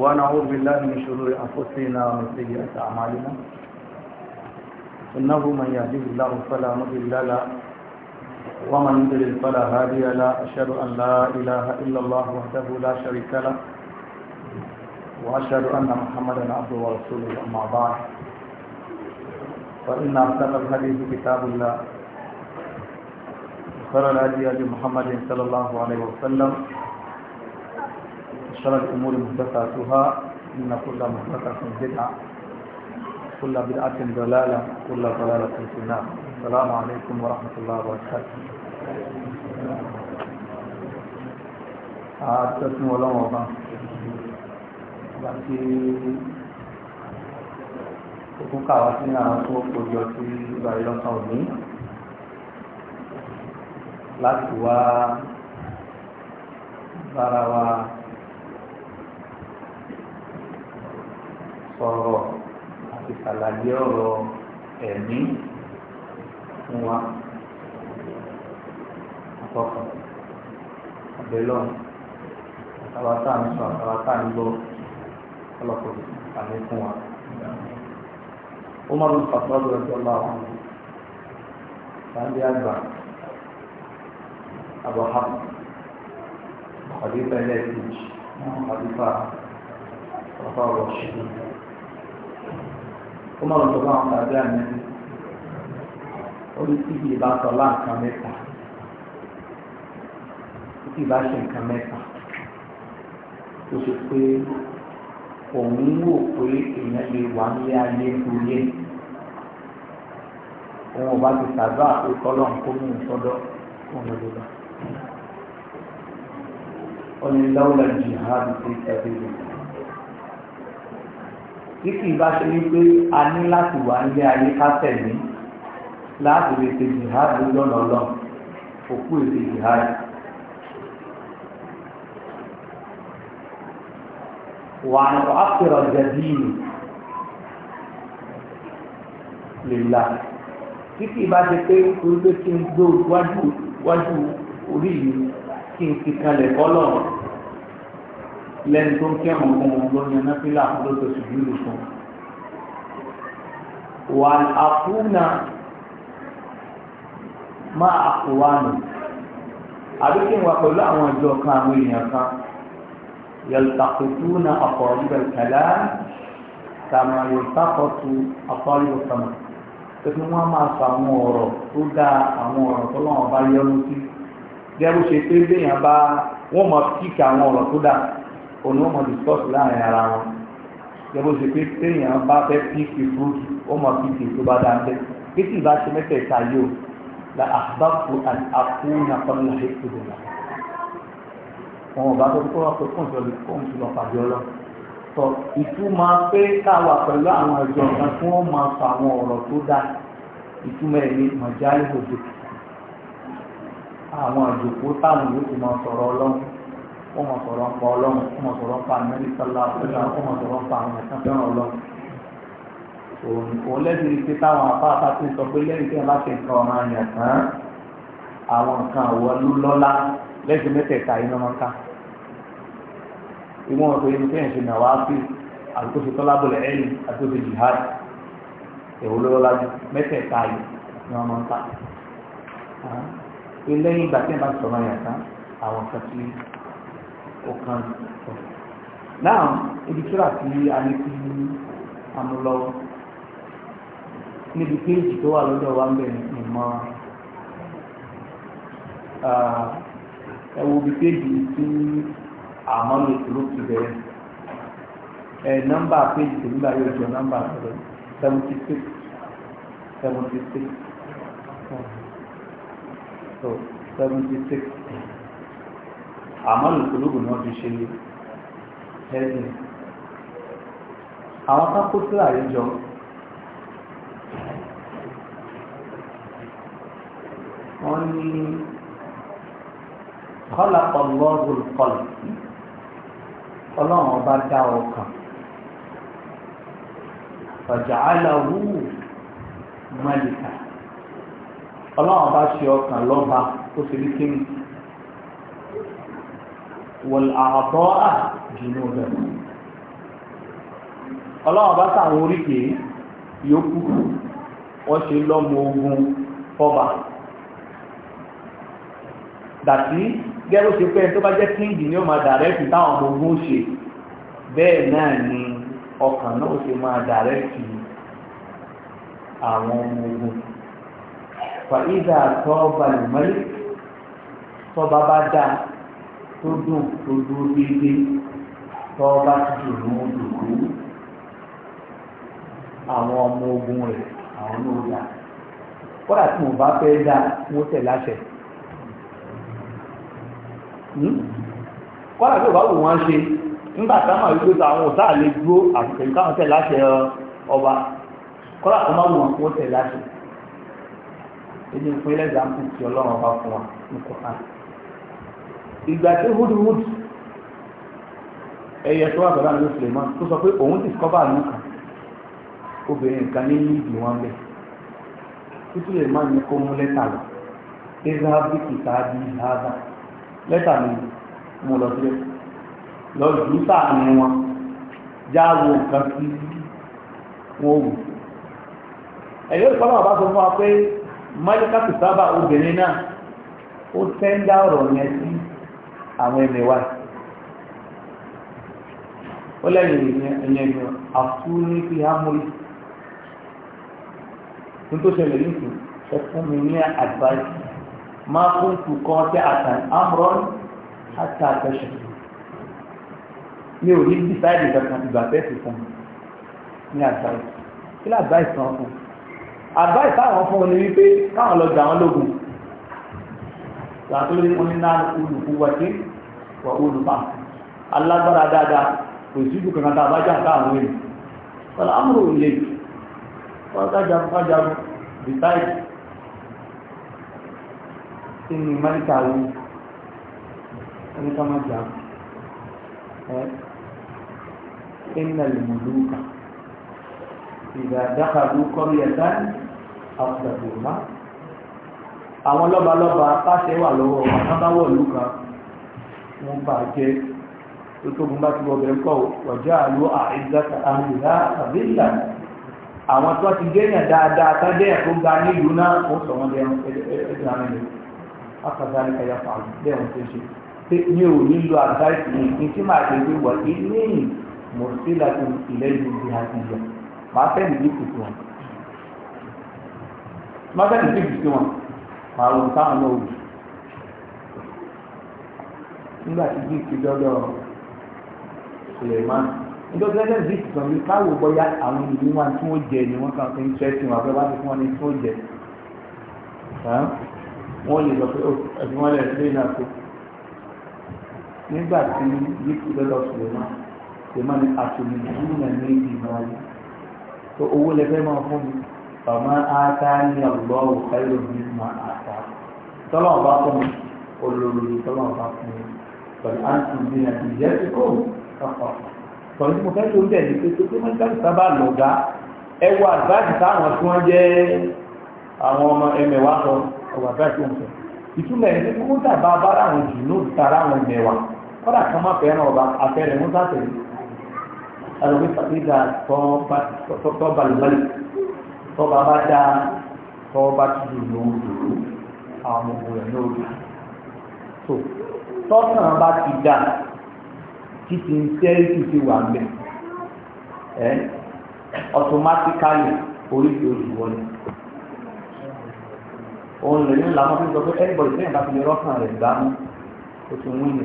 ونعوذ بالله من شرور أنفسنا ومن سيئات أعمالنا إنه من يهده الله فلا مضل له ومن يضلل فلا هادي له أشهد أن لا إله إلا الله وحده لا شريك له وأشهد أن محمدا عبده ورسوله أما بعد فإن أصدق الحديث كتاب الله خير الهدي هدي محمد صلى الله عليه وسلم شر الأمور محدثاتها إن كل محدثة بدعة كل بدعة ضلالة كل ضلالة في النار السلام عليكم ورحمة الله وبركاته آه، láti wá bára wa sọ̀rọ̀ àti ṣàlàyé ọ̀rọ̀ ẹ̀mí fún wa àtọkàn àbẹ̀lọ́n àtàwátà ń sọ àtàwátà ń gbọ́ ọlọ́pọ̀ àmì fún wa. ó máa ń fàtọ́jú ẹjọ́ bá wọn. Tàbí àgbà. أبو حفص خليفة لاتيج خليفة رفاه الرشيد عمر بن الخطاب أدانا قلت تيجي بعد صلاة كاملة tí bá ṣe nǹkan mẹ́ta tó ṣe pé òun wò pé èèyàn lè wà nílé ayé lóye òun ò bá ti sàdúrà pé kọ́lọ́n kó mú un sọ́dọ̀ òun ló lọ ọ̀nà lọ́wọ́lá jihad ti tẹ̀lé tí kì í bá ṣe ní pé a ní láti wà nílé ayé ká tẹ̀lé láti lè ṣe jihad lọ́nà ọlọ́run òkú èdè jihad. وأن أؤخر الجبين لله tí kì í bá ṣe pé orí pé kí n gbó wájú orí yìí kí n fi kalẹ̀ bọ́lọ̀ lẹ́nu tó ń kẹ́rùn fún wọn lóyún anáfílà ló tó sì dúró fún un. wà á fúnà máa àkùwà nù àbí kí n wà pẹ̀lú àwọn ìjọ kan àwọn èèyàn kan yaltakutuna aqarib al-kalam kama yaltakutu aqarib al-sama. wọ́n máa sọ àwọn ọ̀rọ̀ tó dáa àwọn ọ̀rọ̀ tó lọ́wọ́ bá yọ́nú sí gẹ́rù ṣe pé béèyàn bá wọ́n mọ̀ kíkà àwọn ọ̀rọ̀ tó dà òun wọ́n mọ̀ discuss láàrin ara wọn gẹ́rù ṣe pé béèyàn bá fẹ́ píkì fúrúkì wọ́n mọ̀ píkì tó bá dáa bẹ́ẹ̀ pé tí ìbá ṣe mẹ́tẹ̀ẹ̀ta yóò la àbáfo àti àkúnà kọ́nà ètùdù là wọn ò bá tó kó wọn pé kóun ti lọ kóun ti lọ pàdé ọlọ tọ ìtumọ̀ pé káwa pẹ̀lú àwọn ìjọ kan tí wọ́n máa fa àwọn ọ̀rọ̀ tó dà ìtumọ̀ ẹ̀ ní mọ̀jálì òdòdó àwọn àjòkó táwọn yóò ti máa sọ̀rọ̀ ọlọ́run wọ́n máa sọ̀rọ̀ ń pa ọlọ́run wọ́n máa sọ̀rọ̀ ń pa àmì sọ́lá wọ́n máa sọ̀rọ̀ ń pa àwọn ẹ̀sán fẹ́ràn ọlọ́run. òun lẹ́sìn ní pé táwọn afáfá ti sọ pé lẹ́yìn tí wọ́n bá nǹkan àwọn lọ́lá lẹ́sìn mẹ́tẹ̀ẹ̀ta iná máa ń ká. ìwọ̀n pé inú kẹ́hìn ṣe wá sí àtúnṣe tọ́lábọ̀lẹ̀ ẹ̀yìn àtúnṣe jihad èwo ló lọ́lá mẹ́tẹ̀ẹ̀ta yìí máa ń ká pé lẹ́yìn ìgbà tí ẹ̀ bá sọ̀rọ̀ àyàtá àwọn kan tí ó kan sọ. náà ibi tí ó rà sí anìkú amúlọ́wọ́ níbi péjì tó wà lọ́dọ̀ wa ń bẹ̀ ìmọ̀ ẹ̀wọ̀ ibi péjì tí àmọ́ lè dúró ti bẹ̀rẹ̀ ẹ̀ nọ́mbà péjì tó nígbà yóò jọ nọ́mbà seventy six seventy six so seventy six àmọ́ lùkúlùkù náà fi ṣe ẹ̀sìn àwọn kápó sílà yìí jọ wọ́n ní kọ́lá ọlọ́run kọlù ọlọ́run ọba dá ọkàn ọ̀jà aláwù mọ́lìkà ọlọ́run bá ṣe ọkàn lọ́ba tó fi lékè mi wọ̀l àbọ̀ à jùlọ rẹ̀ ọlọ́run bá sàwọn oríkèé yòókù wọ́n ṣe lọ́mọ ogun fọ́ba dàtí gẹ́rù ṣe pé tó bá jẹ́ kíngì ni ó máa dàrẹ́kì táwọn ọmọ ogun ṣe bẹ́ẹ̀ náà ni ọkàn náà ṣe máa dàrẹ́kì àwọn ọmọ ogun fàyídà tọ́ọ̀bà lùmọ́lì tọ́ba bá dá tó dùn tó dúró déédéé tọ́ọ̀bà tó dùn ó dùn ó àwọn ọmọ ogun rẹ̀ àwọn ló dá kódà tí mo bá fẹ́ dá mo tẹ̀ láṣẹ hmm? kódà tí mo bá wù wọ́n ṣe nígbà táwọn àwùjọ àwọn ọ̀tá lè àti pẹ̀lú káwọn tẹ̀ láṣẹ ọba kódà tó má wù wọ́n tẹ̀ láṣẹ èdè ìpínlẹ̀ ìdàmú ti ọlọ́run ọba fún wa ní kọ́kàn. ìgbà tí hudhud ẹyẹ tó wà pẹ̀lú àwọn Suleiman tó sọ pé òun discover àlùkò kan obìnrin kan ní níbi wọn bẹ̀ títí lè má ní kó mú lẹ́tà lọ ezaabi kìtà bí ìhàdà lẹ́tà mi mo lọ sílẹ̀ lọ jù sáàmì wọn já wo nǹkan sí wọn wò ẹ̀yọ́ ìfọ́nà bá sọ fún wa pé mọ́líkà tó sábà obìnrin náà ó tẹ́ńdá ọ̀rọ̀ yẹn sí àwọn ẹ̀mẹ̀wá ó lẹ́yìn ìyẹn ni a fi hámúrí ní tó ṣẹlẹ̀ nìkú ẹ fún mi ní advice máa fún tù kọ́ sí àtàn amron àti àtẹ̀ṣẹ̀ mi ò ní decide ìgbà kan ìgbà fẹ́ẹ́ fi fún mi ní advice kí ló advice kan fún mi advice táwọn fún oní wípé káwọn lọ gbà wọn lógun látó lórí oní náà olùkúwàtí wà olùpá alágbára dáadáa kò sí ìdúkọ̀ kan tá a bá jà káwọn èèyàn kọlá amúrò lè kọjájáru kọjáru besides inú mẹ́ríkà wo ẹni ká má jà ẹ ẹni ìgbà dákàlú kọ́rí ẹ̀dá àtàkùnmá àwọn lọ́balọ́ba pàṣẹ wà lọ́wọ́ wọn bá wọ̀ lù kan wọn bà jẹ́ tó tóbi bá ti wọ̀bẹ̀ kọ́ wọ̀já àlọ́ àìdáta àmìlá àbílà àwọn tó ti gẹ́yàn dáadáa tájẹ́ tó ga nílùú náà ó sọ wọn lẹ́nu ẹ̀dùn àmì lẹ́nu akàtàlẹ́ kẹyà fàlù lẹ́wọ̀n tó ṣe pé mi ò nílò àgbá ìsìn ní tí màá ṣe gbé wọ̀ ilé ìmọ̀sílà tó ilẹ̀ ìlú ìhàjìyà màá fẹ́ nìyí kùtù wọn mọ́tẹ́lì sí ìgbìsí wọn àrùn táwọn náà wù nígbà tí bí ti dọ́dọ̀ Suleiman nítorí ẹgbẹ́ bí ti sàn mí káwọ́ bọ́yá àwọn ìlú wọn tí wọ́n jẹ ni wọ́n kàn fi ń tẹ́sí wọn abẹ́ bá ti fún wọn ní tí wọ́n jẹ wọ́n lè lọ pé ẹ̀sìn wọn lẹ̀ sílé náà tó nígbà tí bí ti dọ́dọ̀ Suleiman Suleiman ni àtòlù ìdúró náà ní ìgbìmọ̀ ayé tó owó lẹ́fẹ́ máa fún mi ọmọ ata ní ọgbọ òkèlè ní ma ata tọlọ ọba fún mi olórí tọlọ ọba fún mi pẹ̀lú àǹtí mi àti ìyá ti kó ọkọ pẹ̀lú mo fẹ́ lórí ẹni pé tó tó máa ń dáhùn sábà lọgá ẹ wọ àdúráàtì táwọn tí wọ́n jẹ́ àwọn ọmọ ẹmẹ̀wà sọ ọwọ àdúráàtì wọn sọ ìtumọ̀ ẹni pé kókó tàbá bára àwọn jùlọ tara àwọn ẹmẹ̀wà kọ́dà kan má fẹ́ràn ọba àfẹ́rẹ́ mú sáfẹ́ tọ́ba bá dá tọ́ba tí dùn ló ń dùn àwọn ọmọ rẹ̀ ló dà tó tọ́sán bá ti dà títí ń sẹ́ẹ̀tì ti wà ń bẹ̀ ẹ́ ọ̀tọ̀mátíkálì oríṣi olùwọlé òun lè ní làwọn fi sọ pé ẹnìbọ̀dì sẹ́yìn bá fi lè rọ́kàn rẹ̀ gbámú ó ti wí ni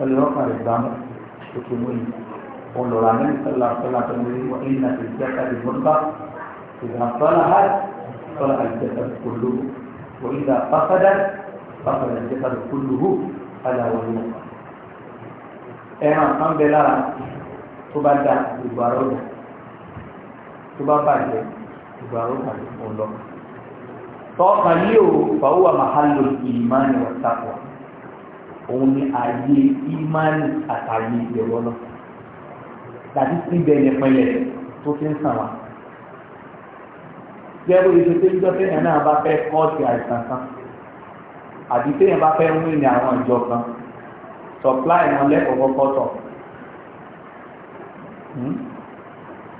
ẹ lè rọ́kàn rẹ̀ gbámú ó ti wí ni olùrà ní sọ́là sọ́là tó ní wọ́n ní àti ìjẹ́ka di mọ́tà ìgbà sọ́là ha sọ́là àìjẹ́ka di kúlù wọ́n ìgbà pàfẹ́dẹ́ pàfẹ́dẹ́ ìjẹ́ka di kúlù hù padà wọlé wọn. ẹran kan bẹ lára tó bá da ìgbà rọ̀dà tó bá bàjẹ́ ìgbà rọ̀dà ló lọ. tọ́ka yìí o fàwọ́ màhálò ìmánu ọ̀tàkùn òun ni ààyè ìmánu àtàyè ìrọ̀lọ́sọ̀ tàbí síbẹ̀ yẹn pẹ̀lẹ́ tó ti ń sàn wá. Jẹ́wọ́ ìṣe tó ń jọ téèyàn náà bá fẹ́ kọ́ọ̀tì àìsàn kan àbí téèyàn bá fẹ́ mú ìrìn àwọn ìjọ kan sọ̀pláì wọn lẹ́kọ̀ọ́ kọ́kọ́ tọ̀. Hmm?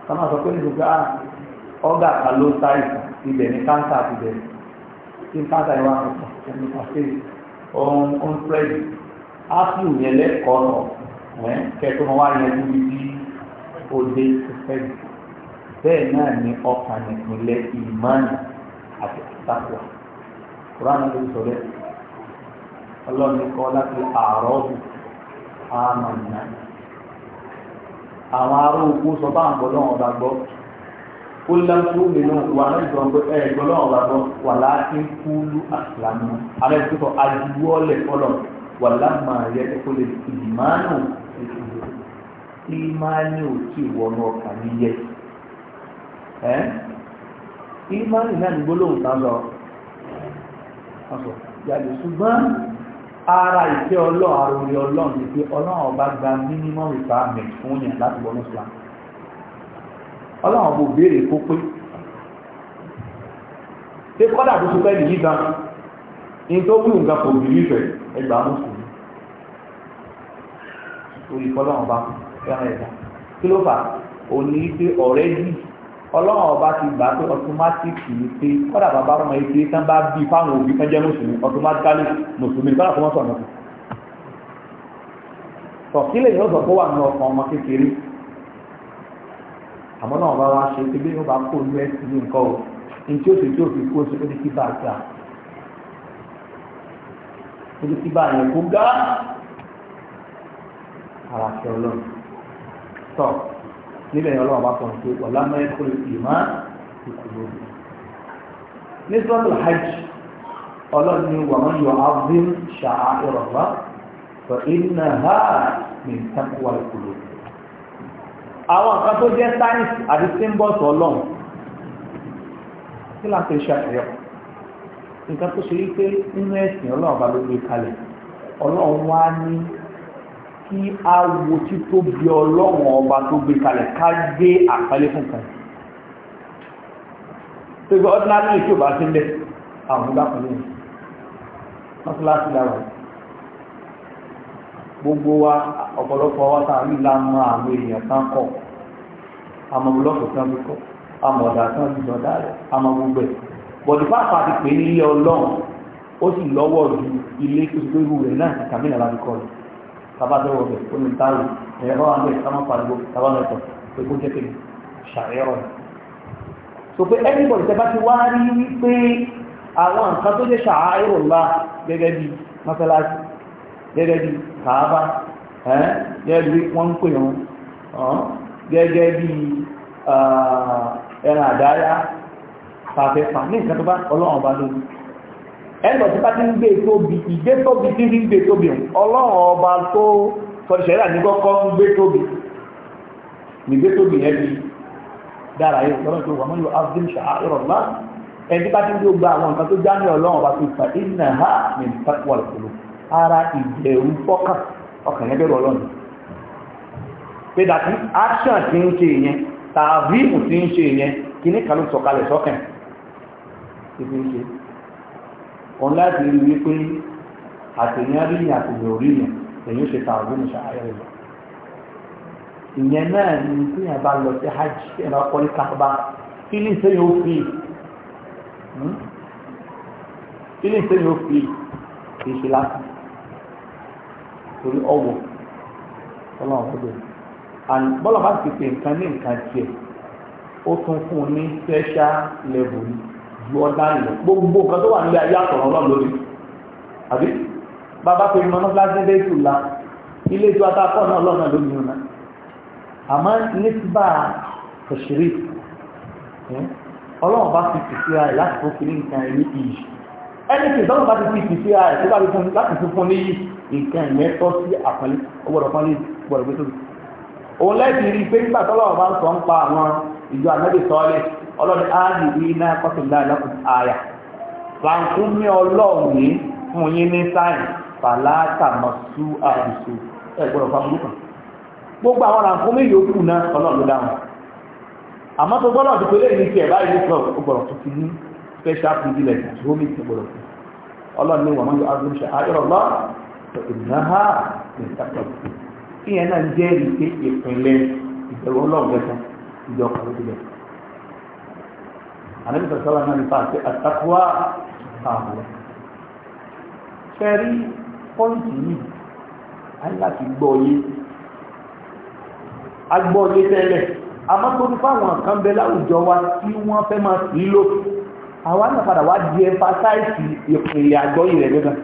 Kọ́má sọ pé nígbà ah, ọ̀gá kan ló ń sáìsàn ibẹ̀ ní káńsà ti bẹ̀rẹ̀ tí káńsà ìwà àkọ́kọ́ ẹni pàṣẹ ohun ń pẹ́ẹ́lì. Áfíù yẹn òde ìfẹ́ bẹ́ẹ̀ náà ni ọkàn ìpínlẹ̀ ìmánì àti àtàkùn kuran ló sọ bẹ́ẹ̀ ọlọ́run kọ́ láti àárọ̀bù àmàlà àwọn ará òkú sọ bá ń bọ̀ lọ́wọ́ bá gbọ́ ó lẹ́kú nínú wà ní ìgbọ̀ngbọ̀ ẹ̀gbọ́n lọ́wọ́ bá gbọ́ wà láti kúlú àtìlámù alẹ́ tó sọ adúwọ́lẹ̀ fọlọ́ wà lámà yẹ kó lè ìmánu ìṣòro tí ìmáàlì ò tí ì wọnú ọkàn mi yẹ ẹ ìmáàlì náà ní gbólóhùn tán lọ ọsọ yàtọ̀ ṣùgbọ́n ara ìfẹ́ ọlọ́run àròrí ọlọ́run ni pé ọlọ́run ọba gba minimum requirement fún yàn láti wọnú Islam ọlọ́run ọba ò béèrè kó pé ṣé kọ́dà tó ṣe fẹ́ nìyí gan ní tó kú nǹkan kò bìlífẹ̀ ẹgbàá mùsùlùmí orí kọ́lọ́run bá kú ẹran ẹ̀dá kí ló fà ó ní pé ọ̀rẹ́ yìí ọlọ́run ọba ti gbà pé ọtọmátìkì ni pé kọ́dà bàbá ọmọ yìí pé tán bá bí fáwọn òbí kan jẹ́ mùsùlùmí ọtọmátìkálì mùsùlùmí kọ́dà tó wọ́n sọ̀rọ̀ sọ kí lè yóò sọ pé wà ní ọkàn ọmọ kékeré àmọ́ náà bá wá ṣe pé bí wọ́n bá kó ní ẹ̀sìn ní nǹkan o ní tí ó ṣe tí ó fi kó ṣe ó ní kí bá a gbà ó ní kí bá a yẹn kó gá ara ṣe ọlọ́run tọ́ níbẹ̀ yẹn ọlọ́run bá sọ pé ọ̀la mẹ́rin kúrò ìmá ìkúrò ní sọ́tò hajj ọlọ́run ni wàmọ́ yọ azim ṣáà ìrọ̀lá sọ iná ha ní takuwa ìkúrò àwọn nǹkan tó jẹ́ sáyẹ́nsì àti símbọ́ọ̀sì ọlọ́run kí láti ṣe àṣeyọ nǹkan tó ṣe wípé nínú ẹ̀sìn ọlọ́run bá ló gbé kalẹ̀ ọlọ́run wá ní kí a wo tító bí ọlọ́wọ̀n ọba tó gbé kalẹ̀ ká gbé àpẹẹlẹ fún kan tó gbé ọdúnlá ní ìṣòbá sílẹ̀ àwọn ọdákùnrin mọ́síláṣí lára gbogbo wa ọ̀pọ̀lọpọ̀ wa tàà rí lámọ́ àwọn èèyàn tán kọ̀ àmọ́ búlọ́ọ̀kù tán bí kọ́ àmọ́ ọ̀dà tán bí ọ̀dà rẹ̀ àmọ́ gbogbo ẹ̀ bọ̀dù pápá ti pè ó sì lọ́wọ́ ju ilé tó gbé irú rẹ̀ náà kàmínà lábíkọ́ rẹ̀ tabadọ́wọ́ bẹ̀ kó ní táwù ẹ̀rọ wà bẹ̀ ká má pariwo tabadọ́tọ̀ pé kó jẹ́ pé ṣàyẹ̀rọ̀ so pé everybody tẹ́ bá ti wá rí wípé àwọn nǹkan tó jẹ́ ṣàyẹ̀rọ̀ ńlá gẹ́gẹ́ bí mọ́sálásí gẹ́gẹ́ bí kàábà gẹ́gẹ́ bí wọ́n ń pè wọn gẹ́gẹ́ bí ẹran àdáyá pàfẹ́fà ní nǹkan tó bá ọlọ́run bá lórí ẹnìkan tí bá ti ń gbé tóbi ìgbé tóbi tí ń gbé tóbi ọlọ́run ọba tó sọ̀rọ̀ṣẹ́rà ní kọ́kọ́ ń gbé tóbi nígbé tóbi yẹn bí dára yìí lọ́nà tó wà mọ́ yóò abdul shahiro lá ẹni bá ti ń gba àwọn nǹkan tó ọlọ́run ọba tó fà iná ha ní ìfàkùn àlùkòlò ara ìbẹ̀rù fọ́kàn ọkàn yẹn bẹ̀rù ọlọ́run pé dàtí òun láti rí wípé àtẹ̀yìn àríyìn àtẹ̀yìn òríyìn èyí ó ṣe ta ọdún ìṣàárẹ̀ lọ ìyẹn náà ni tí yẹn bá lọ sí hajj ẹ̀rọ kọ́lé kápá kí ní sẹ́yìn ó fi hmm? kí ní sẹ́yìn ó fi kì í ṣe lásán torí ọwọ́ ọlọ́run and bọ́lá bá ti pè nǹkan ní nǹkan tiẹ̀ ó tún fún un ní special level gbọ́dáyìn gbogbo nǹkan tó wà nílé ayé àtọ̀rọ̀ ọlọ́run lórí àbí bàbá pé mọ́ náà lásìlẹ̀ ètò la ilé ètò atakọ́ náà lọ́nà lórí nínú náà àmọ́ ní ti bá ṣòṣèré ọlọ́run bá fi tìsí ara rẹ̀ láti fún kiri nǹkan ẹ̀rí iyì ẹni tí ìdánwò bá ti fi tìsí ara rẹ̀ tó bá fi láti fún fún níyì nǹkan ìyẹn sí àpẹẹlẹ ọgbọ̀dọ̀ kan lè gbọ̀dọ̀ gbé tóbi ọlọ́run áàlì wí náà kọ́tùlá lọ́kùn àyà fàǹkún ní ọlọ́run ní fún yín ní sáìn fàlátà mọ̀sú àdùsù ẹgbọ́n ọ̀fà burúkú gbogbo àwọn àǹkún mi yòókù náà ọlọ́run ló dáhùn àmọ́ tó gbọ́dọ̀ ti special privilege tó mi ti gbọ́dọ̀ tó ọlọ́run ní wọ́n yóò agbóhùn ṣe ayọ̀rọ̀ lọ ìnáhà nìkàtọ̀ ìyẹn náà jẹ́ ìpínlẹ̀ ìbẹ̀rù ọlọ́run gẹ́gẹ́ ìjọ kan ló ti ànábì sọ̀sọ́lá náà nípa àti àtàkùwà ààbò fẹ́rí pọ́ǹtì yìí aláti gbọ́ọ̀yé agbọ́ọ̀yé tẹ́lẹ̀ àmọ́ tó ní kan bẹ láwùjọ wa tí wọ́n fẹ́ máa sí lò àwọn náà padà wá di ẹfásáìsì ìpìlẹ̀ àgbọ́ ìrẹ̀ gẹ́gẹ́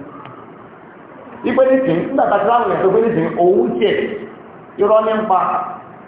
ipé nìsín nígbàtà tí láwọn ẹ̀sọ́ pé nìsín òun tiẹ̀ irọ́ ní ń pa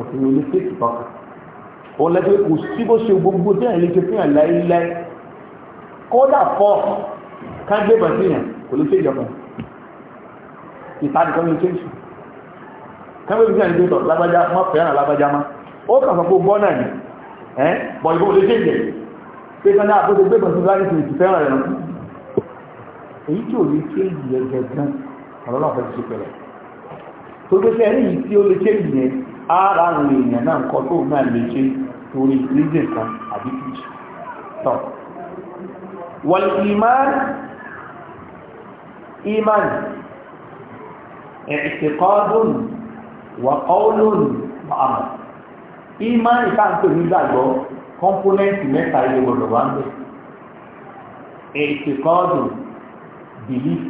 òfin olùfẹ́kì kankan òun lẹ́gbẹ́ kò sí bó ṣe gbogbo dẹ́rẹ̀ lè ṣe fún yàn láíláí kódà fọ́ kágbé bàtí yàn kò lè ṣe ìjọba ìtàdì kan lè ṣe ìṣù kágbé bàtí yàn lè ṣe lágbájá má fẹ́ràn lágbájá má ó kàn sọ pé gbọ́ náà ni ẹ́ bọ̀ ìbò lè ṣe ìjẹ̀ pé kan dáa tó ṣe gbé bàtí láti ṣe ìfẹ́ràn rẹ̀ nù èyí tí ò lè ṣe ìjẹ̀ gẹ̀gẹ̀ ọ̀rọ̀ náà fẹ́ ṣe pẹ̀lẹ̀ tó gbé sẹ́rí yìí tí ó lè ṣe ìyẹn ara àwọn èèyàn náà kọ́ tó náà lè ṣe torí rídè kan àbí kìí tọ́ wal iman iman i'tiqadun wa qawlun wa amal iman nígbàgbọ́ kọ́mpónẹ́ǹtì mẹ́ta ilé gbọdọ̀ wá ń bẹ̀ i'tiqadun belief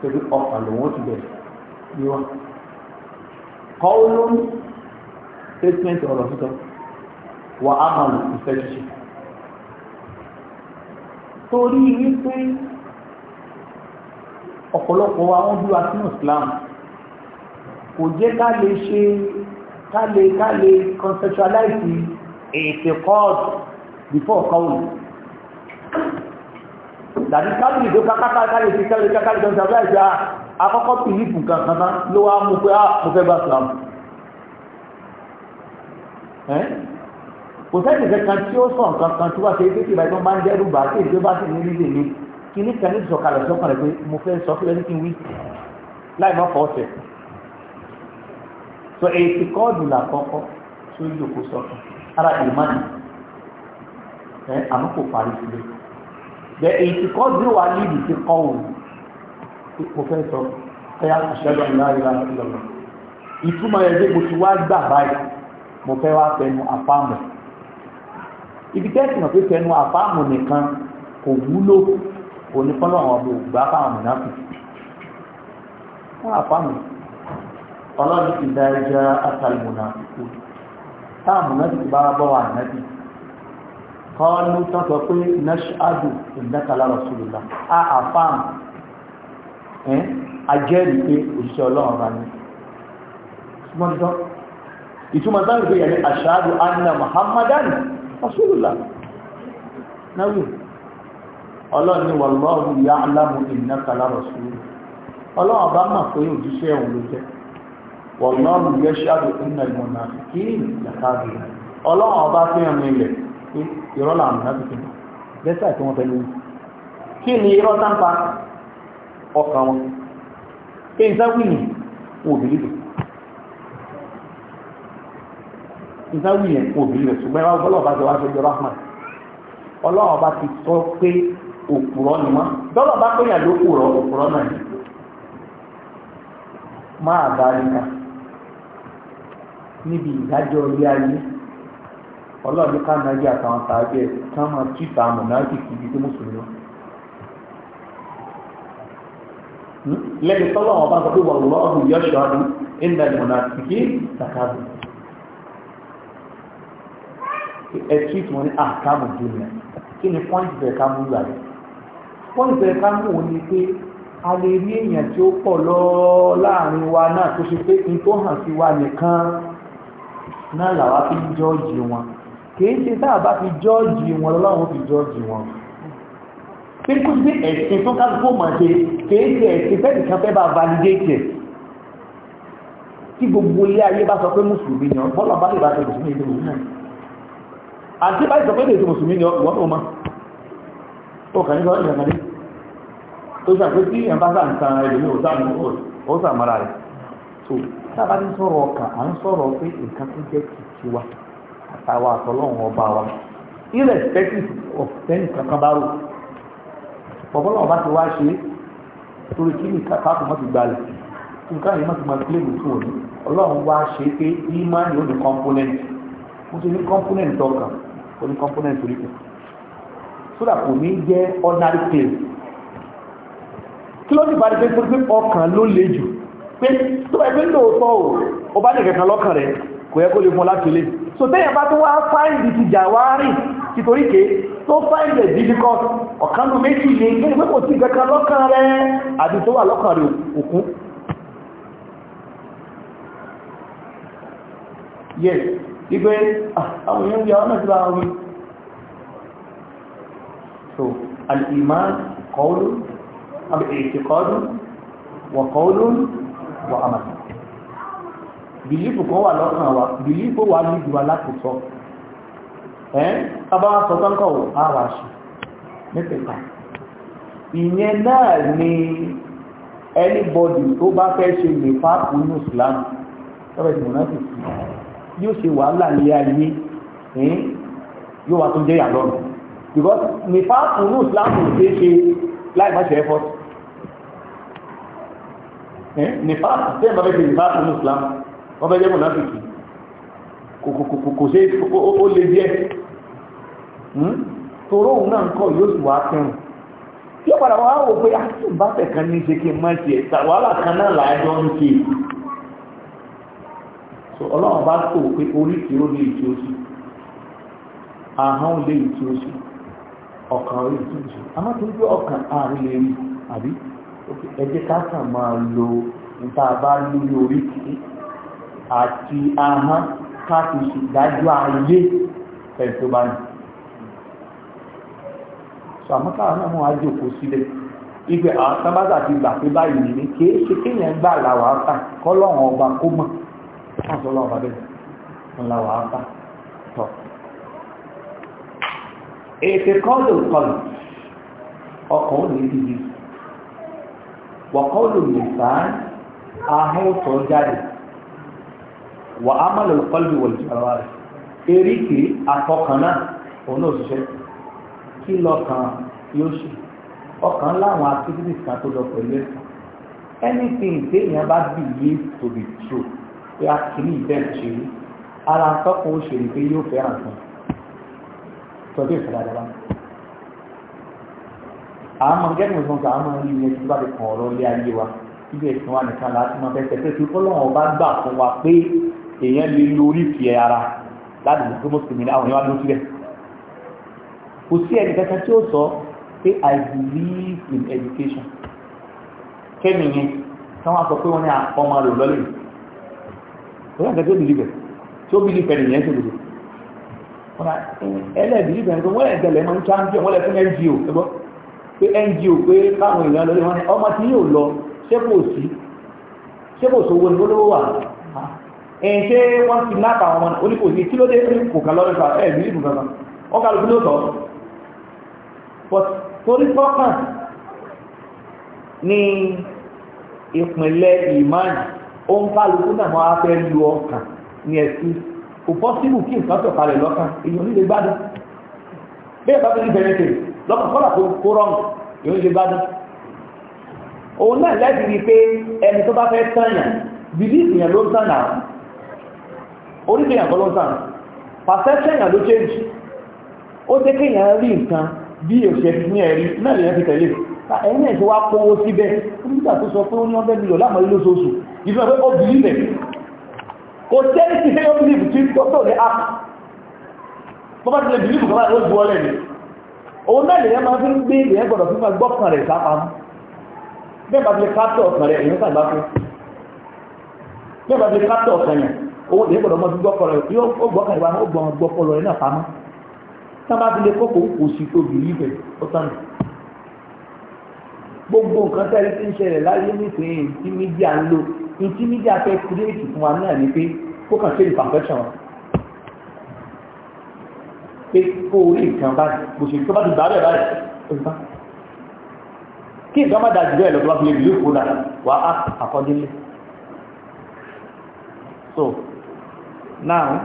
pẹ̀lú ọkàn lòun ó ti bẹ̀rẹ̀ kọ́ọ̀lù statement ọ̀rọ̀ sísọ wà á mọ̀ ìfẹ́ ṣíṣe torí wípé ọ̀pọ̀lọpọ̀ àwọn bí wa sínú Islam kò jẹ́ ká lè ṣe ká lè ká lè conceptualize ètè kọ́ọ̀dù before kọ́ọ̀lù dàbí kábìlì tó kákàkà káyè sí káyè kákàkà tó ń sàbí àìsà akọ́kọ́ pìlípù kankan náà ló wá mú pé mo fẹ́ gba sàm kò sẹ́ni kankan tí ó sàn kankan tí wàá ṣe é kékeré tó máa ń dẹ́rù bá kéèké bá sì ní nílé mi kí ní kan ní sọ̀kalẹ̀ sọ́kàn rẹ̀ pé mo fẹ́ sọ fún ẹni kí n wí láì má fọ́ ọ̀sẹ̀ sọ èyí kọ́ọ̀dù là kọ́kọ́ tó yòókù sọ́kàn ara ìmánì ẹ parí sílé. bẹ èyí wa níbi tí kọ́ wò mo fẹ́ sọ ẹ̀yà ìtumọ̀ yẹn mo ti wá gbà báyìí mo fẹ́ wá fẹnu àfáàmù ibi tẹ́sí mọ̀ pé fẹnu àfáàmù nìkan kò wúlò onífọ́nà ọ̀bọ̀ ògbà fáàmù náà fi wọ́n àfáàmù ọlọ́run náà ti bọ́ kọlu tán sọ pé nashadu ìdákàlá rasulullah a àfáàm ẹ́ ajẹ́rì pé òṣìṣẹ́ ọlọ́run bá ní ṣùgbọ́n ìtumọ̀ sáà ìgbé yẹni ashadu anna muhammadan rasulullah náwó ọlọ́run ni wallahu ya'lamu ìdákàlá rasulullah ọlọ́run bá mọ̀ pé òṣìṣẹ́ òun ló jẹ́ wallahu yashadu innal munafiqina pé irọ́ làwọn mùnàbí fi lẹ́sẹ̀ tí wọ́n fẹ́ lóyún kí ni irọ́ sáńpa ọkàn wọn pé ìsáwìnì wọn ò bìlíbì ìsáwìnì wọn ò bìlíbì ṣùgbọ́n ẹ̀rọ ọlọ́wọ́ bá ti wá sójú rahman ọlọ́wọ́ bá ti sọ pé òpùrọ́ ni wọ́n dọ́lọ̀ bá pé ìyàdó òpùrọ́ òpùrọ́ náà ni máa bá níka níbi ìdájọ́ ilé ayé ọlọ́run ká nàájí àtàwọn tàbí ẹ̀ ká máa tú ìta mọ̀nájì kì í di pé mùsùlùmí hmm? lẹ́yìn tọ́lọ́ wọn bá sọ pé wọ́n lọ́ọ̀hùn yọ́ṣọ́ ọdún ìndà mọ̀nàtìkì sàkàbù ẹ̀tí tí wọ́n ní àkàmù dùnà kí ni pọ́ǹtì bẹ̀rẹ̀ ká mú gbà rẹ̀ pọ́ǹtì bẹ̀rẹ̀ ká mú wọn ni pé a lè rí èèyàn tí ó pọ̀ lọ láàrin wa náà tó ṣe pé n tó hàn sí wa nìkan náà làwa fi ń jọ́ọ̀jì wọn kìí ṣe tá a bá fi jọ́ọ̀jì wọn lọ́wọ́ fi jọ́ọ̀jì wọn kí kú sí ẹ̀sìn tó ká kó mọ̀ ṣe kìí ṣe ẹ̀sìn fẹ́ẹ̀sì kan fẹ́ bá validate tí gbogbo ilé ayé bá sọ pé mùsùlùmí ni bọ́lá bá lè bá ṣe mùsùlùmí ni mùsùlùmí àti bá ìsọ̀pẹ́ lè ṣe mùsùlùmí ni wọ́n tó mọ́ ó kàn ní sọ ìyàn kadé tó ṣàpé tí ìyàn bá sà ń tan ẹ̀lòmí ò sà ń ó sà mọ́ra rẹ̀ so tá a bá ń sọ̀rọ̀ ọkà à ń sọ̀rọ̀ pé nǹkan tó jẹ́ kìkì wa àtàwọn àtọ́lọ́wọ́n ọba wa irrespective of ten kankan bá rò bọ̀bọ́ náà bá ti wá ṣe torí kí nìkan káàkó mọ́ ti gbalẹ̀ nǹkan yìí mọ́ ti máa kílèmù fún òní ọlọ́run wá ṣe pé human yóò ní component mo ti ní component ọkàn ó ní component orí kan sódà kò ní jẹ́ ordinary pain kí ló ti bá rí pé pé ọkàn ló le jù pé tó bá yẹ pé lóòótọ́ o ọba nìkan kan lọ́kàn rẹ̀ kò yẹ kó lè fún ọ láti lè so tẹ́yìn bá tó wá fáìlì ti jàwárì tìtoríkè tó fáìlì difficult ọ̀kanú méjì ní kíni pé kò sí kankan lọ́kàn rẹ̀ àti tó wà lọ́kàn rẹ̀ òkun yes wípé ah, àwọn èèyàn yà so al-iman qawlun àbí i'tiqadun wa qawlun wa amal bìlífù kan wà lọ́kàn wa bìlífù wà ní ìdíwà láti sọ ẹ́n tàbá sọ tánkọ̀ àwà ṣe mẹ́tẹ̀ẹ̀ta ìyẹn náà ni anybody tó bá fẹ́ ṣe lè fa inú Islam tọ́rẹ̀ tí mo náà sì sí yóò ṣe wàhálà ní ayé ẹ́n yóò wá tún jẹ́ ìyàlọ́nà because lè fa inú Islam ò ṣe é ṣe láì má ṣe effort nífàá tẹ́yìn bá fẹ́ ṣe nífàá inú Islam wọ́n fẹ́ jẹ́ mọ̀náfíkì kò ṣe ó lè jẹ́ tòró òun náà ń kọ́ yóò sì wá kẹrùn tí ó padà wá wò pé àtúbàtẹ̀ ah, kan ní ṣe kí n ṣe ẹ̀ta wàhálà kan náà láàájọ́ ń ṣe ọlọ́run bá tó pé orí tí ó lè tí ó sì ahọ́n lè tí ó sì ọkàn orí tí ó sì gbé ọkàn àárín lè rí àti ahọ́n káàkiri ìdájọ́ ayé ẹ̀rì tó bá ní so àmọ́káwà náà wọ́n á jòkó sílẹ̀ ibẹ̀ àwọn sábàtà ti gbà pé báyìí ní kìí ṣe kéèyàn gbà làwà áta kọ́lọ́hàn ọba kó mọ̀ káàkọ́lọ́ ọba bẹ́ẹ̀ ń ètè kọ́lù kọlù ọkọ̀ wà á mọ̀ lọ́lọ́ pẹ́lú ìwọ̀lù ìjọba rẹ̀ eríkì àtọkàn náà òun náà ṣiṣẹ́ kí lọ́kàn yóò ṣe ọkàn láwọn activities kan tó lọ pẹ̀lú ẹ̀sán anything téèyàn bá believe to be true pé a kì í bẹ́ẹ̀ ṣe rí ara tọ́kùn òṣèré pé yóò fẹ́ràn kan tọ́jú ìfẹ́dàdà bá àmọ́ gẹ́gẹ́ mi sọ́kàn àmọ́ ilé ẹni tó bá ti kàn ọ̀rọ̀ ilé ayé wa ilé ẹ̀sìn wa nìkan láti máa fẹ́ tẹ̀sẹ̀ kọ́lọ́hún ọba gbà fún wa pé èèyàn lè lo orí fi ara láti lè fún mùsùlùmí àwọn èèyàn wá ló sílẹ̀ kò sí ẹni kankan tí ó sọ pé i believe in education kẹ́mi yẹn kí wọ́n sọ pé wọ́n ní ọmọ rẹ̀ lọ́lẹ̀ kò sí ẹni tí ó bìlì tí ó bìlì bẹ̀rẹ̀ yẹn tó bìlì ẹlẹ́bìlì bẹ̀rẹ̀ tó wọ́n lẹ̀ tẹ̀lẹ̀ ní champion wọ́n lẹ̀ fún ngo ẹgbọ́ pé ngo pé káwọn èèyàn lọ́lẹ̀ wọn ni ọmọ tí yóò lọ ṣé kò sí ṣé kò sówó ni ó wà ẹ̀ǹtẹ́ wọ́n ti náà àwọn ọmọ oníkò sí kí ló dé kò kà lọ́rẹ́ fà ẹ̀ ní ìbùkà kan ọkà lókè lóòtọ́ torí pọ́kàn ní ìpínlẹ̀ ìmáàlì ó ń bá lókún náà wọ́n á fẹ́ lu ọkàn ní ẹ̀sí kò pọ́síbù kí nǹkan tó kalẹ̀ lọ́kàn èèyàn nílé gbádùn bẹ́ẹ̀ bá fi ní bẹ̀rẹ̀ tèmi lọ́kàn kọ́là kó rọrùn èèyàn nílé gbádùn òun náà lẹ́bi yẹn ló ń tànyà oríṣi èèyàn kọ́ ló ń tàn perception èèyàn ló change ó tẹ́ kéèyàn rí nǹkan bí èsì ẹ̀sì ní ẹ̀rí náà lèyàn ti tẹ̀lé ẹ̀yìn ẹ̀sì wá kówó síbẹ̀ nígbà tó sọ pé ó ní ọbẹ̀ nílò láàmọ́ lóṣooṣù ìfẹ́ pé ó bìí bẹ̀ kò tẹ́lẹ̀ sí pé ó bìí tí dókítà ní app bọ́bá ti lè bìí bù kọ́lá ló ju ọlẹ̀ ni òun náà lèyàn máa fi ń gbé lèyàn gbọ́dọ̀ fún máa gbọ́kàn rẹ̀ sápamọ́ bẹ́ẹ̀ bá ti lè kápẹ́ ọ̀kàn rẹ̀ èyí sàgbá fún bẹ́ẹ̀ bá ti lè kápẹ́ ọ̀kàn yẹn owó ìyẹn gbọ́dọ̀ mọ́ fi gbọ́ kọlọ rẹ̀ yóò gbọ́ kàlẹ́ wa ó gbọ́ ọmọ gbọ́ kọlọ rẹ̀ náà pamọ́ sábà fi lè kókò kò sí tóbi yìí bẹ̀ ó tán nù. gbogbo nǹkan tẹ́lẹ̀ ti ń ṣẹlẹ̀ láyé nísìnyí tí mídíà ń lò tí mídíà fẹ́ kúrẹ́ẹ̀tì fún wa náà ni pé kó kàn ṣe ìfàǹfẹ́ṣàn wa pé kó orí nǹkan bá bó ṣe tó bá ti bàárẹ̀ báyìí ó ti bá kí nǹkan má da jù bẹ́ẹ̀ lọ so náà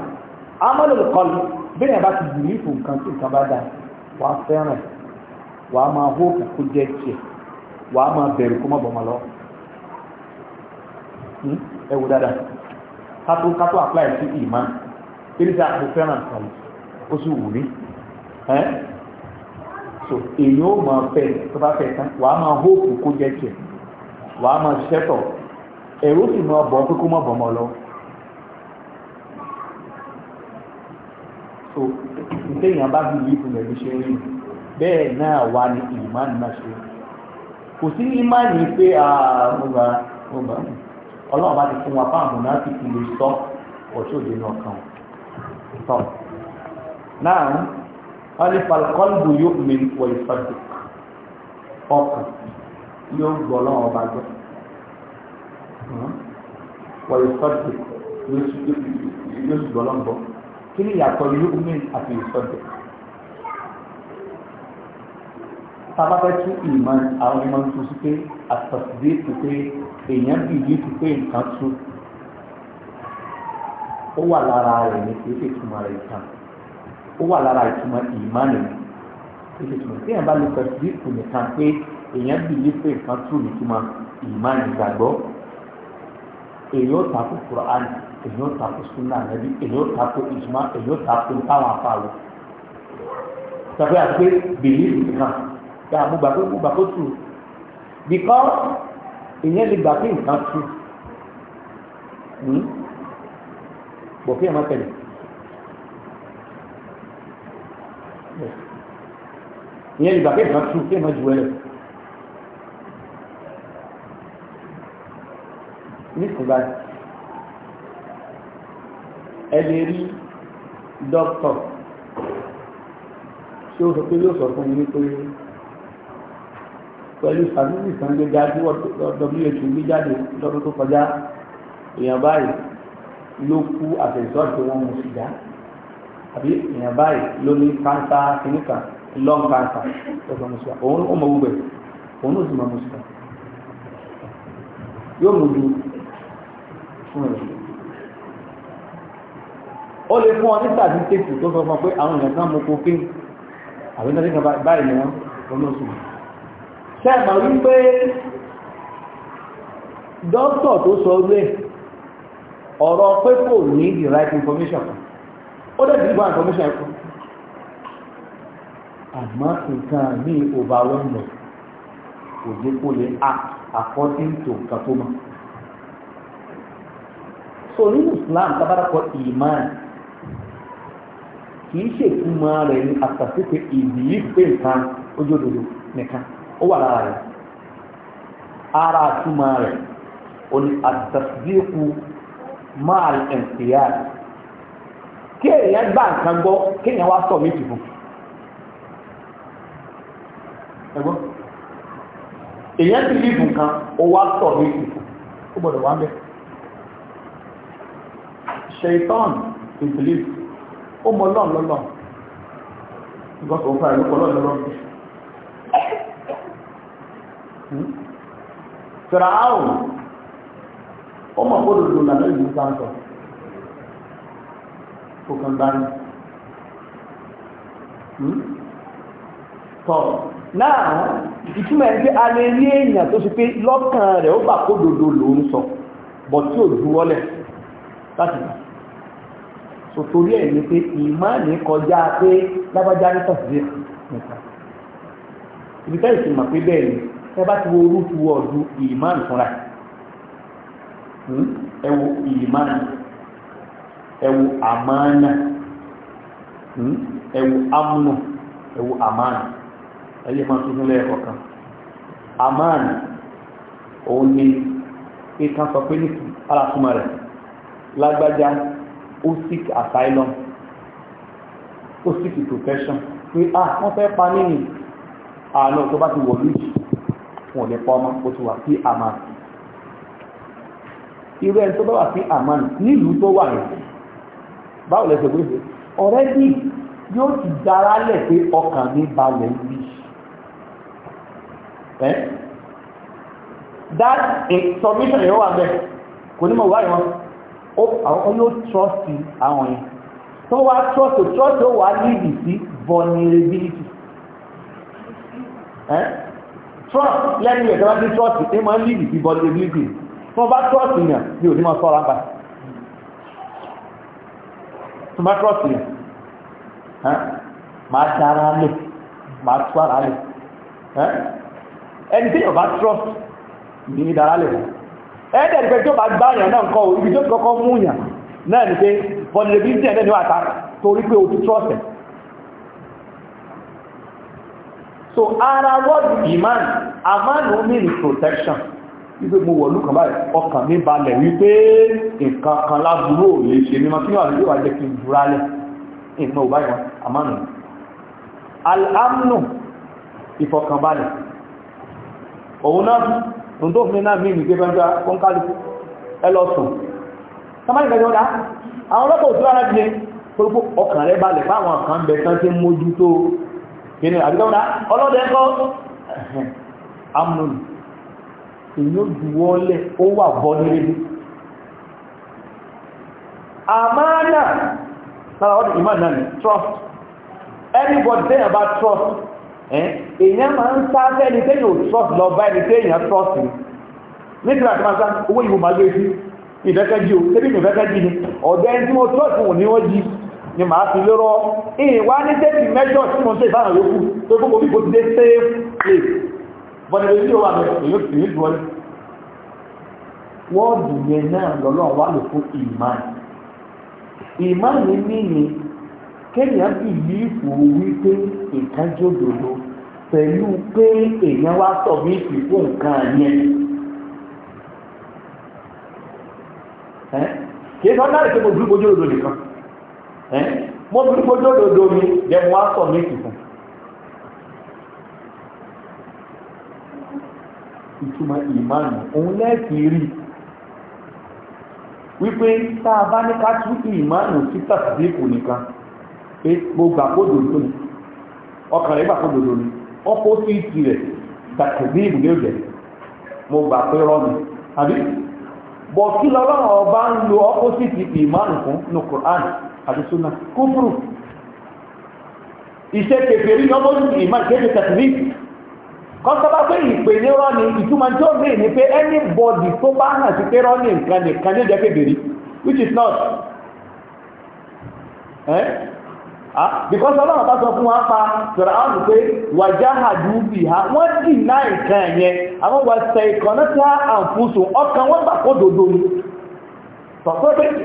amọ́lẹ̀ kọlù bí ẹ̀ bá ti dì ní ìfún kan tí nǹkan bá dà wà á fẹ́ràn wà á máa hó kókó jẹ́ tiẹ̀ wà á máa bẹ̀rù kó má bọ̀ mọ́ lọ. Hmm? ẹ wò dáadáa kátó kátó apply sí ìmá erisa mo fẹ́ràn kan ó sì wù mí so èyí ó máa fẹ́ tó bá fẹ́ tán wà á máa hó kókó jẹ́ tiẹ̀ wà á máa ṣẹ́tọ̀ ẹ̀rọ sì máa bọ̀ kókó má bọ̀ mọ́ lọ. so nǹkan èèyàn bá bí ìlú rẹ̀ ló ṣe rí bẹ́ẹ̀ náà wà ní ìmáàní náà ṣe kò sí ìmáàní pé ọlọ́run bá ti fún wa fáwọn náà ti fi lè sọ ọ̀ṣọ́ òde náà kan tọ́ náà wọ́n ní falkọ́lùbù yóò mi wọ ìfọ̀dù ọkàn yóò gbọ́ ọlọ́run ọba gbọ́ wọ ìfọ̀dù yóò sì gbọ́ ọlọ́run gbọ́ kí ni ìyàtọ̀ yu'min àti ìsọdẹ̀ tábà fẹ́ tú ìmọ̀ àwọn ìmọ̀ tó sí pé àtọ̀sídé tó pé èèyàn bì yí tó pé nǹkan tú ó wà lára rẹ̀ ní kí ó sì túmọ̀ rẹ̀ tán ó wà lára ìtumọ̀ ìmọ̀ nìyẹn kí ó sì túmọ̀ tí èèyàn bá lè tọ̀sídé tó nìkan pé èèyàn bì yí pé nǹkan tú nìtumọ̀ ìmọ̀ ìgbàgbọ́ èèyàn ó ta kó Kùránì èyí ó tako súnà nàbí èyí ó tako ìjùmọ̀ èyí ó tako táwọn afáwọ. sọfẹ́ àti pé bìlíìfù nìkan yà á mú gbàgbé mú gbàgbé tù bìkọ́ ìyẹn lè gbà pé nǹkan tù hmm? bọ̀ fí ẹ̀ máa ìyẹn lè gbà nǹkan tù fí ẹ̀ máa jù ẹ lẹ̀. báyìí ẹ lè rí dókítà tí ó sọ pé yóò sọ fún yín pé pẹ̀lú fàmílì kan gbé jáde who gbé jáde lọ́dún tó kọjá èèyàn báyìí ló kú àtẹ̀sọ́ọ̀tì wọn mú sìgá àbí èèyàn báyìí ló ní káńtà kìnnìkan lọ́n káńtà lọ́sọ̀ mú sìgá òun ó mọ gbogbo ẹ̀ òun ó sì mọ mú sìgá yóò mú ju fún ẹ̀ ó lè fún ọ ní sàdítéèkì tó sọ fún pé àwọn èèyàn kan mú kókín àwọn èèyàn kan báyìí ni wọ́n lọ́nà oṣù sẹ́ẹ̀mà wípé dókítà tó sọ lé ọ̀rọ̀ pé kò ní the right information ó dẹ̀ bí gbọ́n information ẹ̀kọ́ àmọ́ nǹkan ní overwhelming kò dé kó lè act according to nǹkan tó so nínú Islam tábàdàpọ̀ ìmáà ihe í ṣètumọ̀ rẹ̀ ní àtàkùkù ìbílí pé nǹkan ojú nìkan ó ara àtumọ̀ rẹ̀ ó ní àtàkùkù máa ẹ̀ǹtìyà kí èèyàn gbà nǹkan gbọ́ kí èèyàn wá sọ méjì fún ẹ̀gbọ́n èèyàn ti lè kan ó wá méjì fún ó mọ lọ́n lọ́lọ́ nǹkan tó ń fa ìlú kọlọ́ lọ́lọ́ bí. sọ̀rọ̀ àrùn ó hmm? mọ̀ kó dodo lànà ìlú sáńtọ̀ kó kan dání. Hmm? tọ̀ náà ìtumọ̀ ẹ̀ pé a lè rí èèyàn tó ṣe pé lọ́kàn rẹ̀ ó bà kó dodo lòún sọ bọ̀ tí ò juwọ́lẹ̀ láti gbà sòtòrí ẹ̀ ní pé ìmáàní kọjá pé lágbájá ní tọ̀sídẹ̀ nìkan ibi táyì ti mọ̀ pé bẹ́ẹ̀ ni ẹ bá ti wo orúkú ọ̀dù ìmáàní fúnra hmm? ẹ wo ìmáàní ẹ wo àmáàná hmm? ẹ wo amúnù ẹ wo àmáàní ẹ kan àmáàní òun ni kíkan sọ pé ní alásùmọ̀ rẹ̀ lágbájá ó seek asylum ó seek protection pé ah wọ́n fẹ́ pa nínú àánú tó bá ti wọ̀ lójì fún ọ̀lẹ́ pa ọmọ ó ti wà sí àmà irú ẹni tó bá wà sí àmà nílùú tó wà rẹ̀ báwo lẹ́sẹ̀ gbèsè ọ̀rẹ́ bí yóò ti dára lẹ̀ pé ọkàn mi balẹ̀ bí ẹ́ that eh, information yóò wà bẹ́ẹ̀ kò ní mọ̀ wáyé wọn ó yóò trust àwọn yẹn tó wá trust trust ó wà níbi sí vulnerability trust lẹ́nu ìjọba ní trust ní máa ń níbi sí vulnerability tó bá trust yẹn ní òní máa sọ́ra báyìí tó bá trust yẹn máa dára lẹ̀ máa tú ara lẹ̀ ẹni tí yóò bá trust ní dára lẹ̀ wọ́n ẹ̀ẹ́dẹ̀rì pé tí ó bá gbá yàn náà kọ́ ibi tó kọ́kọ́ mú yàn náà ni pé vulnerability ẹ̀dẹ̀ ni wà ta torí pé o ti trust ẹ̀ so ara word iman aman mean protection ibi mo wọ̀lú kan báyìí ọkàn mi balẹ̀ wípé nǹkan kan láburú ò lè ṣe mímọ́ kí wà ní ìwà jẹ́ kí n jurálẹ̀ ìmọ̀ ò báyìí wọn amánu al-amnu ìfọkànbalẹ̀ òun náà tó ń tó fún náà mìíràn gbé bẹ́ńdà fún kálukú ẹlọ́sùn sábàlì kẹjọ dá àwọn ọlọ́pàá òṣèlú ara jẹ torípò ọkàn rẹ balẹ̀ fáwọn kan bẹ tán tí ń mójú tó kìnnì àdúgbò dá ọlọ́dẹ ẹ̀kọ́ amúnù èyí ó Amana ó wà bọ́ nílé about trust èèyàn máa ń sáfẹ́ ní téèyàn ò trust lọ bá ẹni téèyàn trust ni nítorí owó ìwò máa gbé sí ìfẹ́kẹ́ o tẹ́bí mi fẹ́kẹ́ ni ọ̀dọ̀ tí mo trust wọn ni wọ́n jí ni màá fi lérọ́ ìwá ní tẹ́kì mẹ́jọ tí mo tẹ́ tó gbogbo bí kò ti dé place bọ́dẹ̀ lè yíò kéèyàn bìlífù wípé nǹkan jódodo pẹ̀lú pé èèyàn wá sọ mí ìfún nǹkan yẹn. kì í sọ náà ṣe mo dúró bójú òdodo nìkan mo dúró bójú òdodo mi jẹ́ mo wá sọ mí ìfún. ìtumọ̀ ìmánu òun lẹ́ẹ̀kì rí wípé tá a bá ní ká tú ìmánu sí tàbí nìkan. pé gbogbo àkójò tó ní ọkàn rẹ̀ gbà kó ní ọkọ̀ sí ìtì rẹ̀ gbàkẹ̀gbé ìbùdó jẹ́ mo gbà pé rọ́ọ̀nù àbí bọ̀ kí lọ́lọ́run ọba ń lo ọkọ̀ sí ìtì ìmáàrùn fún ní Qur'an àti sunna kúfùrù iṣẹ́ kẹfẹ́rí lọ́mọ ní ìmá ìkéde tẹ̀sílì kọ́sọ́bá pé ìpè ní rọ́ọ̀nì ìtumọ̀ tí ó ní pé anybody tó bá hàn sí pé rọ́ọ̀nì nǹkan nìkan ní which is not. Ah, because ọlọ́run bá sọ fún wa pa sọ̀rọ̀ àwọn wàjá ha wọ́n dì náà nǹkan ẹ̀yẹn àwọn wà sẹ ìkọ̀nẹ́tà àǹfúsù ọkàn wọ́n gbàkó dòdò ni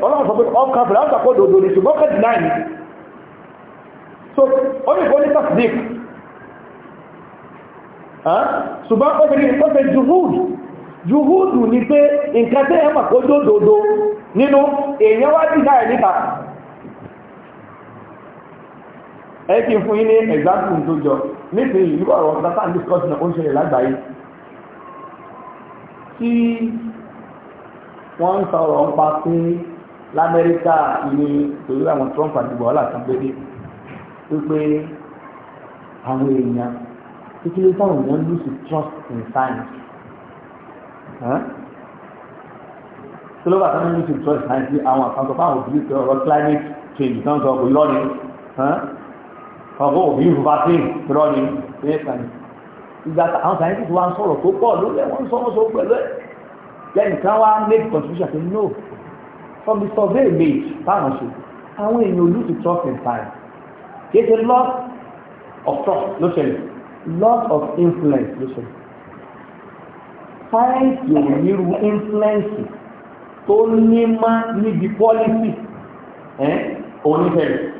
ọlọ́run sọ pé ọkàn fẹ̀rẹ̀ àwọn gbàkó dòdò ni ṣùgbọ́n kẹ́ dì náà ni so ah, ṣùgbọ́n ẹ kí n fún yín ní example tó jọ nísìnyí nígbà ọ̀rọ̀ data and discussion ó ń ṣẹlẹ̀ lágbàáyé tí wọ́n ń sọ̀rọ̀ ń pa pé lamẹ́ríkà ní torí àwọn Trump àti wàhálà kan pé dé wípé àwọn èèyàn kékeré táwọn èèyàn lose trust in science tí ló bá tán ní lose trust in science àwọn àkàntọ́ fáwọn òbí pé ọ̀rọ̀ climate change tán sọ pé lọ́nìí ọgbọ́n òbí yorùbá tí rọ ni pé kàní ìgbà àwọn scientist wa ń sọ̀rọ̀ tó pọ̀ lórí ẹ̀ wọ́n ń sọ pẹ̀lú ẹ̀ lẹ́yìn kan wá make contribution say no from the survey made táwọn ṣe àwọn èèyàn olú ti trust in time kì í ṣe loss of trust ló ṣẹlẹ̀ loss of influence ló ṣẹlẹ̀ science yóò nírú influence tó ní má níbi policy òun ní fẹ́rẹ̀.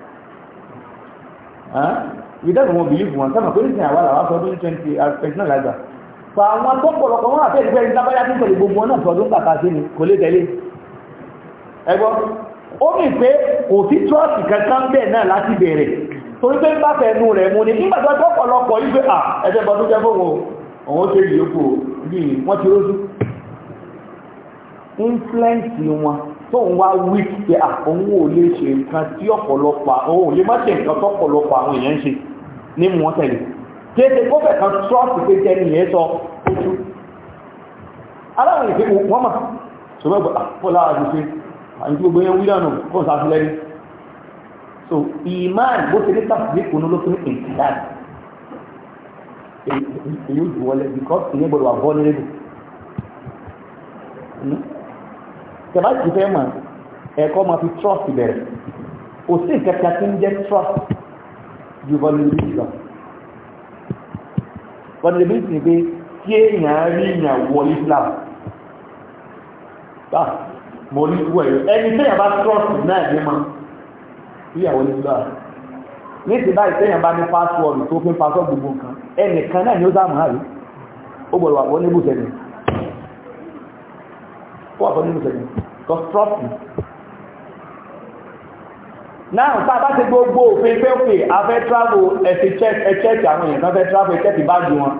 yìí dẹ́gbọ̀n mo bìlífù wọn sábà pé nísìnyí àwọn àwọn àtọ́dún twenty personal lager fa àwọn tó pọ̀lọpọ̀ wọn àti ẹ̀dẹ́gbẹ́ ẹni lábáyá tó ń tẹ̀lé gbogbo náà tọdún kàkà sí ni kò lè tẹ̀lé ẹgbọ́ ó mì pé kò sí trọ́ọ̀sì kankan bẹ́ẹ̀ náà láti bẹ̀rẹ̀ torí pé ń bá fẹ̀ẹ́nu rẹ̀ mú ni nígbà tó pọ̀lọpọ̀ yìí pé à ẹ̀dẹ́ bọ́ tó jẹ́ fóun wọ́n tóun wá wí pé àwọn ah, ò lè ṣe nǹkan tí ọ̀pọ̀lọpọ̀ àwọn ò lè má ṣe nǹkan tọ́pọ̀lọpọ̀ àwọn èèyàn ń ṣe ní mú wọn tẹ̀lé kéde kófẹ̀ kan trọ́ọ̀sì pé jẹ́ni yẹn sọ ojú aláwọn ìfẹ́ wọn mà ṣùgbọ́n àpọ̀lá àdúgbò àti gbogbo yẹn wí lánàá fún so iman bó ṣe ní tàbí kùnú ló fún èyí ò jù wọlé because ìyẹn gbọdọ̀ wà vulnerable hmm? tẹ̀bájì fẹ́ mọ̀ ẹ̀kọ́ máa fi trust bẹ̀rẹ̀ kò sí ìkẹta tí ń jẹ́ trust ju vulnerability lọ vulnerability ni pé kí èèyàn rí èèyàn wọ Islam bá ah, mo ní wọ ẹ̀yọ ẹni tẹ́yàn bá trust náà ní mọ́ ìyàwó Islam ní ti báyìí tẹ́yàn bá ní password tó fi ń password gbogbo nǹkan ẹnìkan náà ni ó dáàmú àrí ó gbọ́dọ̀ wọ́n níbùsẹ̀ nìyàn ó wà sọ nínú ìṣẹ̀lẹ̀ because trust me náà tá a bá ti gbogbo òfin pẹ́pẹ́ afẹ́ travel ẹ̀sì ẹ̀chẹ́kì àwọn èèyàn kan fẹ́ travel ẹ̀chẹ́kì báàgì wọn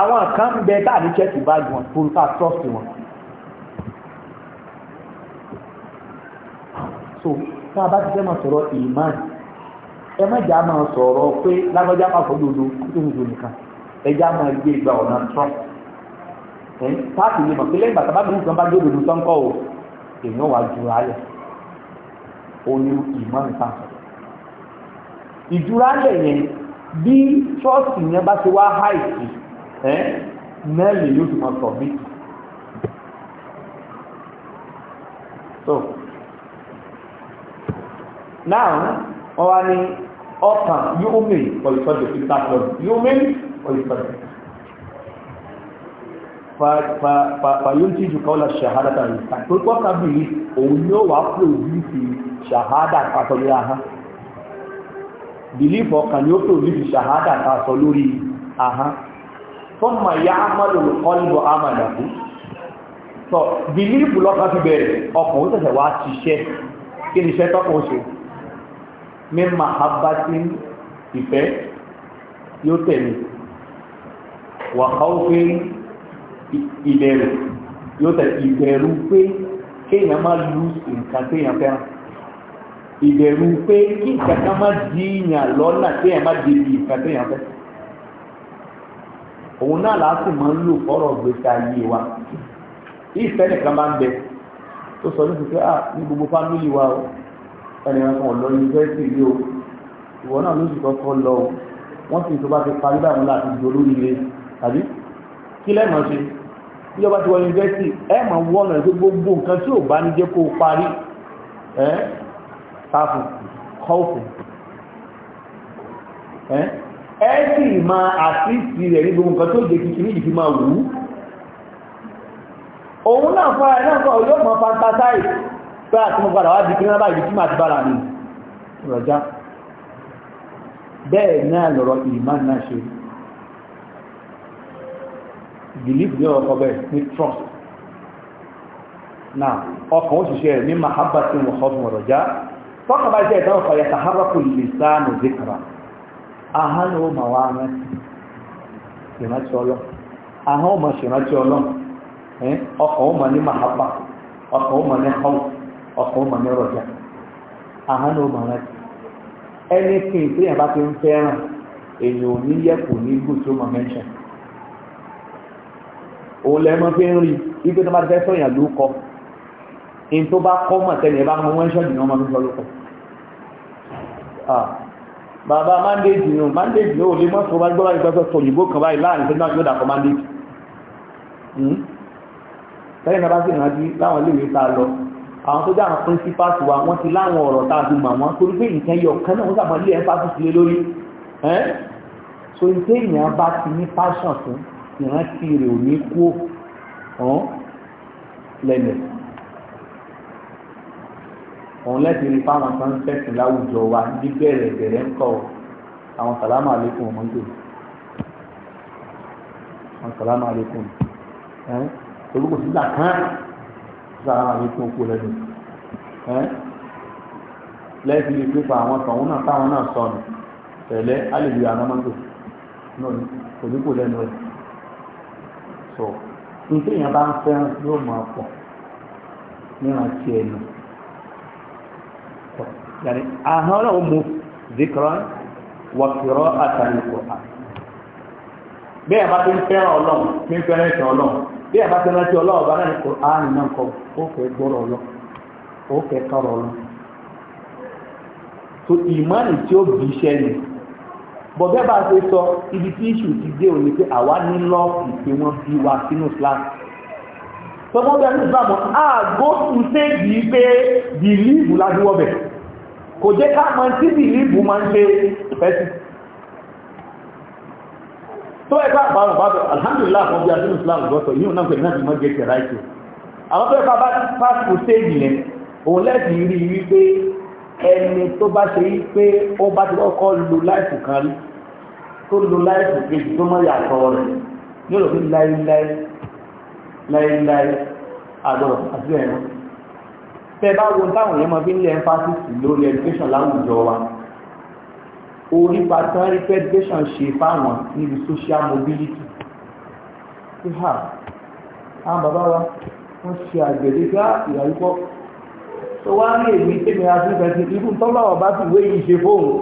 àwọn kan ń bẹ táà ní chẹ́kì báàgì wọn fún ká trust wọn so tá a bá ti fẹ́ máa sọ̀rọ̀ ìmán ẹ má jà máa sọ̀rọ̀ pé lágbájá pàfọ́ dodo kó tó ń do nìkan ẹ máa gbé ìgbà ọ̀nà trust táàkì lè mọ̀ pé lẹ́yìn bàtà bá gbé nǹkan bá gbé òdòdó sọ́ńkọ́ o èèyàn wà jura lẹ̀ ó ní ìmọ̀ nǹkan sọ. ìjura lẹ̀ yẹn bí ṣọ́ọ̀ṣì yẹn bá ti wá háìsì ẹ́ yóò fi mọ̀ sọ̀ bí. so now wọ́n wá ní ọkàn yóò mìíràn pọ̀lùsọ́dọ̀ fífà lọ́dún yóò mìíràn pọ̀lùsọ́dọ̀ fàyóntì jù kọ́lá ṣàhádà tàbí àtòkọ́ kábìrì òun yóò wá pòlìsì ṣàhádà pàtó lórí ahọ́n bìlífọ̀ kan yóò pòlìsì ṣàhádà pàtó lórí ahọ́n tọ́mà yá ámàlò ọlùbọ̀ ámàdàkú tọ́ bìlífù lọ́kàn ti bẹ̀rẹ̀ ọkàn ó tẹ̀sẹ̀ wá ṣiṣẹ́ kí ni iṣẹ́ tọ́kàn ṣe mímà abátín ìfẹ́ yóò tẹ̀lé wà káwọ́ ìbẹ̀rù yóò tẹ̀ ìbẹ̀rù pé kéèyàn má lu nǹkan téèyàn fẹ́ràn ìbẹ̀rù pé kí nǹkan kan má di ìyàn lọ́nà téèyàn má di ibi nǹkan téèyàn fẹ́ òun náà láti máa ń lò fọ́rọ̀ gbèsè ayé wa bí ìfẹ́ nìkan bá ń bẹ tó sọ ní pípẹ́ à ní gbogbo fámìlì wa o ẹnìyàn kan lọ yunifásitì ilé o ìwọ náà ló sì kọ́kọ́ lọ o wọ́n sì tó bá ti parí báyìí láti di olóríire tàbí kí lẹ́ẹ̀mọ́ ṣe ìjọba ti wọ yunifásitì ẹ mọ̀ wọ́nà tó gbogbo nǹkan tí ò bá ní jẹ́ kó parí ẹ́ sáfù kọ́ọ̀fù ẹ sì máa àfíìsì rẹ̀ ní gbogbo nǹkan tó jẹ́ kìkì ní ìdí máa wù ú òun náà fara náà kọ́ yóò mọ fantasai pé àti mo padà wá di kí náà ìdí máa ti bára mi rọjá bẹ́ẹ̀ náà lọ̀rọ̀ ìmá ṣe rí belief ní ọkọ̀ bẹ́ẹ̀ ní trust na ọkàn òṣìṣẹ́ rẹ̀ ní mahabba tí wọ́n kọ́ tọ́kà bá jẹ́ ìdáwọ̀ fàyà tàhárakù lè zikara ahán ó ma wá rántí ọlọ́ ahán ọlọ́ ẹni tí ti ń fẹ́ràn ò ní ní gùn ma mẹ́ṣẹ̀ òun lẹ́mọ́ fi ń rí wípé tó bá fẹ́ sọ̀yàn ló kọ́ in tó bá kọ́ mọ̀ tẹ́lẹ̀ ẹ bá mọ wọ́n ṣọ́ọ̀dì náà máa fi sọ ló kọ́ bàbá mandate nù mandate nù ò lè mọ́ sọ bá gbọ́ báyìí gbọ́sọ̀ sọ òyìnbó kan báyìí láàrin tó náà yóò dàpọ̀ mandate hmm? tẹ́lẹ̀ náà bá sì rántí láwọn ilé ìwé tá a lọ a fi mọ̀ wọ́n torí pé nǹkan yọ kan náà wọ́n sàmọ́ ilé ẹ̀ fásitì lé lórí so ìtẹ́yìn bá ti ní passion fún ìrántí rẹ̀ ò ní kú ọ̀hún lẹ́lẹ̀ òun lẹ́sìn rí fáwọn kan ń fẹ̀sìn láwùjọ wa ní bẹ̀rẹ̀ bẹ̀rẹ̀ ń kọ́ àwọn sàlámù àlékún ọmọ ń dò àwọn sàlámù àlékún ẹ̀ orúkọ sígbà kan sàlámù àlékún okú lẹ́nu ẹ̀ lẹ́sìn rí pípa àwọn tọ̀hún náà táwọn náà sọnù tẹ̀lé alèlúyà ọmọ ń dò náà kò ní kò lẹ́nu ẹ̀. sọ nígbà èèyàn bá ń fẹ́ràn yóò máa pọ̀ níwọ̀n tí ẹnu yàrá ahọ́n náà mú zikran wà kìrọ́ àtàlù kọ̀ọ̀kan bí ẹ̀ bá ń fẹ́ràn ọlọ́run ní fẹ́ràn ìtàn ọlọ́run bí ẹ̀ ọlọ́run bá náà kọ̀ ó fẹ́ gbọ́rọ̀ ó fẹ́ kọ̀rọ̀ ọlọ́run ìmánì tí ó bọ̀dẹ́ bá ṣe sọ ibi tí ìṣù ti dé òní pé àwa ní lọ́ọ̀sì pé wọ́n bí wa sínú Islam tọ́gbọ́n bẹ́ẹ̀ ní Islam àgbo tún séèjì pé bìlíìbù lájúwọ́ bẹ̀ kò jẹ́ ká mọ̀ tí bìlíìbù máa ń ṣe fẹ́sì tó ẹ̀ká àpárùn bá bẹ̀ alhamdulillah fún bí a sínú Islam gọ́sọ̀ yíò náà pẹ̀lú náà fi mọ́ gẹ̀ẹ́kẹ̀ ráìtì àwọn tó ẹ̀ká bá pàṣẹ séèjì yẹn òun lẹ́sìn rí wípé ẹni tó bá ṣe yí pé ó bá ti kọ́kọ́ lo láìpù kan rí tó lo láìpù kejì tó mọ́ yàtọ̀ rẹ̀ yóò lọ sí láíláí láíláí àdọ̀rọ̀ àti ẹ̀rọ tẹ bá wo táwọn èèyàn máa fi ń lé ẹ̀ńfásísì lórí education láwùjọ wa orí pàtàkì rí pé education ṣe fáwọn níbi social mobility ṣe hà àwọn bàbá wa wọ́n ṣe àgbẹ̀dẹ́gbà ah, ìyàwó tó wá rí èmi tèmi àtúnfẹ́ sí irú tọ́lọ́wọ̀ bá ti wé yìí ṣe fóònù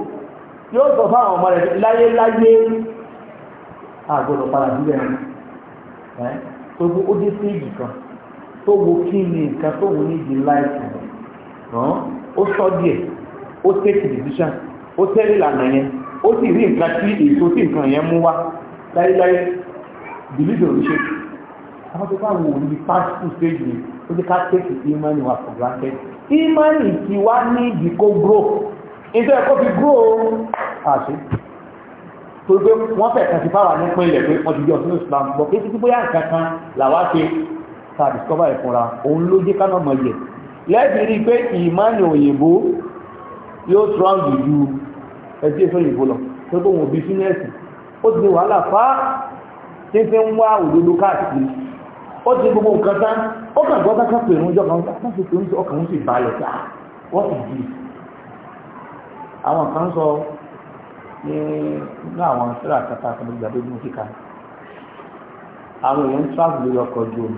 yóò sọ fáwọn ọmọ rẹ̀ láyé láyé àgbọ̀dọ̀ padà sílẹ̀ ẹ̀ tó kú ó dé sí ìgì kan tó wo kí ni nǹkan tó wù ní ìdí láìsí rán ó sọ díẹ̀ ó tẹ́kì decision ó tẹ́lẹ̀ ìlànà yẹn ó sì rí nǹkan tí èso tí nǹkan yẹn mú wá láyé láyé bìlídò ń ṣe àwọn tó bá wò ó ní pásítù stage ni ó ti ká tẹ́kì ìmánì wa for granted ìmánì ti wá ní ìdíkó grow nítorí ẹ̀kọ́ fi grow àṣẹ tó gbé wọ́n fẹ̀ kan ti fáwà ní pín ilẹ̀ pé wọ́n ti yọ sínú Islam bọ̀ kí títí bóyá nǹkan kan làwa ṣe ta discover ẹ̀ fúnra òun ló dé kánà mọ̀ yẹ lẹ́bi rí pé ìmánì òyìnbó yóò strong ju ẹtí èso òyìnbó lọ tó gbóhùn òbí sínú ẹ̀sìn ó ti ní wàhálà fá tí ń ń wá òdodo káàkiri ó ti gbogbo nǹkan tán ó kàn gbọ́ káká pèrún ìjọ kan wọ́n ti pèrún sí ọkàn wọn sì balẹ̀ sáà wọ́n ti di àwọn kan sọ ní ní àwọn sẹ́rà kata àtàlẹ́ ìgbàdé ní kíkà àwọn èèyàn ń travel lórí ọkọ̀ ojú omi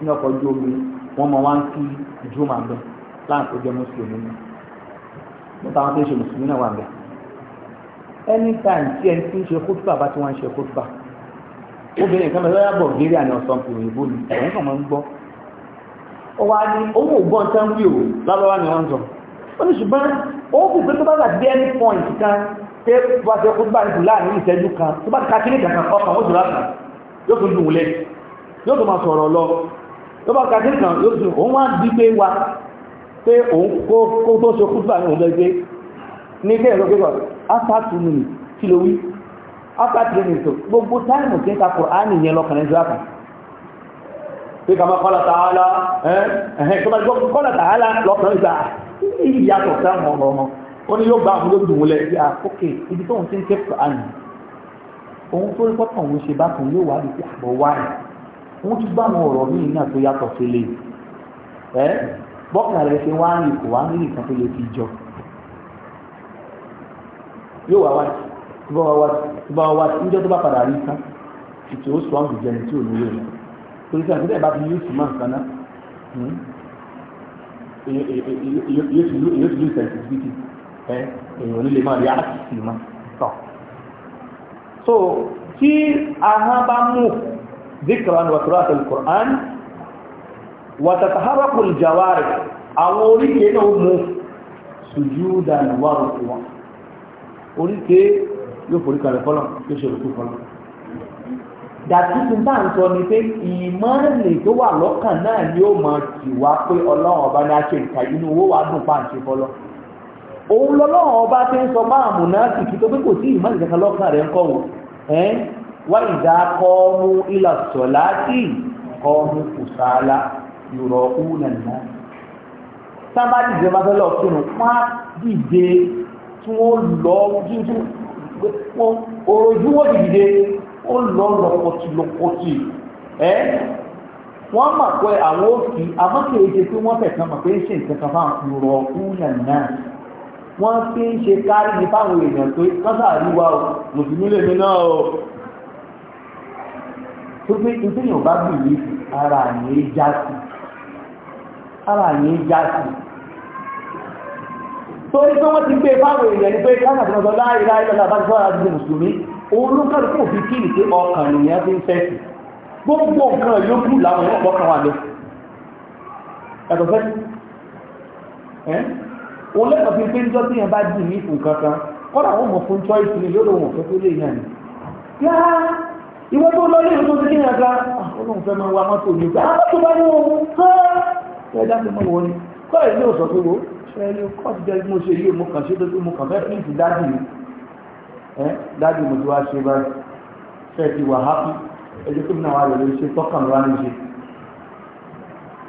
ní ọkọ̀ ojú omi wọ́n mọ wá ń kí jùmọ̀ àgbẹ̀ láǹkó tó jẹ́ mùsùlùmí náà nípa àwọn tó ń ṣe mùsùlùmí náà wà bẹ́ẹ̀ anytime tí ẹni tí ń ṣe kótópà bá ti wá ń ṣe kótópà obìnrin kan lọ́yà Bulgaria ní ọ̀sán kò òyìnbó ni òun kàn máa ń gbọ́ ó wá ní owó ògbọ́n tán wí o lábọ́wá ni wọ́n sọ ó ní ṣùgbọ́n ó kù pé tó bá gbà dé any point kan pé bá ṣe kó bá ní kù láàrin ìṣẹ́jú kan tó bá ka kí ní kankan ọkàn ó dùrà kan yóò tún dùn lẹ yóò tún máa sọ̀rọ̀ lọ tó bá ka kí ní kan yóò tún òun wá bí pé wa pé òun kó tó ṣe kú bá ní òun lọ gbé ní ilé ẹ̀rọ gbé after training tó gbogbo táìmù tí ń ka kùránì yẹn lọ kànáà ìjọba pé kàmá kọ́lá tààlà ẹ̀hẹ́n tó bá gbọ́ kọ́lá tààlà lọ́kàn ìgbà ìyàtọ̀ sáwọn ọmọ ọmọ ó ní yóò gbà àwọn olóògùn wọlé ẹ̀ à ókè ibi tóun ti ń ké kùránì òun tó rí pọ́tàn òun ṣe bákan yóò wá lùtí àbọ̀ wá rẹ̀ wọ́n tún gbà àwọn ọ̀rọ̀ míì náà tó yàtọ̀ sí lè ẹ́ bọ́kà rẹ̀ ṣe wá ń rìn kò tó lè fi jọ yóò wá wáyé bá wá níjọ́ tó bá padà rí tán ètò ó sọ àwọn ìjẹun tí ò ní yóò lọ torí sáà nígbà bá fi yóò sì máa ń kaná hmm, yóò sì lù sẹ̀ǹtìfìtì ẹ èèyàn onílé máa rí àṣìṣì máa tọ̀ so tí ahọ́n bá mú ذكرا وقراءة القرآن وتتحرك الجوارح àwọn oríkèé náà mú sùjúdàn wárùkúwà oríkèé yóò forí kalẹ̀ fọlọ́ yóò ṣe òkú fọlọ́. dàtí tuntun à ń sọ ni pé ìmọ̀lẹ̀ tó wà lọ́kàn náà ni ó mọ̀ tì wá pé ọlọ́run ọba ní aṣọ ìka inú owó wa dùn páǹtì fọlọ́. òun lọ́lọ́run ọba ti ń sọ máa mú náà sì kí tó pé kò sí ìmọ̀lẹ̀ kankan lọ́kàn rẹ̀ ń kọ́ wò ẹ́ wá ìdá kọ́ mú ilà sọ̀láàtì kọ́ mú kùsàlà ìrọ̀ òun nàná. sábà dìde máa lọ òròjú wọ́n ti dìde ó lọ lọ́pọ̀tìlọpọ̀tì ẹ́ wọ́n mà pé àwọn òfin amákèéje pé wọ́n fẹ̀kan mà pé ń ṣe nǹkan kan fáwọn ìrọ̀ kúnyàn náà wọ́n fi ń ṣe kárí ní fáwọn èèyàn pé kọ́sà àríwá o mùsùlùmí lè mi náà o tó pé ìpínlẹ̀ ọba gbìyànjú ara àyè já sí ara àyè já sí torí pé wọ́n ti gbé fáwọn èèyàn ní pé káàkiri ọ̀sán ọ̀sán láàrin láàrin lọ́la bá gbọ́ àti mùsùlùmí òun ló kàn kó fi kí ìpé ọkàn nìyẹn fi ń fẹ́sì gbogbo nǹkan yókù láwọn ọ̀pọ̀ kan wà lọ ẹ̀tọ́ fẹ́ òun lẹ́kọ̀ọ́ fi pé ń jọ sí yẹn bá dì ní ìfún kankan kọ́nà àwọn ọmọ fún choice ni yóò lòun fẹ́ tó lè yàn ní yá ìwọ tó lọ ní ìfún sí yẹn kan ọlọ́run fẹ́ máa wa mọ́tò ní ìgbà àwọn tó bá ní òun fẹ́ ẹ̀dá fi mọ́ wọn ni kọ́ ṣẹlẹ̀ kọ́pìtẹ́ mo ṣe yíò mo kàn ṣe tó mo kàn fẹ́ pín sí dájú mi ẹ́ dájú mo ti wá ṣe báyìí fẹ́ ti wà hápí ẹjọ́ tó náà wà lè ṣe tọ́kàn wá ní ṣe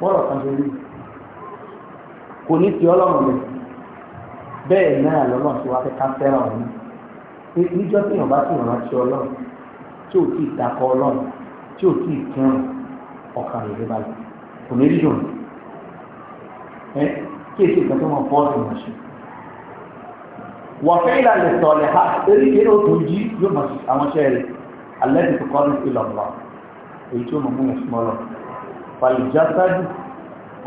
bọ́rọ̀ kan ṣe rí kò ní ti ọlọ́run rẹ̀ bẹ́ẹ̀ náà lọ́lọ́run ti wá fẹ́ ká fẹ́ràn ọ̀hún níjọ́ tí èèyàn bá ti ràn ti ọlọ́run tí ò tí ì dakọ ọlọ́run tí ò tí ì kẹrùn ọ̀kan rẹ̀ balẹ̀ kò ní rí dùn kí èsì ìkan tó mọ̀ fọ́ ìmọ̀ ṣe wọ̀fẹ́ ìlànà ìtọ̀lẹ̀ ha eré eré òtò jí yóò mọ̀ sí àwọn iṣẹ́ rẹ̀ alẹ́ ti fi kọ́ ní ìlọ̀lọ́ èyí tó mọ̀ mú yẹn súnmọ́ lọ fàlùjá sáájú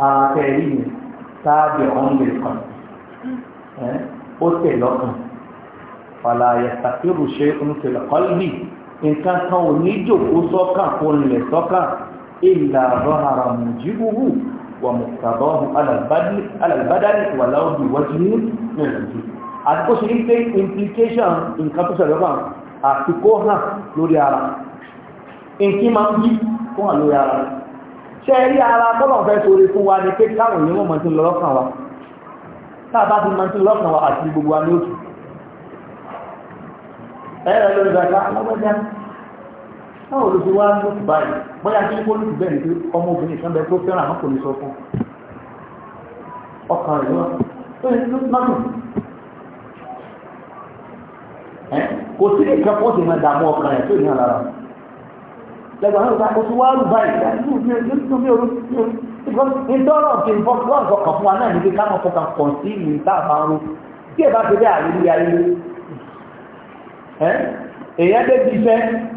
ààtẹ rí mi ọ̀hún lè kàn ó tẹ̀ lọ́kàn fàlàyé sàkérù ṣe ń tẹ̀lẹ̀ kọ́lbì nǹkan kan ò ní jòkó sọ́kàn kó ń lẹ̀ sọ́kàn ìlà rọ́hàrà mùjíbùbù ومقتضاه على البدل على البدل ولو بوجه من الوجوه àti kó ṣe ní pé implication nǹkan tó ṣẹlẹ̀ lọ́gbà àti kó hàn lórí ara nǹkí máa ń bí kó hàn lórí ara ṣe rí ara bọ́lọ̀ fẹ́ sórí fún wa ni pé káwọn èèyàn mọ̀ sí lọ́kàn wa tá a bá ti mọ̀ sí lọ́kàn wa àti gbogbo wa ní òtù ẹ̀rọ lórí gbàgbà lọ́gbẹ́jà báwo ló ti wá ń lùtù báyìí bóyá kí kó lùtù bẹ́ẹ̀ ni pé ọmọbìnrin kan bẹ tó fẹ́ràn àwọn kò ní sọ fún ọkàn rẹ̀ náà ó yẹ kí má dùn kò sí nǹkan kó sì máa dààmú ọkàn rẹ̀ tó ní àlára lẹ́gbàá náà ta kó wá lù báyìí láti ti ń bọ́ lọ́nà ọkàn fún wa náà ní pé ká máa fọkàn kàn sí ìlú tá a máa ń ro tí ẹ bá ti dé àrírí ayé èèyàn dé bí iṣẹ́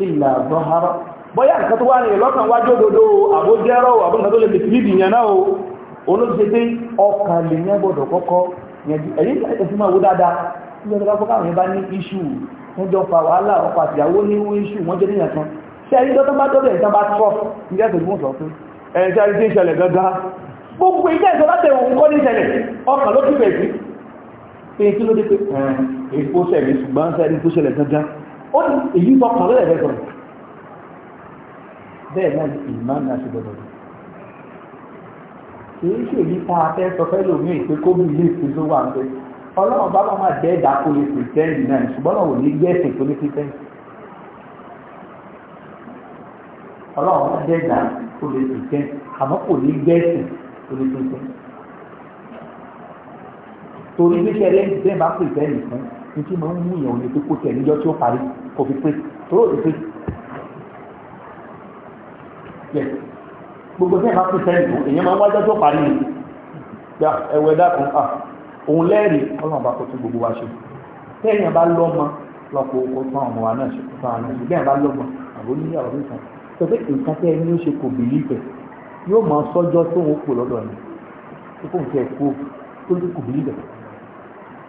ìlà zọ́hárá bọ́yá nǹkan tó wá ní ìlọ́kàn wájú òdòdó àbójẹ́rọ̀ àbúnkà tó lè fi sílì ìyẹn náà o olóṣèṣe pé ọkàn lè yẹn gbọ́dọ̀ kọ́kọ́ ẹ̀yìn ìtàkì máa wó dáadáa tí wọ́n bá fọ́kà wọn bá ní iṣu wọ́n jọ fa wàhálà ọkọ àtìyàwó ní iṣu wọ́n jẹ́ níyàn kan ṣe ẹni tó bá dọ́dọ̀ ìtàn bá tọ́ nígbà tó gbọ́n sọ pé ẹ̀yìn tí a ti ṣẹlẹ̀ gangan gbogbo ilé ìṣọ́ láti ẹ̀wọ̀n kọ́ ní ìṣẹ̀lẹ̀ ọkàn ló kí bẹ̀ẹ̀ sí pé kí ló dé pé èkó ṣẹlẹ̀ ṣùgbọ́n sẹ́ni tó ṣẹlẹ̀ gangan ó ní èyí tó kàn lọ́lẹ̀ lẹ́gbọ̀n bẹ́ẹ̀ náà ni ìmọ̀ náà ṣe gbọdọ̀ lọ kìí ṣe èyí tá a fẹ́ sọ fẹ́ lómi ìpè kó mi ilé ìpè tó wà ń bẹ ọlọ́run bá bá máa jẹ́ ìdáko lè pè tẹ́lẹ̀ náà ṣùgbọ́n náà ò ní gbé ẹ̀sìn tó ní pè tẹ́lẹ̀ ọlọ́run bá jẹ́ ìdáko lè pè tẹ́lẹ̀ àmọ́ kò ní gbé ẹ̀sìn tó ní pè tẹ́lẹ̀ torí bí ṣẹlẹ̀ ń tẹ́ bá pè tẹ́lẹ̀ fún ní kí máa ń mú ìyàwó ní pé kó níjọ́ tí ó parí kò fi pé tóró ti pé yẹ gbogbo tí ẹ bá pèsè ìlú èèyàn máa ń wájọ́ tó parí ya ẹwẹ dákun à ah, òun lẹ́rìí ọlọ́run bá kó tún gbogbo wa ṣe tẹ́yìn bá lọ́mọ lọ́pọ̀ oko fún àwọn ọmọ wa náà ṣe fún àwọn ọmọ bẹ́ẹ̀ bá lọ́mọ àbó ní ìyàwó nìkan tó pé nǹkan tẹ́ ẹni ó ṣe kò bìlí tẹ̀ yóò máa sọ́jọ́ tó ń kó lọ́dọ̀ ni tó kò ń tẹ̀ kó tó kò bìlí tẹ̀.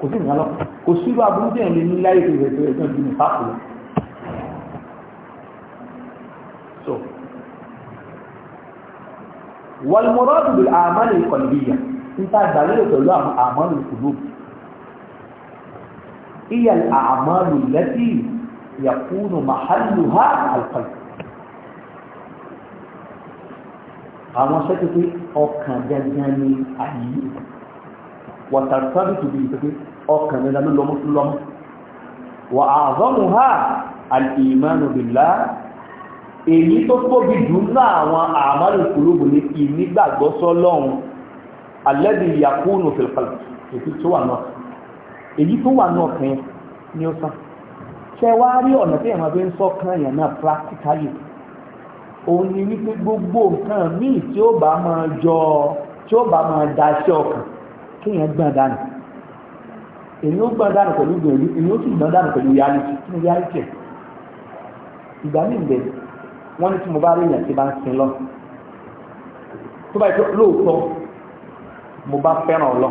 kò sí ìrànlọ́ kò sírò aburú jẹ́ ìlú ní láyé ìrẹ̀ tó jù ní pápù lọ so wàlmọ́rọ́dù bí àmàlì ìkọ̀lìyà ń ta ìgbàlérò pẹ̀lú àmàlì ìkùlù ìyà àmàlì lẹ́tì yàkúnù màhálùhà àlùkọ̀lì àwọn sẹ́kẹ̀kẹ́ ọkàn gẹ́gẹ́ ní àyíká wọ̀tàntàbí tó bí i pẹ́pẹ́ ọkàn mẹ́ta ló lọ́mọ́ wà àzọ́mù ha alìmánu bìlá èyí tó tóbi jù láwọn àmàlù kúrúbù ní ìnígbàgbọ́ sọ́lọ́run alẹ́bí yakúnù fìlfàlù èyí tó wà náà èyí tó wà náà kan ni ó sàn ṣe wá rí ọ̀nà tí ẹ̀mọ́ fi ń sọ kan yẹn náà practically òun ni wípé gbogbo nǹkan míì tí ó bá máa jọ tí ó bá máa da iṣẹ́ ọkàn kéèyàn gbọ̀n dànù èyí ó gbọ̀n dànù pẹ̀lú gbìyànjú èyí ó sì gbọ̀n dànù pẹ̀lú yálìtì nínú yálìtì ẹ̀ ìgbà mí bẹ̀ wọ́n ní tí mo bá rí èèyàn tí bá ń sin lọ tó bá yẹ kó lóòótọ́ mo bá fẹ́ràn ọ lọ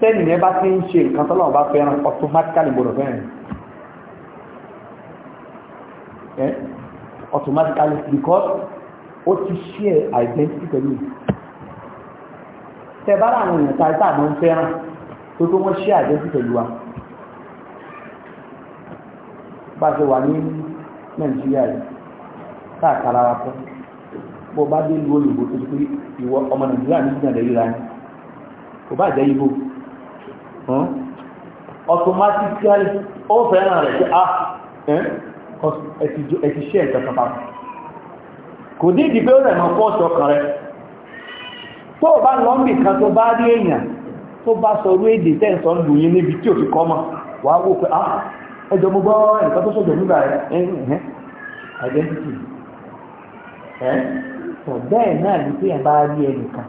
tẹ́nì yẹn bá ti ń ṣe nǹkan tó lọ́wọ́ bá fẹ́ràn automatically gbọdọ̀ fẹ́ràn ẹ automatically because ó ti share identity pẹ̀lú tẹ bá láwọn èèyàn ta ẹta àmọ́ fẹ́ràn tó tó wọ́n ṣí àjẹsí pẹ̀lú wa bá a ṣe wà ní nàìjíríà yìí káàkiri ara bó bá dé lu tó ti pé ìwọ ọmọ nàìjíríà ní ìgbìyànjú ẹ̀yìn ra ni kò bá jẹ́ ibo automatically ó fẹ́ràn rẹ̀ ah, ẹ ti ṣe pa kò pé ó rẹ̀ mọ́ fọ́ọ̀ṣọ̀ kan rẹ̀. tó o bá lọ mì kan tó bá rí èèyàn tó bá sọrú èdè tẹ́ǹsọ́ ń lù yín níbi tí ò fi kọ́ mọ̀ wàá wò pé ah ẹjọ́ mo gbọ́ nǹkan tó sọ̀jọ̀ nígbà rẹ̀ identity ẹ̀ tọ̀ bẹ́ẹ̀ náà ni pé ẹ̀ bá rí ẹnìkan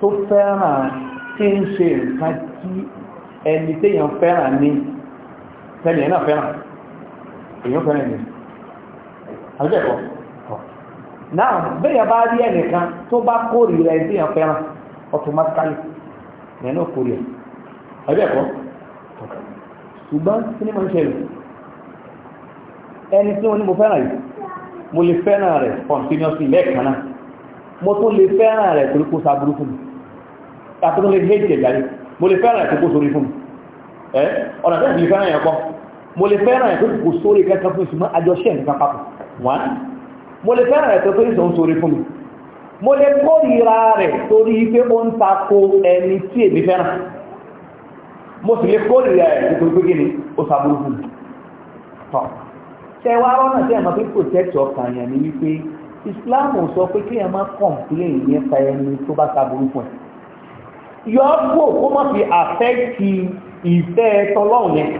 tó fẹ́ràn tí ń ṣe nǹkan tí ẹni téèyàn fẹ́ràn ní tẹ́lẹ̀ náà fẹ́ràn èèyàn fẹ́ràn ní àjẹ́kọ̀ọ́ náà bẹ́ẹ̀ bá rí ẹnìkan tó bá kórìíra ẹni tí yẹn fẹ́ràn automatically yẹn náà kórìíra ẹbí ẹ̀kọ́ ṣùgbọ́n kí ni mo ń ṣẹlẹ̀ ẹni tí wọ́n ní mo fẹ́ràn yìí mo lè fẹ́ràn rẹ̀ continuously lẹ́ẹ̀kan náà mo tún lè fẹ́ràn rẹ̀ torí kó sáburú fún mi àti tó lè hé ìtẹ̀jáde mo lè fẹ́ràn rẹ̀ tó kó sórí fún mi ẹ ọ̀nà tẹ́sí lè fẹ́ràn yẹn kọ́ mo lè fẹ́ràn rẹ̀ tó kó sórí kẹ́kẹ́ fún mi ṣùgbọ́n àjọṣe nǹkan one mo lè fẹ́ràn ẹ̀tọ́ tó ìsọ̀ ń sórí fún mi mo lè kórìíra rẹ̀ torí pé ó ń tako ẹni tí èmi fẹ́ràn mo sì lè kórìíra ẹ̀ nítorí pé gíní ó sàbúrú fún mi tọ́ ṣe wá rọ́nà tí ẹ̀mọ́ fi protect ọkàn yẹn ni wípé Islam sọ pé kí ẹ má complain nípa ẹni tó bá sàbúrú fún ẹ yọ ọ́ kó kó má fi affect ìfẹ́ tọlọ́run yẹn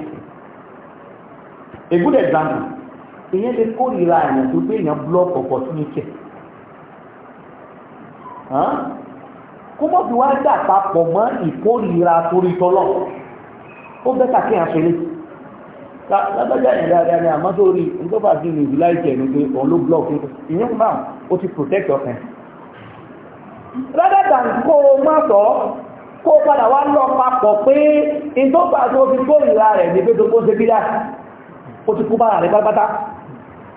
a good example èyàn lè kórìíra àyàn tó gbé èyàn block opportunity kó mọ̀ bí wàá dà papọ̀ mọ́ ìkórìíra torí tọ́lọ̀ ó bẹ́tà kí èyàn ṣe lé lágbájá yẹn dáadáa ni àmọ́ tó rí nígbàgbà sí ní ìdílé ìjẹ́ ní pé òun ló block ìyẹn fún ó ti protect ọkàn rather than kó o má sọ kó o padà wá lọ papọ̀ pé ìtọ́gbà tó fi kórìíra rẹ̀ ní pé tó kó ṣe bí dáa ó ti kú bára rẹ̀ pátápátá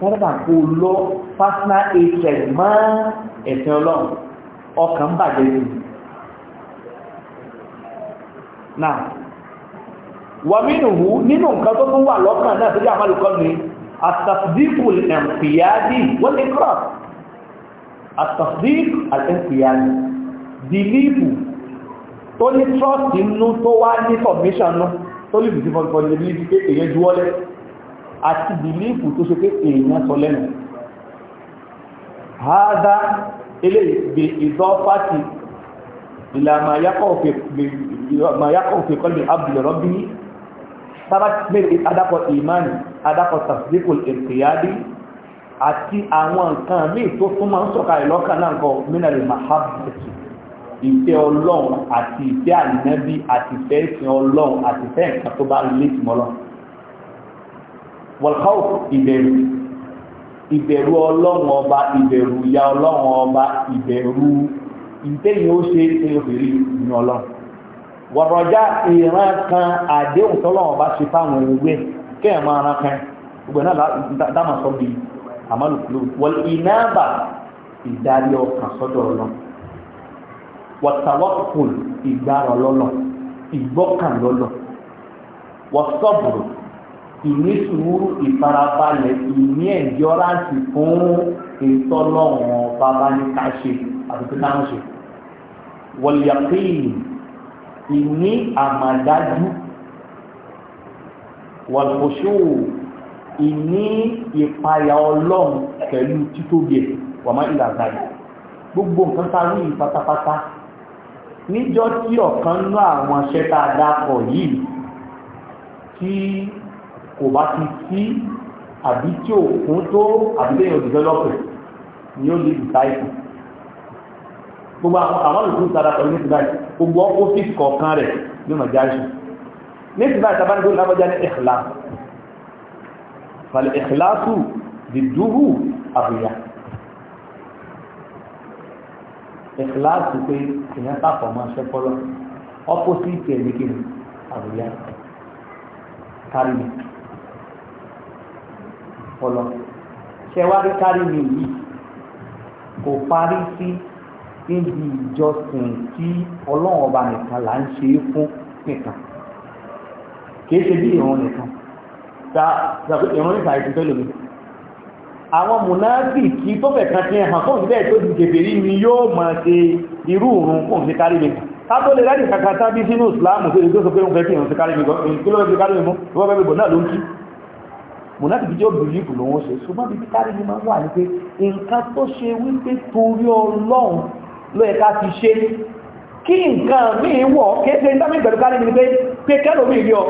sábà kó lọ personal hatred mọ́ ẹ̀sìn ọlọ́run ọkàn bàjẹ́ sí i náà wà mínúhu nínú nǹkan tó tún wà lọ́kàn náà tó jẹ́ àmàlùkọ́ ni asafdíkù ẹ̀mfìyàdì wọ́n ní cross asafdíkù ẹ̀mfìyàdì bìlíìfù tó ní trust nínú tó wá ní submission nú tó lè bìí fọ́nìfọ́nì lè àti bìlífù tó ṣe pé èèyàn sọ lẹ́nu hádá ilé ìgbè ìdọ́fàtì ìlà mayakọ̀ òfin kọ́lù abdùlọ́rọ́ bí sábà mẹ́rin adápọ̀ ìmáni adápọ̀ tàfíkò ìkìyàdí àti àwọn nǹkan míì tó tún máa ń sọ̀ka ìlọ́kàn náà kọ mínàlì mahabbati ìfẹ́ ọlọ́run àti ìfẹ́ ànínábí àti ìfẹ́ ìsìn ọlọ́run àti ìfẹ́ nǹkan lè tìmọ́lọ́run wọ̀lkáwù ìbẹ̀rù ìbẹ̀rù ọlọ́run ọba ìbẹ̀rù ìyá ọlọ́run ọba ìbẹ̀rù ìtẹ́yìn ó ṣe é obìnrin ìyìn ọlọ́run wọ̀rọ̀já ìran kan àdéhùn tọ́lọ́run ọba ṣe fáwọn ewé kẹ́ẹ̀ máa kan gbogbo náà dámà sọ bí àmàlùkúlù wọ́n ìnáàbà ìdarí ọkàn sọ́dọ̀ ọlọ́run wọ̀tàwọ́kùn ìgbàrọ̀ lọ́lọ́ ìgbọ́kàn lọ́lọ́ wọ́sọ́bùrù ìní sùúrù ìfarabalẹ̀ ìní ẹ̀ndíọ́ránsì fún ìtọ́lọ́wọ̀n bàbá ní ká ṣe àti ká ń ṣe. wọ̀lẹ́pìn ìní àmàdájú wọ̀lẹ́pọ̀ṣù ìní ìpayà ọlọ́run pẹ̀lú títóbi ẹ̀ wàmọ́ ìlànà yìí gbogbo nǹkan tá a rí pátápátá níjọ́ tí ọ̀kan nú àwọn ṣẹ́ta dákọ̀ yìí tí kò bá ti sí àbí tí ò kún tó àbí lẹ́yìn òdìdọ́lọ́pẹ̀ ni ó lè dìtáìpù gbogbo àwọn olùkún sára pẹ̀lú ní tìbáì gbogbo ọ́fíìsì kọ̀ọ̀kan rẹ̀ ní ọjà ìṣù ní tìbáì tàbánigbó lábọ́já ní ẹ̀kìlá fàlẹ̀ ẹ̀kìlá tù dìdúhù àbúyá ẹ̀kìlá tù pé èèyàn tàpọ̀ máa ṣẹ́ pọ́lọ́ ọ́pọ́sìtì ẹ̀mí àbúyá kárí ọlọ ṣẹwárí kárí mi yìí kò parí sí níbi ìjọsìn tí ọlọ́run ọba nìkan là ń ṣe é fún nìkan kìí ṣe bí ìrun nìkan ta ìrun nìkan ìtúntẹ́ lómi àwọn mùnáàbì kí tó fẹ̀kan ti hàn fún ìbẹ́ tó di gèbèrí ni yóò mọ̀ ṣe irú òun fún ìṣe kárí mi ká tó lè rẹ́dì kankan sábí sínú ìsìláàmù tó lè tó sọ pé òun fẹ́ kí ìrun ṣe kárí mi gan-an kí ló fẹ́ kí kárí mi mú ìwọ́n fẹ́ mi náà ló ń kí mùnàbí jẹ́ bìlíìfù lòun ṣe ṣùgbọ́n bíbí kárí ni máa ń wà ní pé nǹkan tó ṣe wípé torí ọlọ́run ló yẹ ká fi ṣe kí nǹkan míì wọ̀ kéde ní dámì pẹ̀lú kárí ni pé pé kẹ́lò mi rí ọ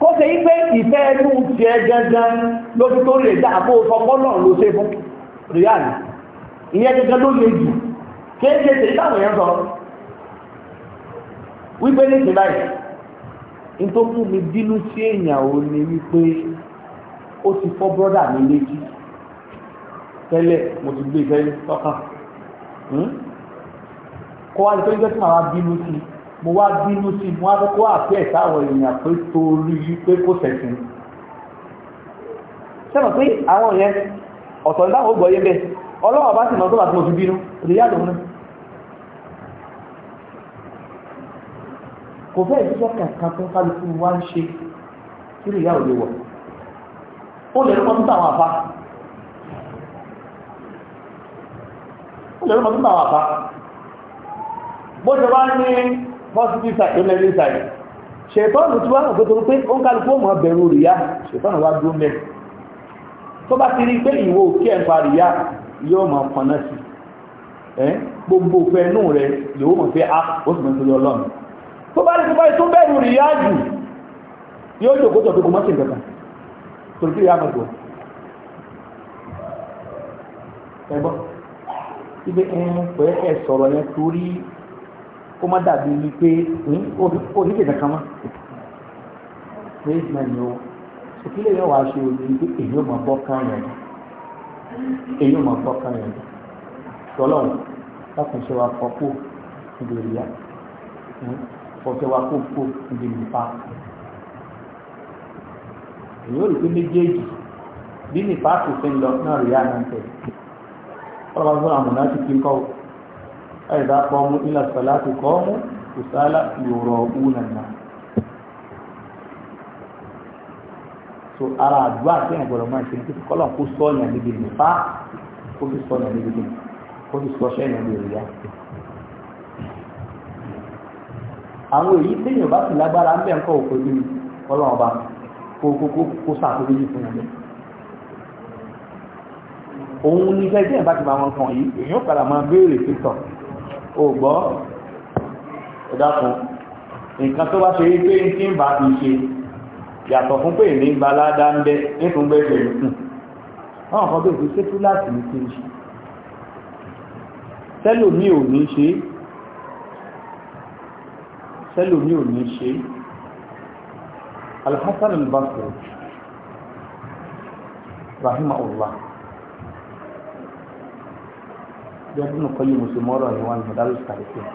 kó ṣe yí pé ìfẹ́ ẹnu tiẹ̀ gangan lójú tó lè dá àbó ọkọ náà ló ṣe fún ríàlì ìyẹn gangan ló lè jù kéde tèyí táwọn èèyàn sọ wípé ní ìsìn báyìí ní mi bínú sí èèyàn ò ní wípé ó ti fọ́ brọ́dà mi létí tẹ́lẹ̀ mo ti gbé ìfẹ́ sọ́kàn hmm? kọ́ wá ní tó ń jẹ́ tí màá bínú sí mo wá bínú sí mo wá kó àpẹ́ ẹ̀ta àwọn èèyàn pé torí pé kò sẹ̀sìn sẹ́mọ̀ pé àwọn yẹn ọ̀tọ̀ ìdáhùn ó gbọ́yé bẹ́ẹ̀ ọlọ́wọ̀ bá sì mọ́ tó bá tí mo fi bínú òdè yàtọ̀ múnú kò fẹ́ ìfẹ́ kàkà tó kálukú wá ń ṣe kí lè yá òde wọ̀ ó lè rí mọ́tún táwọn àfá ó lè rí mọ́tún táwọn àfá bó ṣe wá ní positive side tó lẹ́rí side ṣètọ́nù tí wọ́n kò tó pé ó ń kálukú mọ̀ bẹ̀rù rìyá ṣètọ́nù wá dúró mẹ́rin tó bá ti rí pé ìwò òkè ẹ̀fà rìyá yóò mọ̀ pọ̀nà sí gbogbo fẹ́nú rẹ̀ yóò mọ̀ pé a ah, ó sì mọ̀ sí ọlọ́run tó bá rí tó bá rí tó jù yóò jòkó tó fi kò torí pé ìyá àmọ̀ gbọ́ ẹ gbọ́ ibi ẹn pẹ́ ẹ sọ̀rọ̀ yẹn torí kó má dàbí wípé oníkè kankan mọ́ praise man o òkìlè yẹn wàá ṣe òní pé èyí ò mọ̀ bọ́ kán yẹn èyí ò mọ̀ bọ́ kán yẹn tọ́lọ̀ lákùnṣe wa kọ́ kó ìdòrí yá fọ́ṣẹ́ wa kó kó ìdòrí pa èyí ò rí pé méjèèjì bí ní páàkì sí ń lọ náà rí àná ń tẹ̀ ọlọ́pàá fún àwọn náà ti fi ń kọ́ ẹ̀dá pọ̀ mú ilẹ̀ sọ̀lá ti kọ́ mú ìsálà yòrò òun nàná so ara àdúrà tí èèyàn gbọdọ̀ máa ṣe ní kíkọ́ lọ́n kó sọ ọ̀nà níbi nípa kó sì sọ ọ̀nà níbi nípa kó sì sọ ọ̀ṣẹ́ ìyàn lórí àwọn èyí téèyàn bá sì lágbára ń bẹ̀ ń kọ́ òkú kó sàkóso yìí fún wọn òun ní fẹ́ díẹ̀ bá ti bá wọn kàn yìí èyàn padà máa béèrè pítọ̀ ò gbọ́ ẹ̀dàkùn nǹkan tó bá ṣe rí pé tí ń bá ti ṣe yàtọ̀ fún pé ní balada ń bẹ nítorí gbẹ̀gbẹ̀ ìkùn àwọn kan bèèrè pé tú láti ní kí n الحسن البصري رحمه الله جاد ابن قيم مسمور وان هدال التاريخين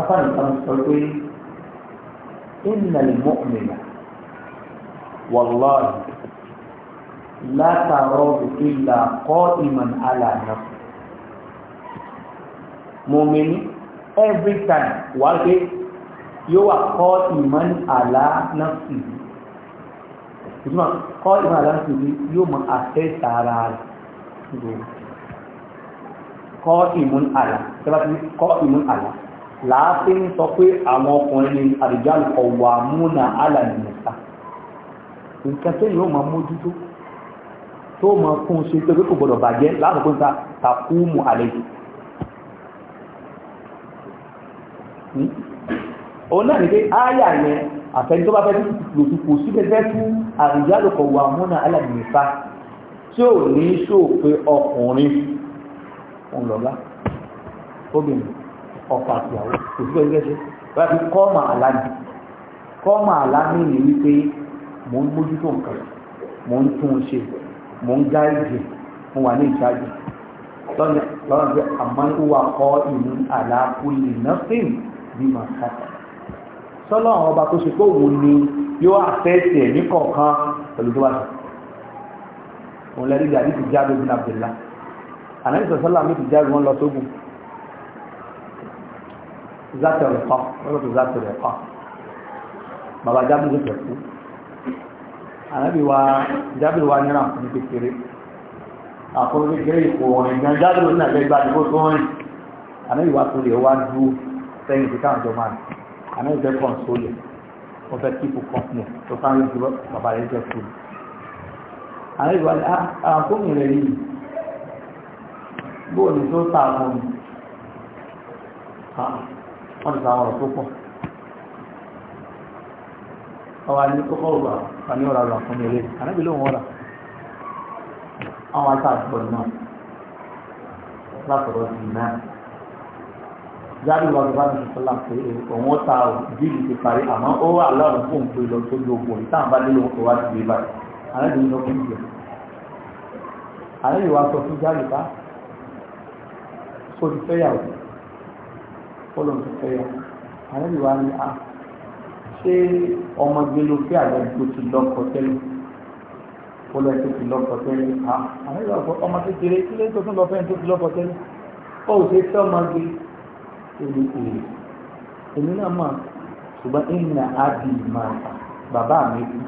أفن تنصرقين إن المؤمن والله لا تراه إلا قائما على نفسه مؤمن every time while yóò wà kọ́ ìmọ̀ àlá náà sì ìtumọ̀ kọ́ ìmọ̀ àlá náà sì ni yóò mọ àṣẹ ìtara rẹ̀ kọ́ ìmọ̀ àlá tẹ́lá ti kọ́ ìmọ̀ àlá láti ń sọ pé àwọn ọkùnrin ni àdìjáàlù ọ̀wà múnà alàmìnìta nǹkan tó yóò máa mójútó tó máa fún ṣe pé kò gbọdọ̀ bàjẹ́ láàbùkún ta takúmù àlejò hmm? òun náà ní pé ááyà yẹn àfẹ́ni tó bá fẹ́ lò sí kò sí fẹ́fẹ́ fún àrùjálò kọ̀ wà múnà alàmìfà tí ò ní ṣó pé ọkùnrin òun lọ́lá obìnrin ọ̀pọ̀ àtìyàwó kò sí fẹ́fẹ́ ṣe bá fi kọ́mà àlámì kọ́mà àlámì ní wípé mò ń mójútó nǹkan mò ń tún un ṣe mò ń gáìdì mo wà ní ìṣáájú lọ́nà pé àmọ́ ìwà kọ́ ìmú àlàkùn ìnáfíìn bí màá sábà sọ́lọ́ àwọn ọba tó ṣe pé òun ni yóò àfẹ́ẹ̀sì ẹ̀ ní kọ̀ọ̀kan pẹ̀lú tó wà sí òun lẹ́rí ìgbà ní ti jáde bin Abdullah àlẹ́ ìsọ̀sọ́lá mi ti jáde wọn lọ sógun zátẹ̀ ọ̀kọ́ wọ́n lọ́tọ̀ zátẹ̀ ọ̀kọ́ bàbá jábìlì tẹ̀ kú ànábì wa jábìlì wa níra ní kékeré àkọ́rọ́ kékeré ìpò ọ̀rìn gan jábìlì ní àgbẹ̀gbà àdìgbò tó rìn ànábì wa tó lè wá dúró sẹ́yìn tí káàjọ máa àmì ìfẹ́ kàn sólè wọ́n fẹ́ kíkù kọ́pìnì tó fáwọn ìjọba bàbá rẹ̀ jẹ́ kú àmì ìwà ni àkóhùn rẹ̀ yìí bóò ní tó ta àwọn ọmọ ah, wọn ti ta àwọn ọ̀rọ̀ tó pọ̀ ọwọ́ ni ó kọ́ ọ̀gbà wà ní ọ̀rọ̀ àwọn ọmọ ilé àmì ìlú wọn rà àwọn àtàkùn náà látọ̀rọ̀ sí náà jáde wà lọ́ba ní sọ́lá pé òun ta bíìlì ti parí àmọ́ ó wà lọ́rùn fún òun pé lọ sójú ogun yìí táwọn bá nílò òun tó wá sí ilé báyìí àrẹ́bí lọ fún ìjẹ àrẹ́bí wa sọ fún jáde bá sórí fẹ́yàwó fọlọ́n tó fẹ́yàwó àrẹ́bí wa ní a ṣé ọmọge ló fẹ́ àgbẹ̀ tó ti lọ́kọ tẹ́lẹ̀ fọlọ́n tó ti lọ́kọ tẹ́lẹ̀ a àrẹ́bí wa sọ ọmọ kékeré kílé tó tún lọ fẹ́ tó ti lọ́kọ tẹ́lẹ̀ olú èrè èmi náà mà ṣùgbọ́n ìnà ábì máa bàbá mi kú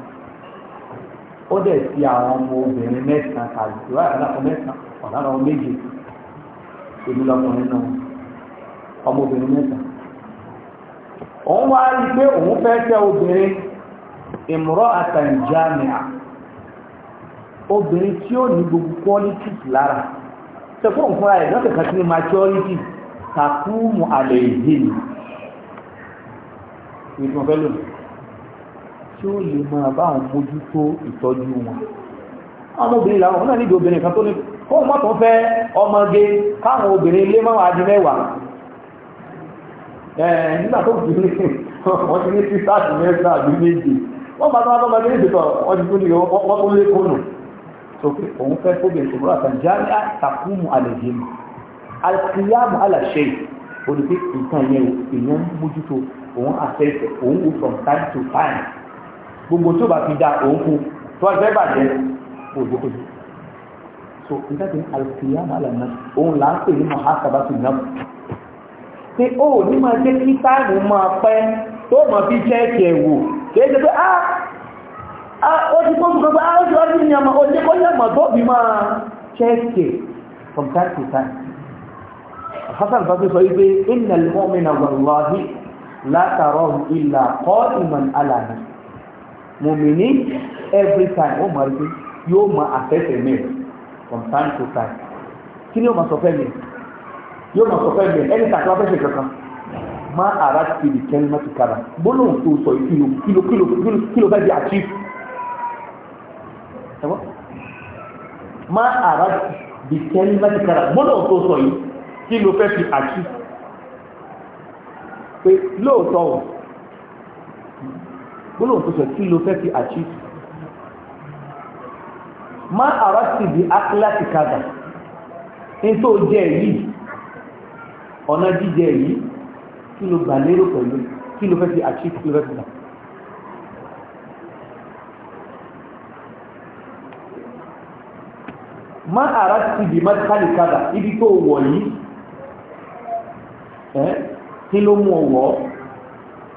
ó dẹ̀ ti àwọn ọmọ obìnrin mẹ́sàn-án kàlù ìwà àdàkọ mẹ́sàn-án ọ̀nà àwọn méje èmi lọkùnrin náà ọmọ obìnrin mẹ́sàn-án òun wá rí pé òun fẹ́ tẹ́ obìnrin ìmúrọ́ àtàǹjáàmìà obìnrin tí ó ní gbogbo qualities lára ṣe fún òun fúnra ẹ̀ lọ́sẹ̀ kan sí ní maturity takumu àlèyìn ìgbìmọ̀ fẹ́ lónìí tí ó lè máa bá àwọn mójútó ìtọ́jú wọn àwọn obìnrin làwọn ọ̀nà nídìí obìnrin kan tó ní kóhùn mọ́tò fẹ́ ọmọge káwọn obìnrin lé máa di mẹ́wàá ẹ̀ nígbà tó kù ní wọ́n ti ní sí sáàtì mẹ́ta àbí méjì wọ́n bá tọ́wọ́ tọ́wọ́ méjì tọ́ wọ́n ti tún ní wọ́n tó lé kónù tó pé òun fẹ́ kóbìnrin ṣògbọ́n àtàjáde alikiyamu alasẹ olùkí nǹkan yẹn èèyàn ń mójútó òun àfẹsẹ òun wò from time to time gbogbo tó bá fi da òun kú tó wàá fẹ́ bàjẹ́ òjò kojú so nǹkan tó ní alikiyamu alasẹ òun là ń pè ní mahasabatu nam pé ó ní máa jẹ́ kí táàmù máa pẹ́ tó mọ̀ fi chẹ́ẹ̀kì ẹ̀ wò kìí ṣe pé á ah, ah, ó ti kó gbogbo á ah, ó ti wá sí ìyàmọ̀ ó jẹ́ kó yàmọ̀ tó fi máa chẹ́ẹ̀kì from time to time hasan bá fi sọ wípé iná lọ́mìnà wàlúwàhí látàrọ̀ ìlà kọ́ ìmọ̀n alàmì mùmìnì every time ó máa rí yóò máa àfẹ́fẹ́ mi from time to time kí ni yóò máa sọ fẹ́ mi yóò máa sọ fẹ́ mi ẹni tàbí wọ́n fẹ́fẹ́ kankan má ara ti di kẹ́lí má ti kára gbóló tó sọ ìkìlò kìlò kìlò kìlò fẹ́ di achieve má ara ti di kẹ́lí má ti kára gbóló tó sọ yìí kí ló fẹ́ fi àti pé lóòótọ́ ò gbólóhùn tó sọ kí ló fẹ́ fi àti má àrọ́sì di akíláàsì kadà nítorí ó jẹ́ yìí ọ̀nà jíjẹ yìí kí ló gbà lérò pẹ̀lú kí ló fẹ́ fi àti kí ló fẹ́ fi gbà. má àrọ́sì di mọ́tàlì kadà ibi tó wọ̀ yìí ẹ́ kí ló mú ọwọ́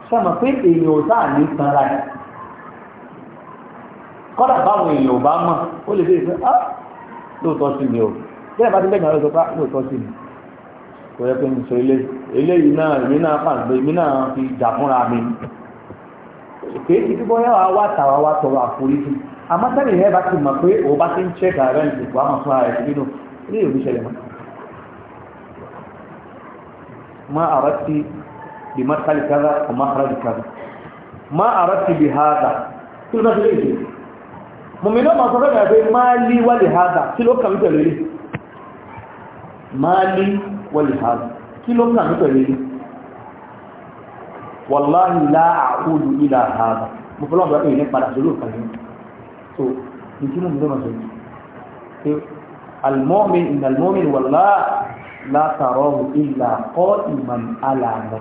sọ́mọ̀ pé èèyàn ò sáà ní tanra ẹ̀ kọ́dà báwọn èèyàn ò bá mọ̀ ó lè bèèrè pé á sí mi bẹ́ẹ̀ bá ti bẹ́ẹ̀ sí mi kò yẹ pé ilé eléyìí náà èmi náà pàṣẹ èmi náà fi jà fúnra mi kìí bọ́ wá wá tọrọ àforíjì àmọ́ bá ti mọ̀ pé òun bá ti ń fúnra rẹ̀ ilé ما أردت بمدخل كذا ومخرج كذا ما أردت بهذا كل ما تريد مؤمنون ما صدقنا بين ما لي ولهذا كل وقت كم تريد ما لي ولهذا كل وقت كم تريد والله لا أعود إلى هذا مفلوم بقى إنك بعد سلوك كلام so نتيجة مؤمنون ما المؤمن إن المؤمن والله látàrọ́hù ìlà kọ́ ìmọ̀ alàmọ́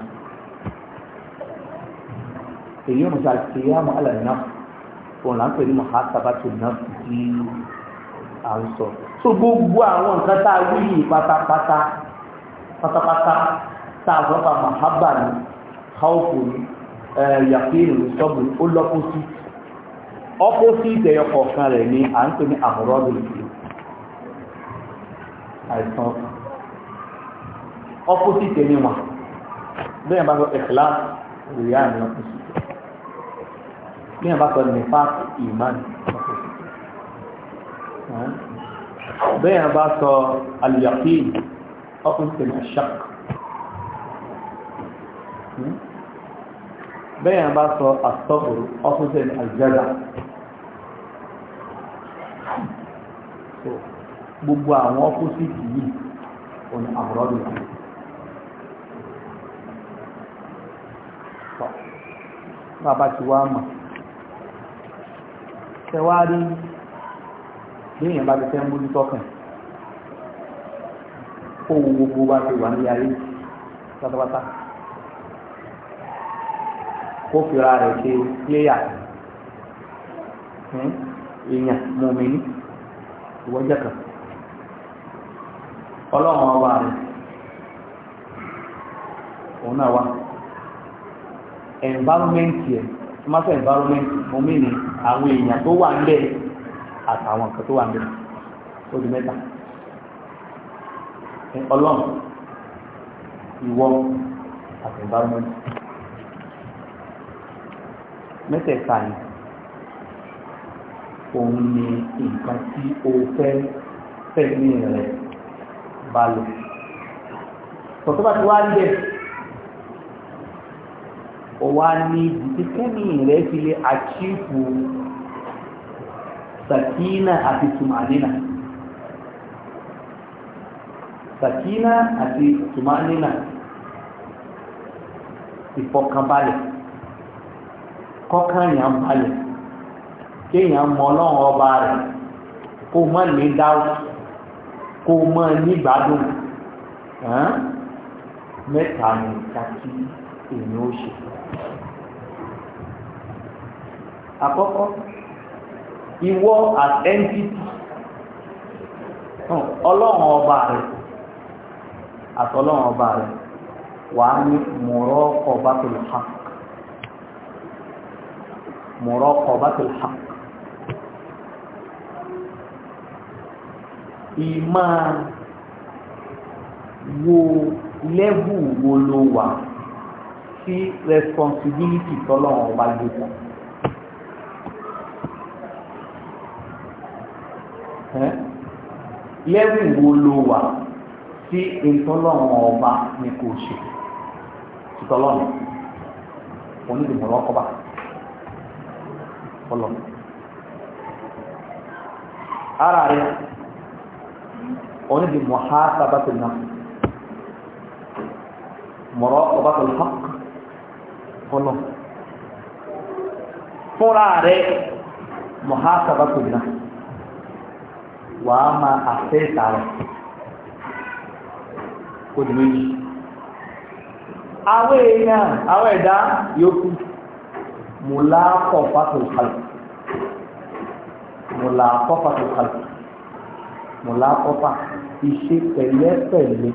èyí ò mọ̀tà kìyàmù alàmọ́ òun là ń pè ní mọ̀hásábàtò náà di à ń sọ so gbogbo àwọn nǹkan tá a wí yìí pátápátá pátápátá tá a sọ́pà mọ̀hábà ní káwọ́pù ní yàkínù ní sọ́ọ̀bù ní ó lọ́pọ̀sí ọ́pọ̀sí ìdẹ̀yọkọ̀ọ̀kan rẹ̀ ní à ń pè ní àmúrọ́dù ìlú àìsàn ọ̀kan opposite ẹni wọn bẹ́ẹ̀ bá sọ ẹ̀kílá rìá ni opposite bẹ́ẹ̀ bá sọ nípa ìmánì opposite bẹ́ẹ̀ bá sọ àlùyàkí opposite ẹni ṣak bẹ́ẹ̀ bá sọ àtọ́kùrù opposite ẹni àjẹ́dà gbogbo àwọn opposite yìí òní àbúrọ́dù yìí. bàbá ti wá mọ̀ tẹwárí bí èèyàn bá ti fẹ́ ń bójú tọ́kàn kó wo gbogbo bá ti wà ní ayé pátápátá kó fira rẹ̀ ṣe pléyà hmm? èèyàn mọ̀mìnì ìwọ́jẹ̀ kan ọlọ́run ọba rẹ̀ òun náà wà environment yẹ tomato environment mo mí ni àwọn èèyàn tó wà níbẹ̀ àtàwọn nǹkan tó wà níbẹ̀ ó di mẹ́ta ọlọ́run ìwọ àti environment mẹ́tẹ̀ẹ̀ta yìí òun ni nǹkan tí o fẹ́ fẹ́ ní rẹ̀ balẹ̀ tọ́tọ́ bá ti wá ń bẹ̀ ọwá ní ìdíkẹ́mì rẹ̀ fi lè àchífù sàkínà àti tùmánínà sàkínà àti tùmánínà ìfọkànbalẹ̀ kọ́kànyàn balẹ̀ kéèyàn mọ ọlọ́run ọba rẹ̀ kó mọ́ ní dáwọ́ kó mọ́ nígbàdùn mẹ́ta ní ìtàkì èèyàn ó ṣe àkọ́kọ́ ìwọ as entity hmm, ọlọ́run ọba rẹ̀ àtọ́lọ́run ọba rẹ̀ wàá ní mọ̀rọ́kọ̀ bátòlù hàk mọ̀rọ́kọ̀ bátòlù hàk ìmọ̀ wo lẹ́bù wo ló wà sí responsibility tọ́lọ́run ọba gbé kan. lẹ́rù wo ló wà sí ìtọ́lọ́run ọba ní kò ṣe ìtọ́lọ́run onídìmọ̀lọ́ ọkọ̀ ara rẹ̀ onídìmọ̀ ha sábàtì náà mọ̀rọ̀ ọba tó fúnra mọ̀ ha sábàtì náà wà á máa àfẹ́ ìtààrọ̀ kó di méjì àwọn èèyàn àwọn ẹ̀dá yòókù mùláàkọ̀ fásitì mùláàkọ̀ fásitì mùláàkọ̀fà ìṣe pẹ̀lẹ́pẹ̀lẹ́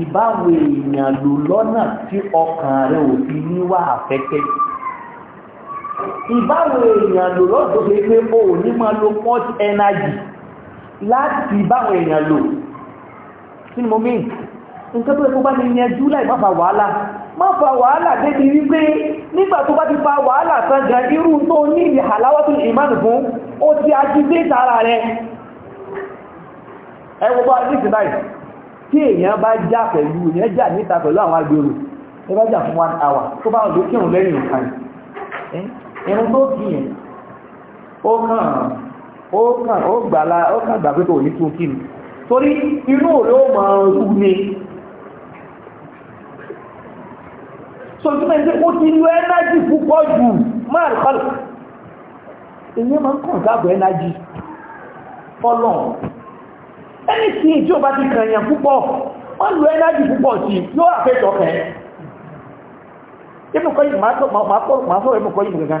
ìbáwo èèyàn lò lọ́nà tí ọkàn rẹ̀ ò fi níwà àfẹ́kẹ́ ìbáwọn èèyàn lò lọ́dọ̀ pé o ní máa lo much energy láti ìbáwọn èèyàn lò kí ni mo mí nye tó ẹkọ́ bá ní yẹnjú láì fa wàhálà má fa wàhálà débi wípé nígbà tó bá ti fa wàhálà tán gan irú tó ní ìdí àláwọ́tò ìmánu fún ó ti ajígbé tara rẹ ẹwọ́ irun tó kí yẹn ó gbàlá ó kàn pé kò ní tún kí so tí wọ́n ndị ti lo ẹ́nájì púpọ̀ jù máa rí kọ́lù èyí máa ń kàn gáàbọ̀ fọ́lọ̀ ẹni tí èjì bá ti kànyàn púpọ̀ wọ́n lo ẹ́nájì púpọ̀ sí yóò ẹ̀mùkọ́ yìí máa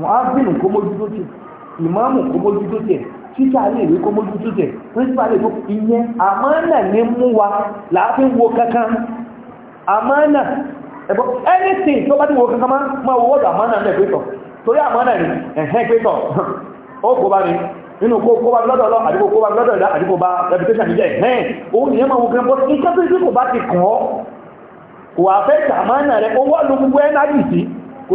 muhammed kó mójútó tẹ̀ ìmáàmù kó mójútó tẹ̀ títà lè rí kó mójútó tẹ̀ pírísípà lè kó ìyẹn àmánà ní mú wa láàfin wo kankan àmánà ẹ̀bọ́ anything tó bá ti wo kankan máa wo wọ́dọ̀ àmánà náà pẹ́tọ̀ torí àmánà ni ẹ̀hẹ́ pẹ́tọ̀ ó kó bá mi nínú kó kó bá lọ́dọ̀ lọ àdíkò kó bá lọ́dọ̀ ìdá àdíkò bá reputation ní jẹ́ ẹ̀hẹ́n òun ìyẹn máa wo kankan bọ́ nǹkan tó ìdíkò bá ti kàn ọ́ kò àfẹ́ àmánà rẹ̀ ó wọ́ lu gbogbo ẹ̀ náà jì sí kò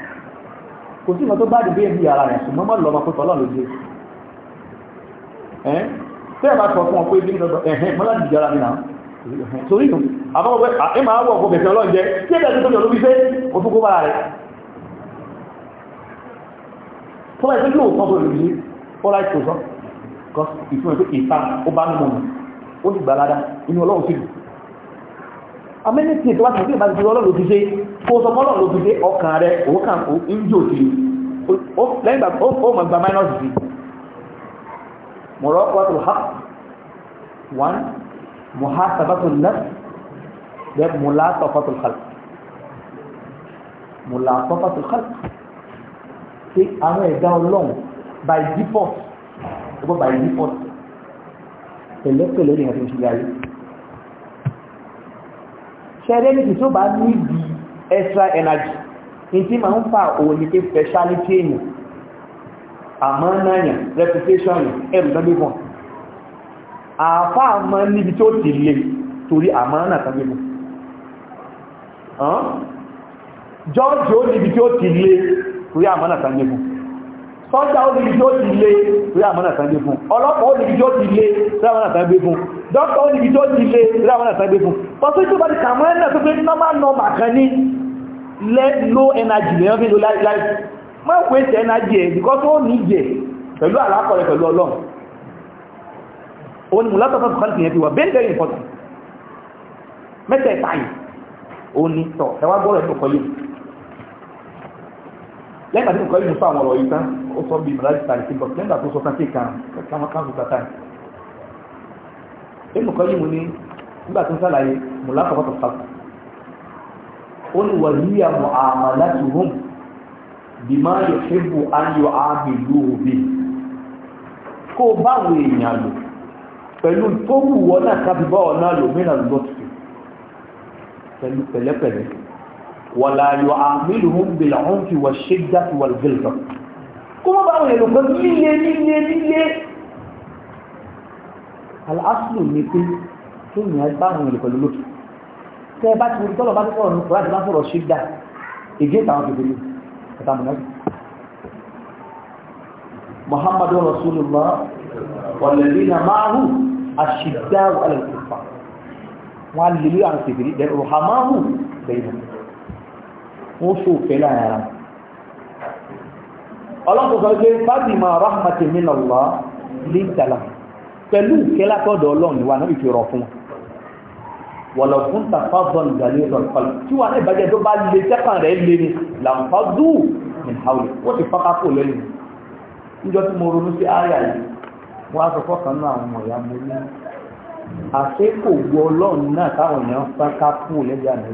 kò sí ìmọ̀ tó bá dìbò ẹbí ara rẹ̀ ṣùgbọ́n mọ́ lọ́mọ kó tọ́lọ́ lójú ẹ̀ tẹ́ ẹ̀ bá sọ fún ọ pé bí nìkan ẹ̀hẹ́ mọ́ láti dìbò ara mi náà torí nù àbáwọ̀ pé ẹ máa wọ̀ ọ̀gbẹ̀fẹ̀ ọlọ́ọ̀jẹ́ tí ẹ̀dá tó yọ̀ lóbi fẹ́ o tún kó bá rẹ̀ tó bá ìpínlẹ̀ òkú ọ̀tọ̀ lòdì ọ̀rá amẹ́nìtì tó bá ti fi ìbáṣepọ̀ ọlọ́run ti ṣe kó sọ fọ́lọ́ ló ti ṣe ọkàn rẹ òun kàn ó ń jò sí lẹ́yìn ìgbà ó mọ̀ gba minus sí mọ̀rọ̀ wàtò ha one muhasabatu nafs then mulatafatul khalq mulatafatul khalq ṣe àwọn ẹ̀dá ọlọ́run by default ẹgbọ́n by default pẹ̀lẹ́pẹ̀lẹ́ ni ẹ̀fẹ́ ìṣẹ̀lẹ̀ ayé ṣẹ́rẹ́nìtì tó bá ní ìdí extra energy ní tí máa ń fa òun ní pé speciality èèyàn àmọ́ náyàn reputation ẹ̀rù lọ́gbẹ̀gbọ̀n àfá àmọ́ níbi tó ti lè torí àmọ́ náà tàbígbọ̀n jọ́ọ̀jì ó níbi tó ti lè torí àmọ́ náà tàbígbọ̀n sọ́jà ó ní ibi ó ti lé rí àmọ́nà tán gbé fún ọlọ́pàá ó ní ibi ó ti lé rí àmọ́nà tán gbé fún dókítà ó ní ibi ó ti lé rí àmọ́nà tán gbé fún pọ̀sí tó bá ti kàmọ́ ẹ̀nà tó pé normal normal kan ní low energy lèyàn fi lo life má waste energy ẹ̀ because ó ní ìjẹ̀ pẹ̀lú àlákọ̀ọ́rẹ̀ pẹ̀lú ọlọ́run òun ni mùlátọ̀ fún kan fi yẹn fi wà very very important mẹ́tẹ̀ẹ̀ta yìí ó ní tọ̀ ẹwà gbọ́rọ̀ ẹ̀ lẹ́gbàá tí nǹkan yìí ń sọ àwọn ọ̀rọ̀ yìí tán ó sọ bí mọ̀lájì tàbí sí bọ̀t lẹ́gbàá tó sọ tán kéèkà káwọn káwọn tata ẹ̀ ẹnu kan yìí mú ní nígbà tó ń sàlàyé mọ̀lá kọ̀kọ́tọ̀ sọ ó ní wàlíyà mọ̀ àmàlà tó hùm bí máa yọ ṣébù ayọ̀ àbèlú òbí kó o bá àwọn èèyàn lò pẹ̀lú tó wù wọ́n náà kábíbọ́ ọ̀ náà lò mí wàlá yọ àmìlù hún bìlà hún fi wà ṣe jáde wà gílùtọ̀ kó má báwọn èlò kan líle líle líle aláṣùlù ní pé kí ni a báwọn èlò pẹ̀lú lókè tẹ́ ẹ bá ti rí tọ́lọ̀ bá ti sọ̀rọ̀ nípa láti bá sọ̀rọ̀ ṣe dá èdè táwọn tó gbélé ẹ̀ta mọ̀nà muhammadu rasulullah wàlẹ̀lẹ́nà máàrù àṣìdáwò alẹ́kùnfà wọn lè lè àwọn wọ́n ṣòfẹ́ láàrin ara ọlọ́pọ̀ sọ pé fábìmọ̀ rahmatin minallah lintala pẹ̀lú ìkẹ́látọ́dọ̀ ọlọ́run wa náà ìfẹ́rọ̀ fún wọ̀lọ̀ fún tàfàbọ̀n ìgbàlẹ̀ ìrọ̀lẹ̀ tí wà náà ìbàjẹ́ tó bá lè tẹ́kàn rẹ̀ lè ní làǹfàdù min hawli wọ́n ti fọ́ká kò lẹ́nu níjọ́ tí mo ronú gbọ́ ọlọ́run náà táwọn èèyàn fọ́ká kò lẹ́jà náà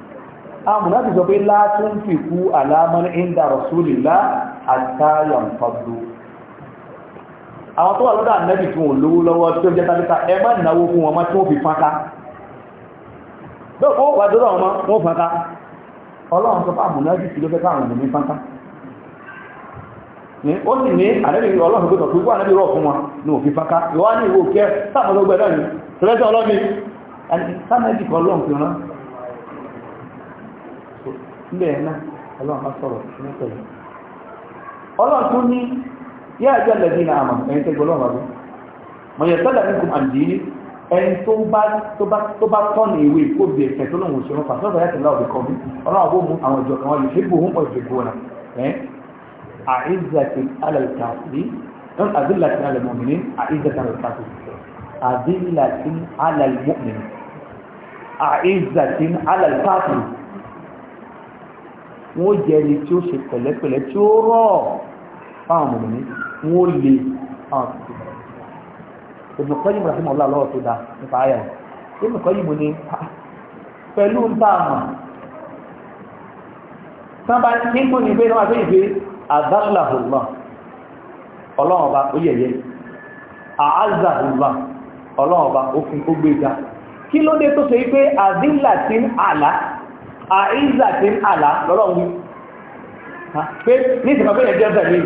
amùnà ah, ti sọ pé látún fi kú alámọ́ní inda rasulillah àtàyàn fàbdó àwọn tó wà lọ́dọ̀ ànẹ́bì tí wọ́n lówó lọ́wọ́ tó jẹ́ tàbíta ẹ má fún wọn má tí wọ́n fi fánká lọ́pọ̀ wà dọ́rọ̀ wọ́n fánká ọlọ́run sọ fáàmù náà jìsì ló káàrùn ún fánká ó sì ní ànẹ́bì ọlọ́run tó níbẹ̀ náà ọlọ́run bá sọ̀rọ̀ nípẹ̀lẹ̀ ọlọ́run tó ní yá ẹjọ́ lẹ́bí náà àmọ̀ ẹ̀yìn tẹ́gbọ́ lọ́wọ́ bá mọ̀ yẹ sọ́dà ní kùn àǹdí ní ẹni tó bá tọ́nà ìwé ìkóbi ẹ̀fẹ̀ tó lóun òṣèré fà sọ́dà yàtọ̀ láwọ̀ bẹ̀kọ́ bí ọlọ́run bó mú àwọn ìjọ kan wọ́n lè ṣe bò hún ọ̀ṣẹ̀ wọ́n jẹ́ ẹni tí ó ṣe pẹ̀lẹ́pẹ̀lẹ́ tí ó rọ̀ fáwọn mọ̀mí wọ́n lè fáwọn tuntun Ibn Qayyim rahimahullah lọ́wọ́ tó dá nípa ayà Ibn Qayyim ní pẹ̀lú ń bá àmà tán bá nígbò ní pé wọ́n àgbéyìí pé àdálàhùlá ọlọ́run ọba ó yẹ̀yẹ́ àázàhùlá ọlọ́run kí ló dé tó ṣe pé àdílà ti ń àlá àìzà tí ń àlá lọ́rọ̀ wí pé ní ìsìnkà pé ẹ̀jẹ̀ zẹ̀mí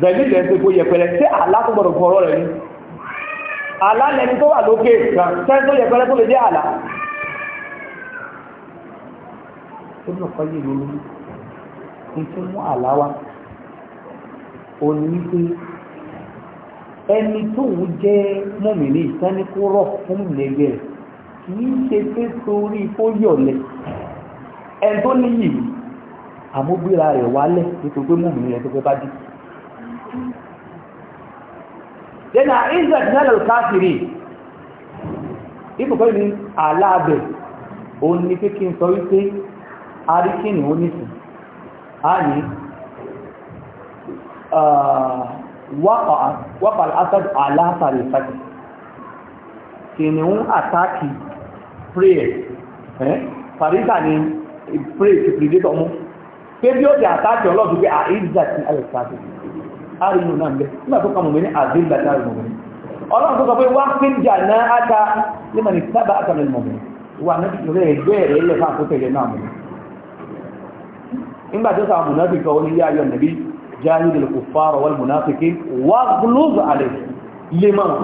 zẹ̀mí lẹ́ ṣe kó yẹpẹrẹ tí àlá tó gbọdọ̀ fún ọ̀rọ̀ rẹ̀ ni àlá lẹni tó wà lókè kan tẹ́ni tó yẹpẹrẹ tó lè jẹ́ àlá tó nà kọ́ yìí lórí ní tí mú àlá wa òní wípé ẹni tó ń jẹ́ mọ́mìnì ìtẹ́nikú rọ̀ fún ìlẹ́gbẹ̀ẹ́ kì ṣe pé torí kó yọ̀lẹ̀ ẹni tó níyì àmúgbéra rẹ̀ wálẹ̀ nítorí pé mùmí rẹ̀ tó fẹ́ bá dì dẹ́nà isaac nílò káfìrí ìkùnkọ́ ní aláàbẹ̀ òun ni pé kí n sọ wípé arikini ó nìsìn a ní uh, wọ́pàá asad aláàtàrí fàtí kìnnìún àtàkì prayer farisa ni pray ti predator mú pé bí ó di àtàkì ọlọ́dún pé àìsà ti alẹ́sàtì àrínú náà bẹ́ nígbà tó kà mọ̀mí ní àdínlá láàrin mọ̀mí ọlọ́run tó sọ pé wá sí ìjà náà áta nígbà ní sábà àtàlẹ̀ mọ̀mí wà ní ìrẹ́ ẹgbẹ́ rẹ̀ ilẹ̀ fún àkótẹ̀lẹ̀ náà mọ̀mí nígbà tó sàmù náà fi kọ́ ní ilé ayọ̀ nàbí jáhìdìl kò fárọ̀ wal munafiki wà glúz àlẹ́ lè máa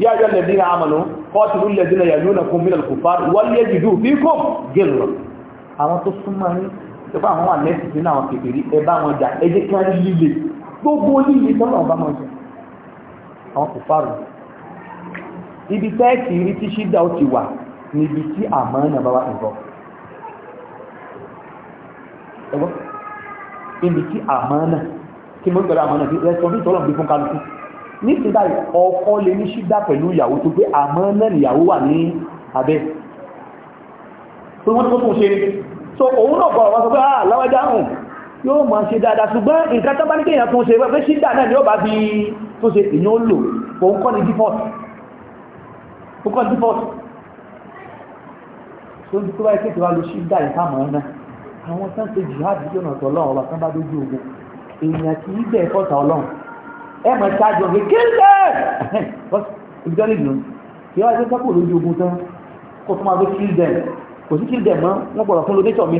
يا أيها الذين آمنوا قاتلوا الذين يلونكم من الكفار وليجدوا فيكم غلظة àwọn tó súnmọ́ ní ìfẹ́ àwọn wà lẹ́sìn sínú àwọn kékeré ẹ bá wọn jà ẹ jẹ́ kí wọ́n líle gbogbo líle tọ́lọ̀ ọba máa jẹ àwọn kò fárò ibi tẹ́ẹ̀kì rí tí ṣídà ó ti wà níbi tí àmọ́ ẹ̀nà bá wà ìbọ̀ ẹgbọ́n níbi tí àmọ́ ẹ̀nà kí mo gbọ́dọ̀ àmọ́ ẹ̀nà bí rẹ̀ sọ bí tọ́lọ̀ ń fún kálukú nísìnyí báyìí ọkọ lè ní ṣígbà pẹ̀lú ìyàwó tó pé àmọ́ náà ìyàwó wà ní abẹ́ pé wọ́n tó tún ah láwájá hùn yóò mọ̀ ṣe dáadáa ṣùgbọ́n nǹkan tó bá ní kéèyàn tún ṣe pé ṣígbà náà ni ó bá fi tó ṣe èèyàn ó lò òun kọ́ ni default ó kọ́ ni default tó ń tó báyìí kéèkì wá lu ṣígbà ìfàmọ́ àwọn tán ṣe jihad yóò nà tọ́ tán bá dójú ogun èèyàn kì bẹ̀ẹ́ fọ́ta ọlọ́run ẹ mọ̀ ṣáájú ọ̀gbẹ́ kílẹ̀ ìjọlẹ̀ ìlú kí wọ́n ṣe sẹ́kù lójú ogun tán kó tó máa fi kill them kò sí kill them mọ́ wọ́n gbọ́dọ̀ fún lónétọ̀ mi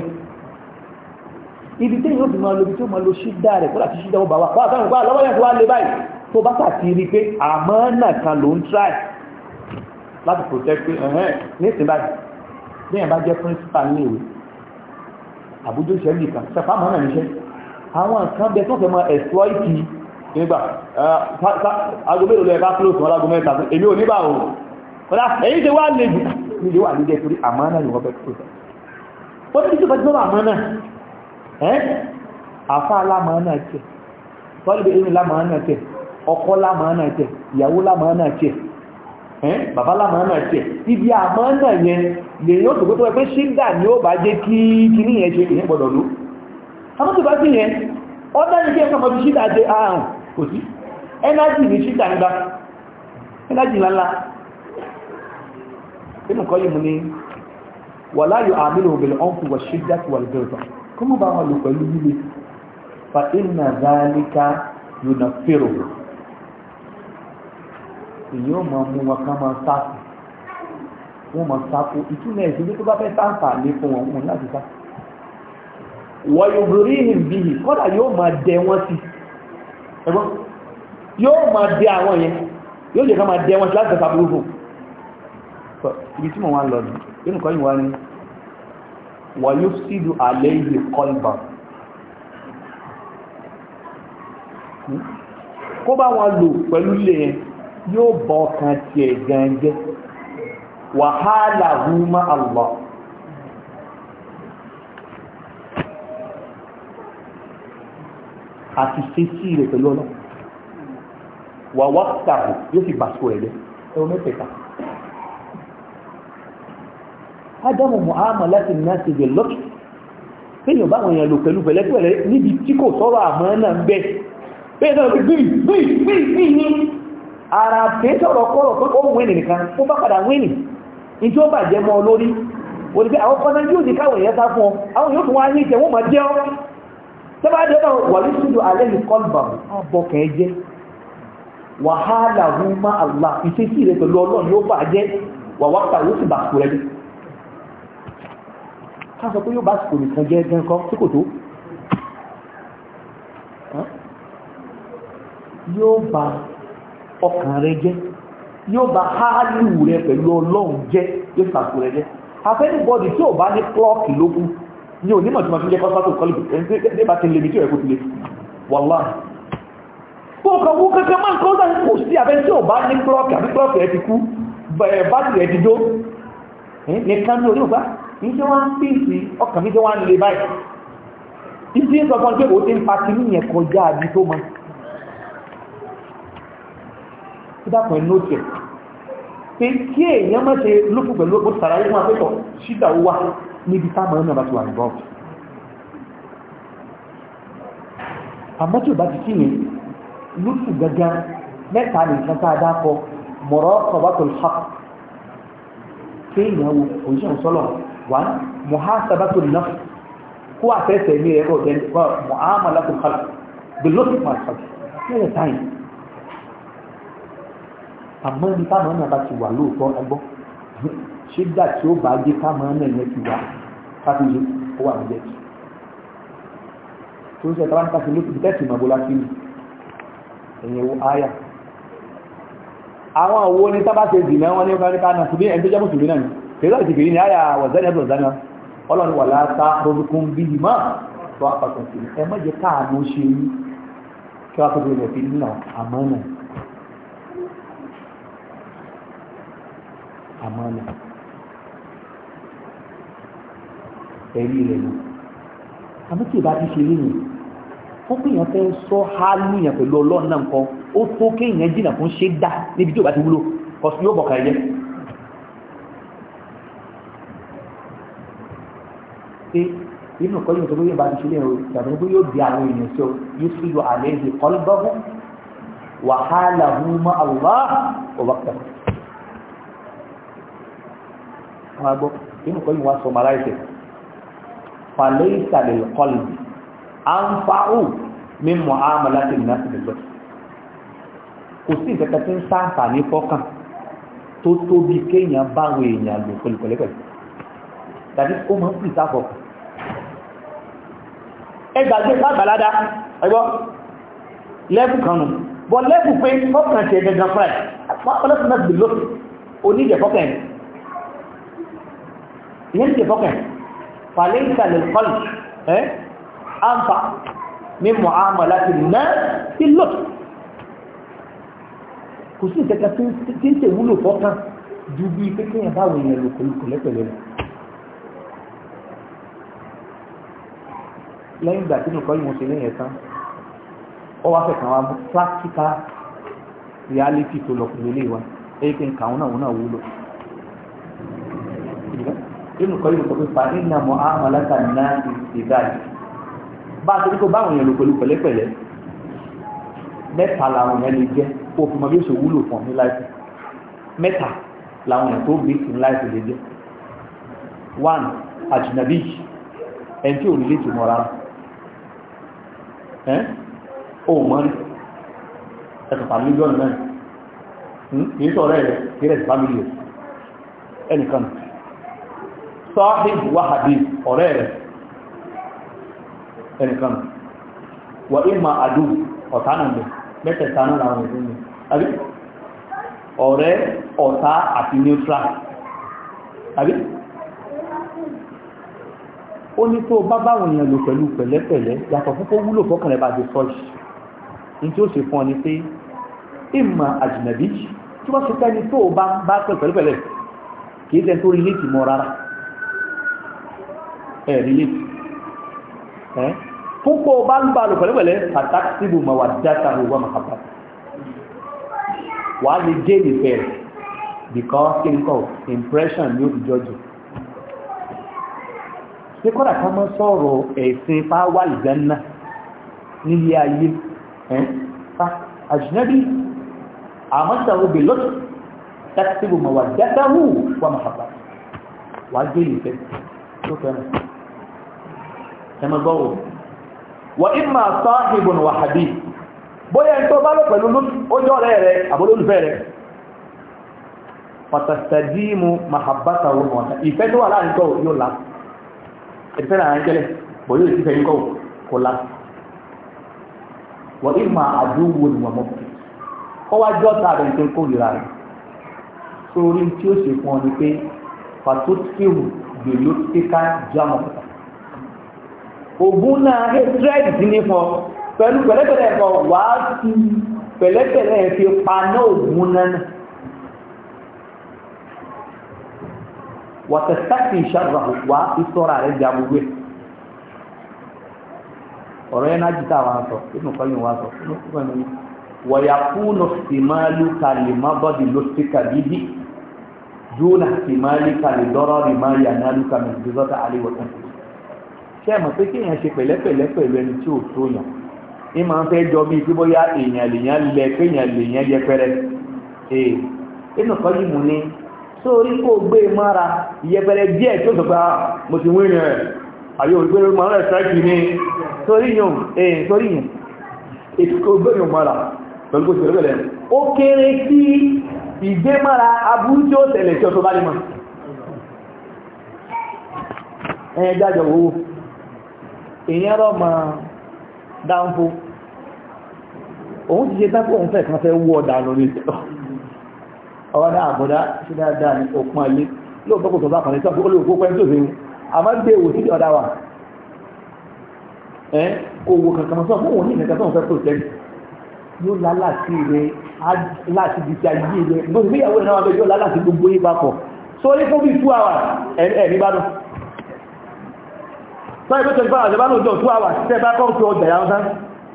ibi tí yóò fi máa lo ibi tí ó máa lo ṣídà rẹ̀ kódà tí ṣídà ó bà wá wá sọ́run pa lọ́wọ́ yẹn tó wá lé báyìí tó bá sàtì rí pé àmọ́ náà kan ló ń try láti protect pé ẹ̀hẹ́n ní ìsìn báyìí bí yẹn bá jẹ́ principal ní ìwé àbújá ìṣẹ́ nìkan ṣẹ̀fà mọ́ náà níṣẹ́ àwọn nǹkan bẹ tó fẹ́ mọ exploit nígbà aago lẹ́ẹ̀ká close wọn lágo mẹ́ta èmi ò nígbà òun kọ́lá èyí ṣe wá lè jù ní ìlú àdíjẹ́ torí àmánà ni wọ́n fẹ́ close wọ́n ti jọba jọba bàbá ibi yẹn ẹgbẹ́ ṣíńdà ni ó bá jẹ́ kí ìyẹn tó bá kò sí ẹnájì ní ṣíkà nígbà ẹnájì ńláńlá inú kọ́ yìí mú ní wà láyò àmìlò òbèlè ọ̀nkù wà ṣe jáde wà lẹ́gbẹ̀rẹ̀ kó mú bá wọn lò pẹ̀lú líle fa iná záníká yóná fèrò èyí ó máa mú wọn ká máa sáàpù wọn máa sáàpù ìtúnẹ̀ ìṣẹ́jú tó bá fẹ́ sáàpà lé fún wọn wọn láti sáàpù wọ́n yóò rí ìhìn bíi kọ́dà yóò máa dẹ wọ́n sí i ẹgbọ́n yóò máa dẹ àwọn yẹn yóò jẹ́ ká máa dẹ wọn sí láti ẹ̀fà burúkú ibi tí mo wá lọ ní yóò nìkan yìí wá ní wọ́n yóò sídù àlẹ́ ìwé kọlbà kó bá wọn lò pẹ̀lú ilé yẹn yóò bọ́ ọkàn tiẹ̀ gangan wàhálà húmọ́ Allah àti ṣètì rẹ̀ pẹ̀lú ọlọ́ wà wá sàbò yóò fi bàṣọ rẹ̀ lẹ mẹ́tẹ̀ẹ̀ta. Adamu muhammad láti ní àti ìgbẹ̀ lọ́kì pẹ̀lú bá wọn lò pẹ̀lú pẹ̀lẹ́pẹ̀lẹ́ níbi tí kò sọ̀rọ̀ àmọ́ náà ń bẹ bẹ́ẹ̀ náà ara bẹ́ẹ̀ sọ̀rọ̀ ó wẹ́nì nìkan ó bá padà wẹ́nì ìjọ bàjẹ́ mọ́ lórí òdìgbẹ́ àwọn àwọn tẹ́bá dé náà wà ní ṣùdù alẹ́ yìí kọ́lùbà àbọ̀ kẹ́ẹ́jẹ́ wàhálà hu má àlá ìṣesí rẹ̀ pẹ̀lú ọlọ́run yóò bà jẹ́ wà pa yóò sì bà kú rẹ̀ ní. ká sọ pé yóò bá sùkò nìkan jẹ́ ẹgbẹ́ nǹkan tí kò tó yóò bà ọkàn rẹ̀ jẹ́ yóò bà háàlù rẹ̀ pẹ̀lú ọlọ́run jẹ́ yóò sàkú rẹ̀ jẹ́ afẹ́nubọ́dì tí ò bá ní klọ́ọ̀kì lókun ní onímọ̀ tí ma fi jẹ́ kọ́sátò kọlù ẹni bá ti lè mítí ẹ̀kú tilé wàláhì kókàwó kẹ́kẹ́ máa ń kọ́ sáà kò sí abẹ́ tí ò bá ní klọ́ọ̀kì àbí klọ́ọ̀kì ẹ̀ ti kú báàtì ẹ̀ ti dó nìkan ní onímọ̀ ní tí wọ́n ń o sí ọkàn mi tí wọ́n ń lè báyìí ìdí ń sọ fún pé ó ti ń pa ti ní yẹn kọjá àbí tó mọ sídàpọ̀ ẹ̀ nóòtì ẹ̀ pé kí èèyàn má ṣe lófù pẹ̀lú ó sàrà yìí wọn àpẹ́tọ̀ ṣídà ó wà níbi táàmù náà bá ti wà involved àmọ́ tí o bá ti kí yẹn lóṣù gangan mẹ́ta ní nǹkan tá a dá kọ mọ̀rọ́ kọ̀bátò hap kéèyàn wo òṣìṣẹ́ òṣọ́lọ̀ wà muhasabatò náà kó àfẹ́sẹ̀ ní ẹ̀rọ ọ̀dẹ́ muhammadu hap below my heart ní ẹ̀ táyì àmọ́ nípa àwọn ọ̀nà bá ti wà lóòótọ́ ẹgbọ́ ṣígbà tí ó bá gé káàmù náà yẹn ti wà káfíńsì ó wà níbẹ̀ tó ń ṣe tàbí káfíńsì ló ti tẹ́sí ìmọ̀ bọ́lá sí ẹ̀yìn wo áyà àwọn òwò ní tábà ṣe dì náà wọn ní ọkàn náà ṣùgbọ́n ẹni tó jẹ́ mùsùlùmí náà ni kèrè àti kèrè ní àyà wọ̀zẹ́ni ẹ̀bùn ọ̀zẹ́ni ọlọ́run wà láta rọ́bùkún bí i máa tó àpapọ̀ sí ẹ má jẹ́ káàánú ṣe yí kí wọ́n tóbi rẹ̀ fi ẹ̀rí rẹ̀ ni àmọ́ tí ìbá ti ṣe rí ni wọ́n pè yàn fẹ́ sọ hálù yàn pẹ̀lú ọlọ́run náà nǹkan ó tó kéèyàn jìnnà fún ṣe dá níbi tí ò bá ti wúlò ọ̀sùn yóò bọ̀kà ẹ̀yẹ. pé inú kọ́ yóò tó bóyá ìbá ti ṣe rí ẹ̀rọ ìtàbí ní di àwọn èèyàn sí yóò fi yọ àlẹ́ ìdè kọ́lbọ́bù wàhálà hùmà àwùmá ọ̀bàkà. àwọn inú kọ́ yóò wá sọ màláìsẹ̀ fàlẹ́ ìsàlẹ̀ ìkọlùbì àǹfààù mímọ̀ àmàlàtì ìnáṣì lọ kò sí ìfẹ́kẹ́ tí ń sáǹfààní fọ́kàn tó tóbi kéèyàn báwọn èèyàn lò pẹ̀lú pẹ̀lẹ́pẹ̀lẹ́ tàbí ó máa ń pì sáfọ̀ ẹ gbàgbé sábàládá ẹgbọ́ lẹ́bù kan nù bọ́ lẹ́bù pé fọ́kàn tiẹ̀ gangan fúnra ẹ̀ àpapọ̀lẹ́sìn náà bì lọ́sì oníjẹ̀ fọ́kàn ẹ̀ ìyẹn ti fọ́kàn ẹ̀ فليس للقلب إيه؟ أنفع من معاملات الناس في اللطف kò sí ìtẹ́ka tí ń tèwúlò fọ́kàn ju bí kékeré báwọn èèyàn lò kòlùkò lẹ́pẹ̀lẹ́ lọ. lẹ́yìn ìgbà tí nìkan yìí mo ṣe lẹ́yìn ẹ̀sán ó wá fẹ̀ kàn wá mú practical reality tó lọ pẹ̀lú ilé wa èyí kí n kà wọn náà wọn náà wúlò inú kọ́ yìí kọ́kọ́ fa nínú àmọ́ àwọn aláta ná ìdájì bá a ti kó báwọn èèyàn lò pẹ̀lú pẹ̀lẹ́pẹ̀lẹ́ mẹ́ta làwọn èèyàn lè jẹ́ kó fún ọmọ bí ó ṣe wúlò fún ọ ní láìpẹ́ mẹ́ta làwọn èèyàn tó gbé sí ní láìpẹ́ lè jẹ́ one àjùnàbí ẹni tí ò ní lè tì mọ́ra ẹ́ ó mọ́ ní ẹ̀sùn fàmílíọ̀nù náà hmm, kì í sọ̀rọ̀ ẹ̀ kí rẹ̀ sí fámílì ẹ̀ ẹnìkan nù sahib wa hadith ọ̀rẹ́ rẹ̀ ẹnìkan wà ìmà àdú ọ̀tá náà bẹ̀ mẹ́tẹ̀ẹ̀ta náà làwọn ìlú mi àbí ọ̀rẹ́ ọ̀tá àti neutral àbí ó ní tó bá báwọn èèyàn lò pẹ̀lú pẹ̀lẹ́pẹ̀lẹ́ yàtọ̀ fún kó wúlò fọ́kànlẹ̀ bá di sọ́ọ̀ṣì ní tí ó ṣe fún ọ ni pé ìmà àjìnàbí tí wọ́n ṣe fẹ́ni tó bá pẹ̀lẹ́pẹ̀lẹ́ kìí jẹ́ tó rí létí ẹ̀rí yìí púpọ̀ bá ń bá lò pẹ̀lẹ́pẹ̀lẹ́ pàtàkìbù ma wà dáta owó àmàkàtà wà á lè gé ìfẹ́ rẹ̀ because kínkọ̀ impression ni ó ti jọjọ ní kọ́dà ká mọ́ sọ̀rọ̀ ẹ̀sìn fáwà ìgbẹ́nà nílé ayé àjìnẹ́bí àmọ́sàwò bèlọ́tù tàkìbù ma wà dáta owó àmàkàtà wà á gé ìfẹ́ tó fẹ́ràn ẹmọ gbọ́wò wọ ìmọ̀ sáàhìbùn wà hàbí bóyá tó bá lọ pẹ̀lú ojọ́ rẹ̀ rẹ̀ àbólólùfẹ́ rẹ̀ pàtàkìdìmù mahabbata wọn ìfẹ́ tó wà láàrin kọ́ yóò lá ìfẹ́ láàrin kẹ́lẹ̀ bọ̀ yóò ti fẹ́yìn kọ́ kò lá wọ ìmọ̀ ògùn náà hatred ti ní fún ọ pẹ̀lú pẹ̀lẹ́pẹ̀lẹ́ ẹ̀kọ́ wà á ti pẹ̀lẹ́pẹ̀lẹ́ ẹ̀ fi paná ògùn náà wàtẹ̀sẹ́kì ìṣàrọ̀ wà á fi sọ́ra rẹ̀ di agbègbè ọ̀rọ̀ yẹn náà jìtá wa sọ inú kọ́ yìí sọ inú kọ́ yìí wa sọ wọ̀yàkúnù tìmáàlú kalẹ̀ má bọ́dì ló ti kàbí bí dúnà tìmáàlú kalẹ̀ dọ́rọ́ rì má yà náà lùkà mẹ́tìrìsọ́tà ṣe mọ̀ pé kéèyàn ṣe pẹ̀lẹ́pẹ̀lẹ́ pẹ̀lú ẹni tí ò tó yàn ní máa ń fẹ́ jọ bíi pé bóyá èèyàn lèèyàn lẹ kéèyàn lèèyàn yẹpẹrẹ ee inú kan yìí mú ni sórí kó gbé e mára yẹpẹrẹ díẹ̀ tó sọ pé ah, mo ti wí rẹ̀ àyè òwe ló máa ń rẹ̀ sẹ́kì ni sórí yàn ee sórí yàn ètò kó gbé yàn mára pẹ̀lú kó ṣe rẹ̀ ó kéré sí ìgbé mára aburú tí ó tẹ̀lé tí ọ tó bá lè mọ̀ ẹ̀ẹ́dájọ́ owó èèyàn rọ̀ mọ́ dánfó òun ti ṣe dápò òun fẹ́ kan fẹ́ wú ọ̀dà lórí ìtọ́ ọwọ́ náà àbọ̀dá ṣe dáadáa ní òpin ilé lóòótọ́ kò tọ́ba kan ní sọ́kò olóòkó pẹ́ tó fẹ́ràn àmọ́ gbé èwò sílẹ̀ ọ̀dà wa ẹ kò wò kankan sọ fún òun ní ìnìkan tó ń fẹ́ protect yóò lá láti rẹ láti di ti ayé rẹ gbogbo ìyàwó ìnáwó abẹ́jọ́ lá láti gbogbo yín papọ̀ sórí fún bí sọ́yẹ́ pé tẹ̀lifà àjẹ́bá ló jọ tó àwà tẹ́ bá kọ́ fi ọjà yàrá sáà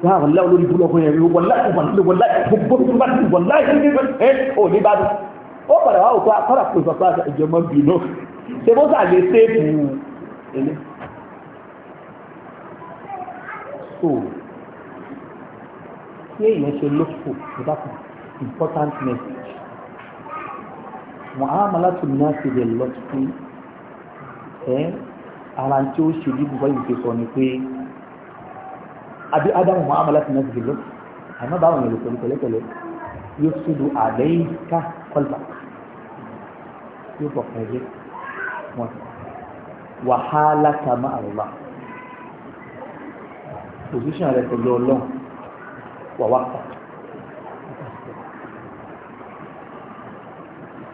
wà á lẹ́wọ̀ lórí búlọ̀ fún ẹ̀rí wọ́n láì wọ́n láì gbogbo tó bá ti wọ́n láì ní ẹ̀ ò ní bá dùn ó padà wá òkú akọ́dà pé ìfọ̀pá àti ẹ̀jẹ̀ mọ́ bì náà ṣe bó sà lè ṣe bù ẹ̀lẹ́. so kí èèyàn ṣe lóṣù ìdákùn important message wọ́n á máa láti mìíràn ṣe lè lọ sí ẹ́ ara tí ó ṣe bíbù báyìí ṣe sọ ni pé àbí ádámù wọn àmọ́ láti mẹ́sìlẹ̀ lọ àmọ́ báwọn èèyàn lò pẹ̀lú pẹ̀lẹ́pẹ̀lẹ́ yóò ṣubú àlẹ́yìn ká kọlbà yóò bọ̀ pẹ̀lẹ́ wọn wàhálà kàmá àrùbá position rẹ pẹ̀lú ọlọ́run wàwá pa.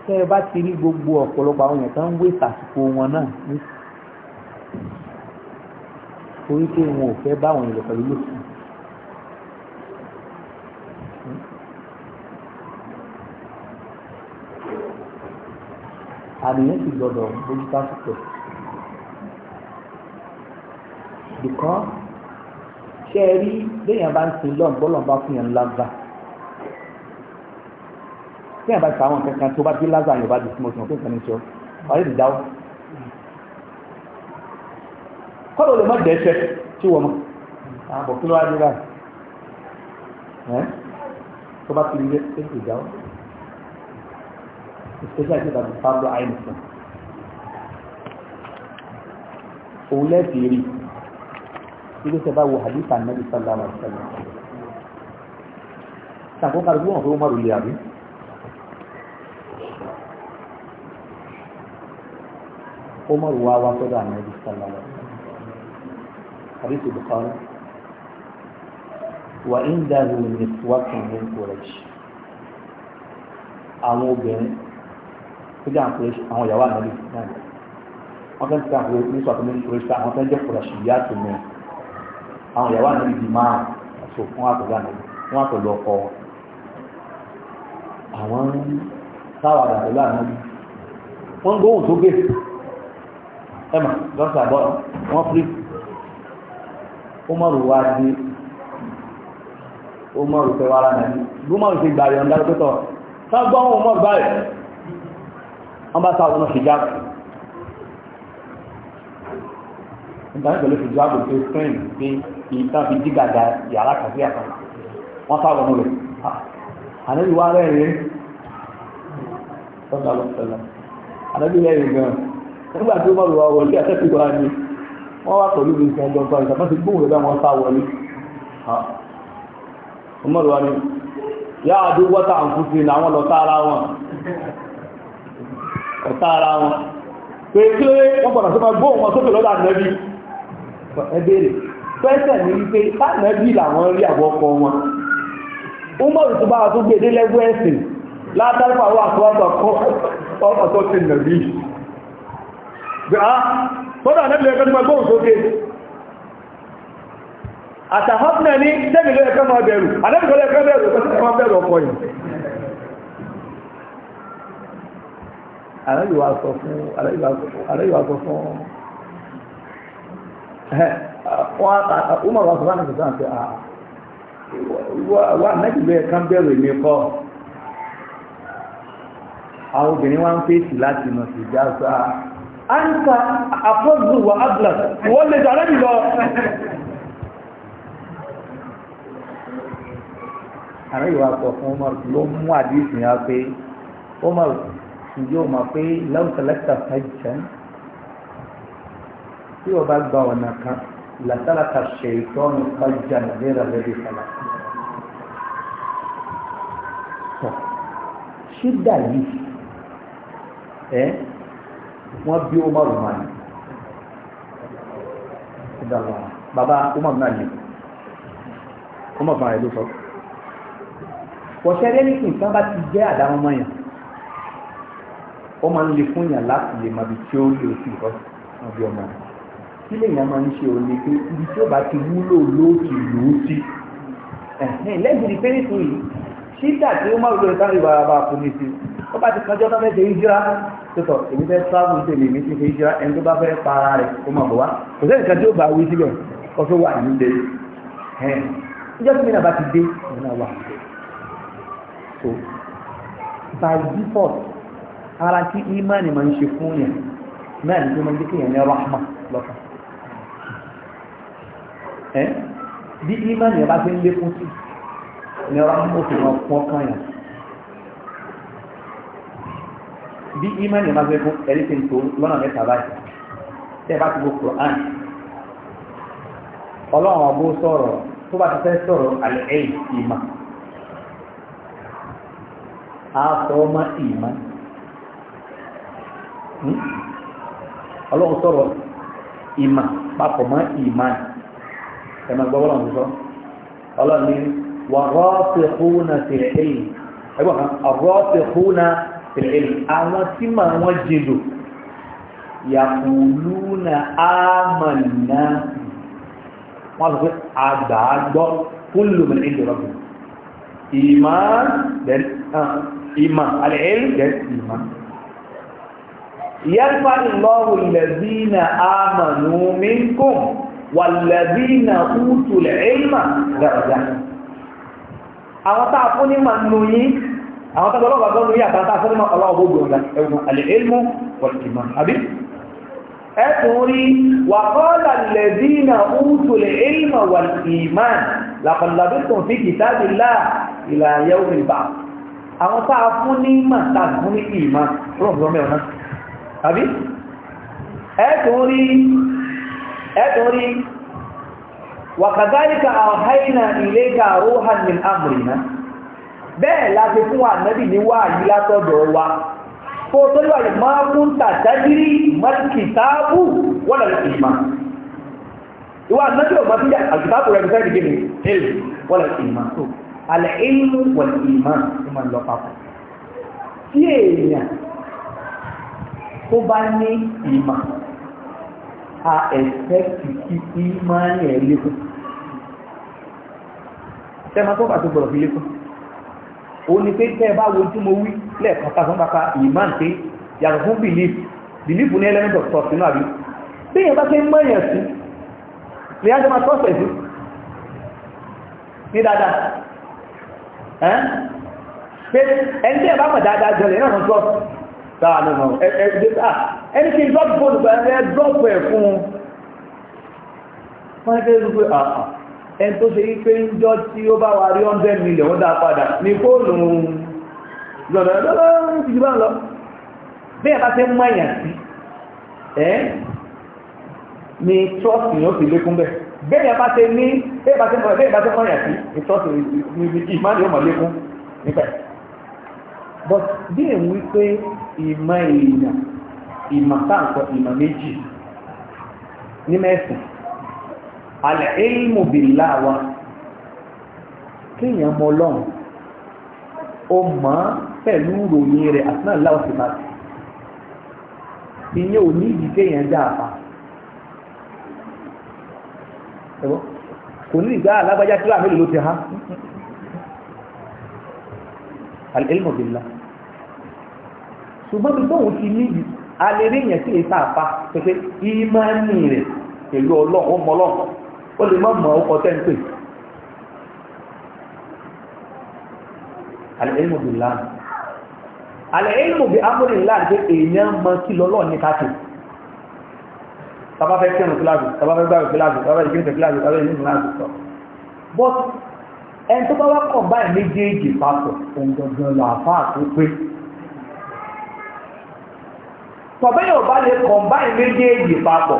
tẹ́ ẹ bá ti rí gbogbo ọ̀pọ̀lọpọ̀ àwọn èèyàn tó ń wé ìtàsìkò wọn náà ní torí pé wọn ò fẹ́ bá àwọn èèyàn pẹ̀lú lòsùn. àníyàn sì gbọdọ̀ bójú tásìkò bìkan ṣe é rí béèyàn bá ń sin lọ́n bọ́lọ́n bá fún yàn lágbà béèyàn bá ṣàwọn kankan tó bá dé lágbà yóò bá di fún ọ̀sán tó kàn ní sọ ọ̀rẹ́ ìdáwọ́ kọ́dọ̀ lè má dẹ̀ẹ́ṣẹ́ tí wọ́n mọ́ àbọ̀ kí ló wá nílá ẹ́ tó bá ti rí ẹ́ ìdáwọ́ especially if that is Pablo Einstein òun lẹ́ẹ̀sì rí ilé tẹ bá wo hadita nabi sallallahu alaihi wa sallam sàkókò àdúgbò wọn fún Umaru lè àbí Umaru wa wá sọ́dọ̀ àmì sallallahu alaihi wa sallam حديث البخاري وإن نسوة من قريش àwọn obìnrin tó jẹ́ àkùrẹ́ṣì àwọn ìyàwó ànábì náà wọ́n fẹ́ ti àkùrẹ́ ní sọ̀tún ní kùrẹ́ṣì àwọn fẹ́ jẹ́ kùrẹ́ṣì ìyá tó mẹ́ àwọn ìyàwó ànábì di máa àṣọ fún àpẹ̀lú ànábì fún àpẹ̀lú ọkọ àwọn táwọn àdàpẹ̀lú ànábì wọ́n gbóhùn tó gbé ẹ̀mà lọ́sàbọ̀ wọ́n fírí Umaru wá dé Umaru fẹ́ wá rárá ní Umaru ti gbà yọ̀ǹda lókòtọ̀ sábọ́n Umaru báyìí wọ́n bá sáwọn ọmọ ṣìjáàbù nígbàtí pẹ̀lú ṣìjáàbù tó spain pé ìtàn fi dígàdà yàrá kàfí àkàn wọ́n sáwọn ọmọ rẹ̀ ah, ànábì wá rẹ̀ rẹ̀ sọ́dọ̀ àlọ́sọ̀lá ànábì rẹ̀ rẹ̀ gan nígbà tí Umaru wá wọlé àtẹ́kùn wá ní wọ́n wá pẹ̀lú bí nǹkan ẹjọ́ nǹkan ìtàkùn ti gbóhùn lọ́dọ̀ wọn sá wọlé ọmọdé wa ni yá àdúgbò tá à ń fún sí i làwọn lọ tá ara wọn ọ̀tá ara wọn pé kí wọ́n gbọ́dọ̀ sí máa gbóhùn wọn sókè lọ́dọ̀ ànẹ́bí ẹ béèrè pẹ́sẹ̀ ní wípé tánẹ́bí làwọn rí àwọn ọkọ wọn ó mọ̀rù tó bá lẹ́gbẹ́ ẹ̀sìn látàrí tọ́dọ̀ ànẹ́bìlẹ̀ ẹ̀kọ́ nípa gbóhùn sókè àtàhọ́pùnà ní tẹ́bìlẹ̀ ẹ̀kọ́ máa bẹ̀rù ànẹ́bìlẹ̀ ẹ̀kọ́ bẹ̀rù ọkọ̀ bẹ̀rù ọkọ̀ yìí àlẹ́yìnwá sọ fún àlẹ́yìnwá sọ fún ọmọ ọ̀sán náà sọ pé ah, wà ànẹ́bìlẹ̀ ẹ̀kọ́ bẹ̀rù èmi kọ́ àwọn obìnrin wá ń fèsì láti nà sí jásáà áńkà àfọ́zù wà adlas wọ́n lè jàrẹ́ mi lọ àrẹ ìwà sọ fún Umar ló mú àdísì yá pé Umar yóò mọ̀ pé lọ́sẹ̀lẹ́sẹ̀ fẹ́jẹ́ tí o bá gba ọ̀nà kan làtàlàkà ṣe ìtọ́nù fẹ́jẹ́ nàìjíríà lẹ́bí fẹ́lá ṣídà yìí wọ́n bí Umar mani bàbá Umar náà yìí Umar fún ààrẹ ló sọ wọ̀ṣẹ́rẹ́ ní nǹkan bá ti jẹ́ àdáwọn mọ́yàn ó máa ń le fún yàn láti lè mọbi tí ó lè fi ìkọ́ ọbí ọmọ rẹ̀ kí lèèyàn máa ń ṣe òun ni pé ibi tí ó bá ti wúlò lóòtù lòó sí lẹ́gbìrì pé nítorí ṣídà tí ó máa ń lo ìwà bàbá fún mi sí ó bá ti kanjọ́ náà mẹ́tẹ̀ẹ́ ìjọra tótọ̀ èmi fẹ́ travel ṣe lè mi ti fi jẹ́ ẹni tó bá fẹ́ para rẹ̀ kó mọ̀ bọ̀ wá kò sẹ́ni kan tí ó bá wí síbẹ̀ kó tó wà ní ilé ẹ̀ẹ́n ìjọ́ tí mi náà bá ti dé òun náà wà so by default ara tí imani máa ń ṣe fún yẹn náà ní tó máa ń jẹ́ kéèyàn ní rahma lọ́kàn ẹ̀ bí imani yẹn bá ti ń lékún sí ní rahma ó fi hàn fún ọkàn yẹn bí ìmánì máa fẹ́ fún ẹni tí ń tó lọ́nà mẹ́ta báyìí tẹ́ bá ti wo Quran ọlọ́run ọgbó sọ̀rọ̀ tó bá ti fẹ́ sọ̀rọ̀ àlẹ́ ẹ̀yìn ìmọ̀ àfọmọ ìmọ̀ hmm? ọlọ́run sọ̀rọ̀ ìmọ̀ papọ̀ mọ́ ìmọ̀ ẹ̀ máa gbọ́ ọlọ́run sọ ọlọ́run ni wà rọ́ọ̀tì kúnà sí ẹ̀yìn ẹgbọ́n kan rọ́ọ̀tì kúnà àwọn tí mà wọ́n jìnlò yàkùlúnà àmàlà wọ́n sọ pé àgbàgbọ́ kúlù mẹ́rin ìjọrọ̀bù ìmá alẹ́ẹ̀lú jẹ́ ìmá yẹ́fà lọ́wọ́ lẹ́bínà àmàlù mínkùn wàlẹ́bínà útùlẹ̀ ìmá dàrájà àwọn tàà fún ní màá nù yìí àwọn tó lọ́wọ́ tó lórí àtàtà sọ́dọ́mọ́ ọlọ́wọ́ gbogbo ẹ̀wọ̀n alìlmù wọ̀lìmọ̀ àbí ẹ̀tùn rí wà kọ́lá lẹ́dínà oúnjẹ alìlmù wọ̀lìmọ̀ làkọ̀lábẹ́tùn fi kìtàbílá ìlàyẹ̀ òmìnbà àwọn tá a fún ní mà tá a fún ní ìmọ̀ rọ̀mọ̀rọ̀mọ̀ ọ̀nà àbí ẹ̀tùn rí bẹ́ẹ̀ la fi fún ànábì ní wáàyí látọ̀dọ̀ wa kó tó lè wáyé máa kún tàtàdírí mọ́tìkìtàbù wọ́n lọ sí ìmọ̀ ìwà ànábì ọ̀gbọ́n tí àkìtàbù rẹ̀ fẹ́ẹ́ dìde ní èlù wọ́n lọ sí ìmọ̀ tó alẹ́ ìlú tó bá a ẹ̀fẹ́ kìkì ìmọ̀ ẹ̀ lékún tẹ́lẹ̀ máa tó bá tó gbọ́dọ̀ fi lékún ó ní pé tẹ́ ẹ bá wo tí mo wí lẹ́ẹ̀kan pàṣẹ pàpà ìmán pé yàtọ̀ fún belief belief ní element of trust nínú àbí bí èèyàn bá ṣe mọ èèyàn sí ni a ṣe máa trust ẹ̀ sí ní dáadáa ẹ́ pé ẹni tí ẹ bá mọ̀ dáadáa jọlẹ̀ náà mọ̀ trust sáà ní ọmọ ẹni tí drop phone ẹ drop ẹ fún un wọ́n ẹni tó ṣe yí pé ń jọ tí ó bá wà rí hundred million ó dá padà ní fóònù lọ́dọ̀ lọ́dọ̀ ìjì bá ń lọ bí trust ni ó fi lékún bẹ́ẹ̀ bẹ́ẹ̀ yẹn bá ṣe ní bẹ́ẹ̀ bá ṣe trust ni ìmáàlì ó mọ̀ lékún nípa ẹ̀ but bí ẹ̀ ń wí pé ìmọ̀ èèyàn ìmọ̀ táǹkọ̀ alẹ́ ilmu bìlá wa kéèyàn mọ ọlọ́run ó mọ̀ ọ́ pẹ̀lú ròyìn rẹ̀ àti náà láwọn ti bá ti ìyẹn ò ní ìdí kéèyàn dá àpá kò ní ìgbà alágbájá tí láàmì ló ti há alẹ́lmù bìlá ṣùgbọ́n bí tóun ti níbi alẹ́rẹ́ yẹn sí ìta àpá pẹ̀pẹ́ ìmọ̀ ní rẹ̀ pẹ̀lú ọlọ́run ọmọ ọlọ́run ó lè má mọ̀ ọkọ̀ tẹ́ ń pè alẹ́yìnmù bí láàrín alẹ́yìnmù bí amúrí láàrín pé èèyàn mọ kí lọ́lọ́ ní káàkiri tàbá fẹ́ kírùn kíláàsì tàbá fẹ́ gbáwẹ̀ kíláàsì tàbá fẹ́ ìgbésẹ̀ kíláàsì tàbá fẹ́ kíláàsì sọ but ẹni tó bá wá kọ̀ báyìí méjèèjì papọ̀ ọ̀gbọ̀gbọ̀ làáfáà tó pé tọ̀bẹ́yọ̀ bá lè kọ̀ báyìí méjèèjì papọ̀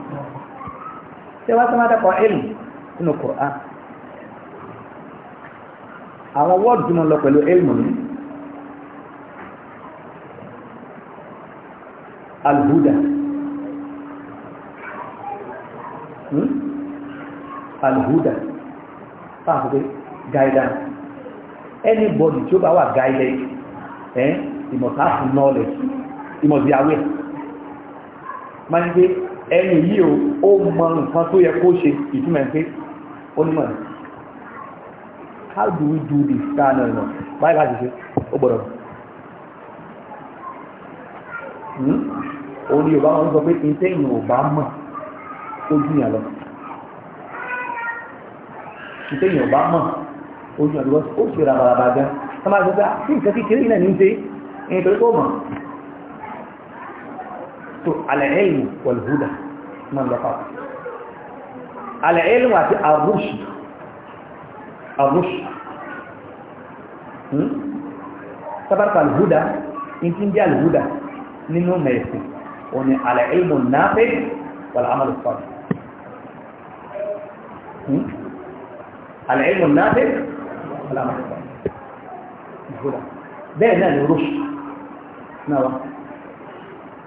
ṣé wá sí máa dẹ́kọ̀ ilm nínú Qur'an àwọn wọ́ọ̀dù tí mo lọ pẹ̀lú ilm ni alhuda hmm? alhuda fáwọn pé guidance anybody tí ó bá wà guided eh, he must have knowledge he must be aware máa ń gbé ẹni yìí ó mọ nǹkan tó yẹ kó ṣe ìtumọ̀ pé ó ní mọ̀ how do we do this kind of thing báyìí láti ṣe ó gbọ́dọ̀ hmm? òun ni yorùbá wọn sọ pé ìtẹ́yìn ò bá mọ̀ ó jìyàn lọ ìtẹ́yìn ò bá mọ̀ ó jìyàn lọ ó ṣe ràbàràbà gan-an sọ ma pé ah, kí nǹkan kékeré yìí náà ní ṣe ìyẹn torí kó mọ̀ على العلم والهدى من على العلم àti الرشد الرشد تبارك الهدى إن دي الهدى nínú وأن على العلم النافع والعمل الصالح على العلم النافع والعمل الصالح الهدى بẹ́ẹ̀ náà ni رشد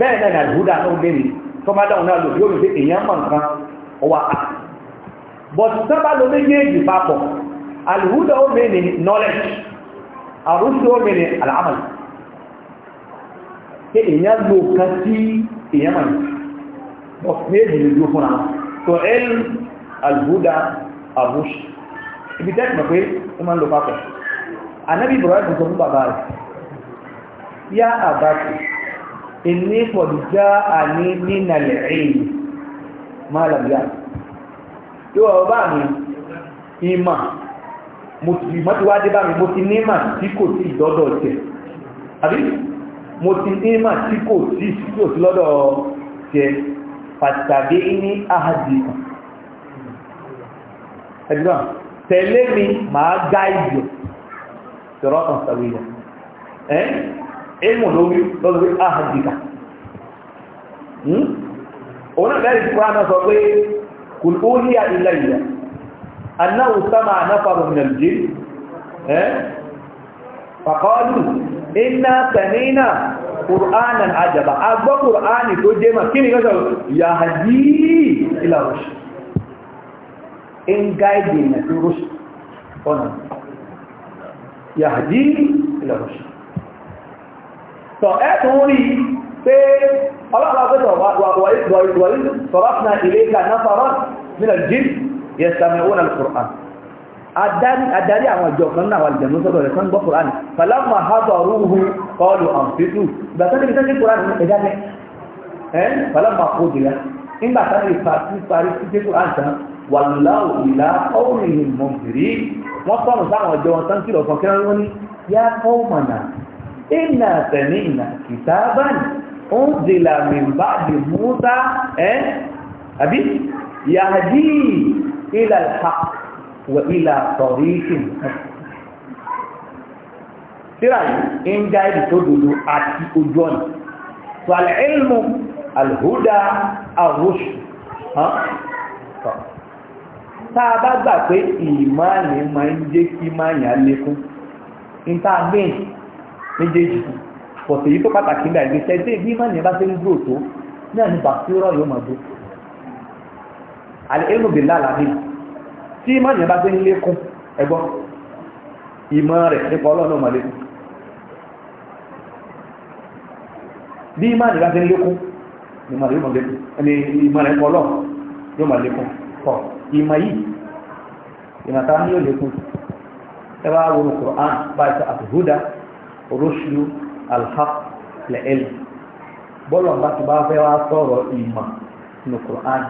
bẹ́ẹ̀ náà ní àlùhúdà náà lè rí tọ́mádàun náà lò yóò rí pé èèyàn mọ̀ nǹkan ọwà á but sábà ló méjèèjì papọ̀ àlùhúdà ó mẹ́ ní knowledge àrùsù ó mẹ́ ní àlàámàlì pé èèyàn lò kan sí èèyàn mọ̀ but méjì lè dúró fúnra so el àlùhúdà àrùsù ibi tẹ́tì mọ̀ pé ó máa ń lò papọ̀ ànábì Ibrahim sọ fún bàbá rẹ̀ yá àbáṣe inni qad ja'ani min al-'ilm ma lam ya'lam ìwọ bá mi ìmọ̀ mo ti mọ́ ti wá dé bá mi mo ti nímà tí kò sí ìdọ́dọ̀ tẹ̀ àbí mo ti nímà tí kò sí ìsìkò sí lọ́dọ̀ tẹ̀ pàtàkì ní àhàdì ẹ̀dùnà tẹ̀lé mi màá gáìdì sọ̀rọ̀ ọ̀sàwìyà ilmu lórí lọ́dọ̀ pé ahàjìkà hmm? òun náà lẹ́yìn fúra náà sọ pé kò ó ní ilẹ̀ ilẹ̀ annáwó sáma anáfàrò nàìjí fàkọ́lù iná sẹ̀mínà ƙùránà àjàbà agbọ́ ƙùránì tó jẹ́ ma kí ni kọ́sọ̀ yàhàjí ilẹ̀ rọ́ṣì ọ̀nà yàhàjí ilẹ̀ rọ́ṣì tọ̀ ẹ́ tún rí pé ọlọ́pàá wàyí sọ̀rọ̀fìnà ilé ìka náfàrọ̀ nínú jín yẹ̀sàmì òun alkùrán adarí àwọn ìjọ kan náà wà lè jẹun sọ́dọ̀ rẹ̀ kan gbọ́ kùrán pàlámà hábà rúhu kọlù àǹfíìtù ìgbà tó débi tẹ́sí kùrán ní ẹ̀dá ní ẹ́ pàlámà òdìlá nígbà tá lè fa sí parí sí tẹ́sí kùrán tán wà láwù ìlà ọ̀rìn mọ̀mìrì wọ́n sọ̀rọ̀ sáwọn ìjọ wọn tán kìlọ̀ kan kí wọ́n ní yá kọ́ mọ̀nà iná tẹ̀lé ìnà kìtàbánì ó ń dìlà mìíràn di múta ẹ́ eh? àbí yàdí ilà haq wà ilà tọ̀ríkì tíra yìí ń gáìdì tó dodo àti ojú ọ̀nà tó alẹ́lmù alhuda arushu tá a bá gbà pé ìmáàlì máa ń jẹ́ kí máa yàn lékún ní tá a gbìyànjú méjèèjì pọ̀tò yìí tó pàtàkì nígbà ìgbé sẹ́dé bí má nìyẹn bá ṣe ń gbò tó náà ní bàtírọ̀ yóò máa gbó àlẹ́ ẹ̀rù bèlà làbí tí má nìyẹn bá ṣe ń lékún ẹgbọ́ ìmọ̀ rẹ̀ nípa ọlọ́run náà máa lékún bí má nìyẹn bá ṣe ń lékún ìmọ̀ rẹ̀ yóò máa lékún ẹni ìmọ̀ rẹ̀ nípa ọlọ́run yóò máa lékún pọ̀ ìmọ̀ yìí ìmọ̀ ni yóò lékún ẹ bá wo ní rushdu alhaq lẹ́ẹ̀lì bọ́lọ̀ bá ti bá fẹ́ wá sọ̀rọ̀ ìmọ̀ nínú Qur'an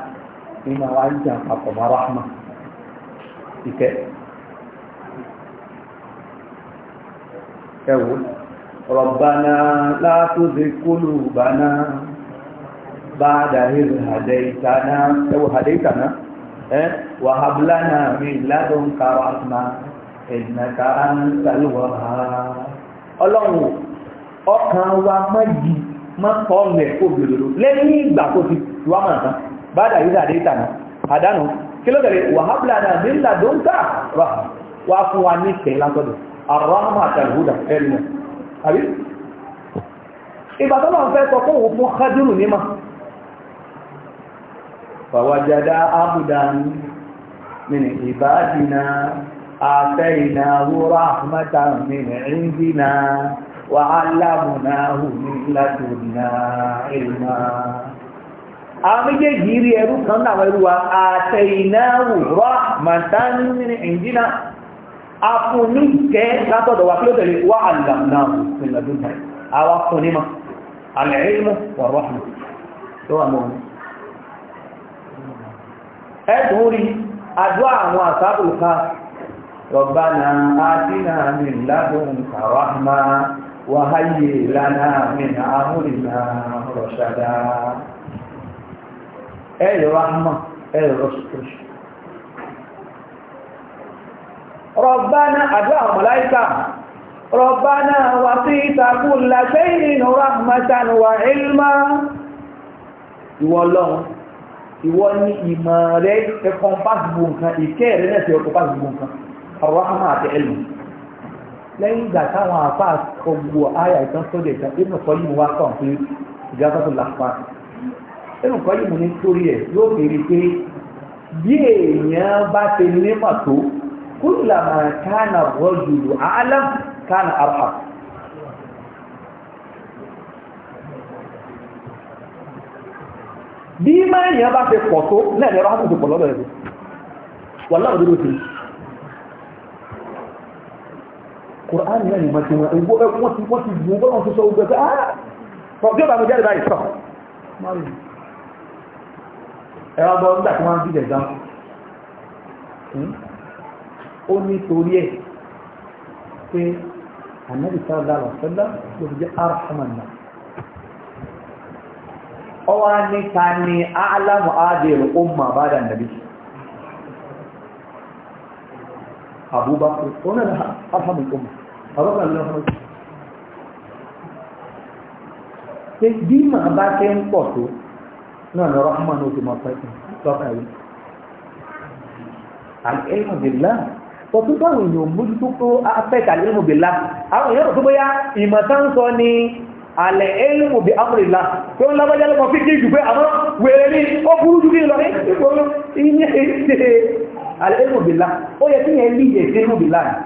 nínú àwọn àyíjà àpapọ̀ mọ́ rahma ìkẹ́ ẹ̀wò rọ̀bánà látúnṣe kólù bánà bá dàhìrì hàdẹ́ìtàná ẹ̀wò hàdẹ́ìtàná ẹ́ wàhábùlánà mi ládùn kàràtmà ìnàkàrà ń tàlùwà hàá ọlọ́run ọkàn wa má yí má kọ́ ọ̀nà ẹ̀kọ́ òbìrìrò lẹ́yìn ìgbà tó ti wá mà tán bàdà yìí dàdé ìtànà àdánù kí ló tẹ̀lé wàhábìlà náà ní ńlá tó ń kà rà wá fún wa ní ìfẹ́ látọ̀dọ̀ àrọ́mà àtàlùhùdà ẹ̀rù náà àbí ìgbà tó náà آتيناه رحمة من عندنا وعلمناه من لدنا علما àwọn méjèèjì rí ẹrú kan náà ẹrú wa àtẹ̀yìnáwò rahmatan ìjìnà afúnníkẹ́ látọ̀dọ̀ wa kí ó tẹ̀lé wà àlàmnáwò ìlàdúnà àwọn afúnnímọ̀ alẹ́rìnmọ̀ wà rahmat tó wà mọ́ ẹ̀dùn ربنا آتنا من لدنك رحمة وهيئ لنا من أمرنا رشدا أي رحمة أي رشد ربنا أدعى ملائكة ربنا وطيت كل شيء رحمة وعلما يوالله ìwọ ni ìmọ̀ rẹ̀ ẹkọ̀ǹpá gbogbo nǹkan ìkẹ́ rẹ̀ náà rahma àti ilmu lẹ́yìn ìgbà táwọn àfa gbogbo àyà ìtàn sóde ìtàn inú kọ́ yìí wá kàn pé ìjábọ̀ tó làpá inú kọ́ yìí mo ní sórí ẹ̀ yóò fi rí pé bí èèyàn bá ti ní màtó kúlàmà kánà rọ́jùlù àálàm kánà àrà. bí máa ń yẹn bá ti pọ̀ tó náà ní ọ̀rọ̀ ti pọ̀ lọ́dọ̀ rẹ̀ wọ́n láwọn òdodo ti Quran náà ni wọ́n ti wọ́n ti wọ́n ti wọ́n bọ́lọ̀ tó sọ gbogbo ẹgbẹ́ ah bí ó bá mi jáde báyìí sọ ẹ̀rọ bọ́ nígbà tí wọ́n ń bílẹ̀ gan ó ní torí ẹ̀ pé ànábì sáà dára sọ́dá ló fi jẹ́ arhaman náà ọwọ́ ní ta ni alamu adèrò ó mà bá dà nàbí abubakar ọ̀nà ní arhamu ọmọ ọ̀rọ̀kọ̀ ní ọmọ pé bí màá bá ṣe ń pọ̀ tó náà ní rahman ní oṣù mọ̀ọ́fẹ́ tọ́ka yìí àìkẹ́lẹ́mọ̀bìlá tọ́tún báwọn èèyàn mójútó pé afẹ́ta àìkẹ́lẹ́mọ̀bìlá àwọn èèyàn tó bóyá ìmọ̀ tá ń sọ ni alẹ̀ ẹlùmọ̀bí amúrìlá tó ń lábájá lọ́kọ̀ fíkì jù pé àwọn wèrè ní ó burú jù kí lọ ní ìgbòho ìyẹn ṣe àlẹ́lẹ́mù bìlá ó yẹ kí yẹn líyè sí bìlá ya,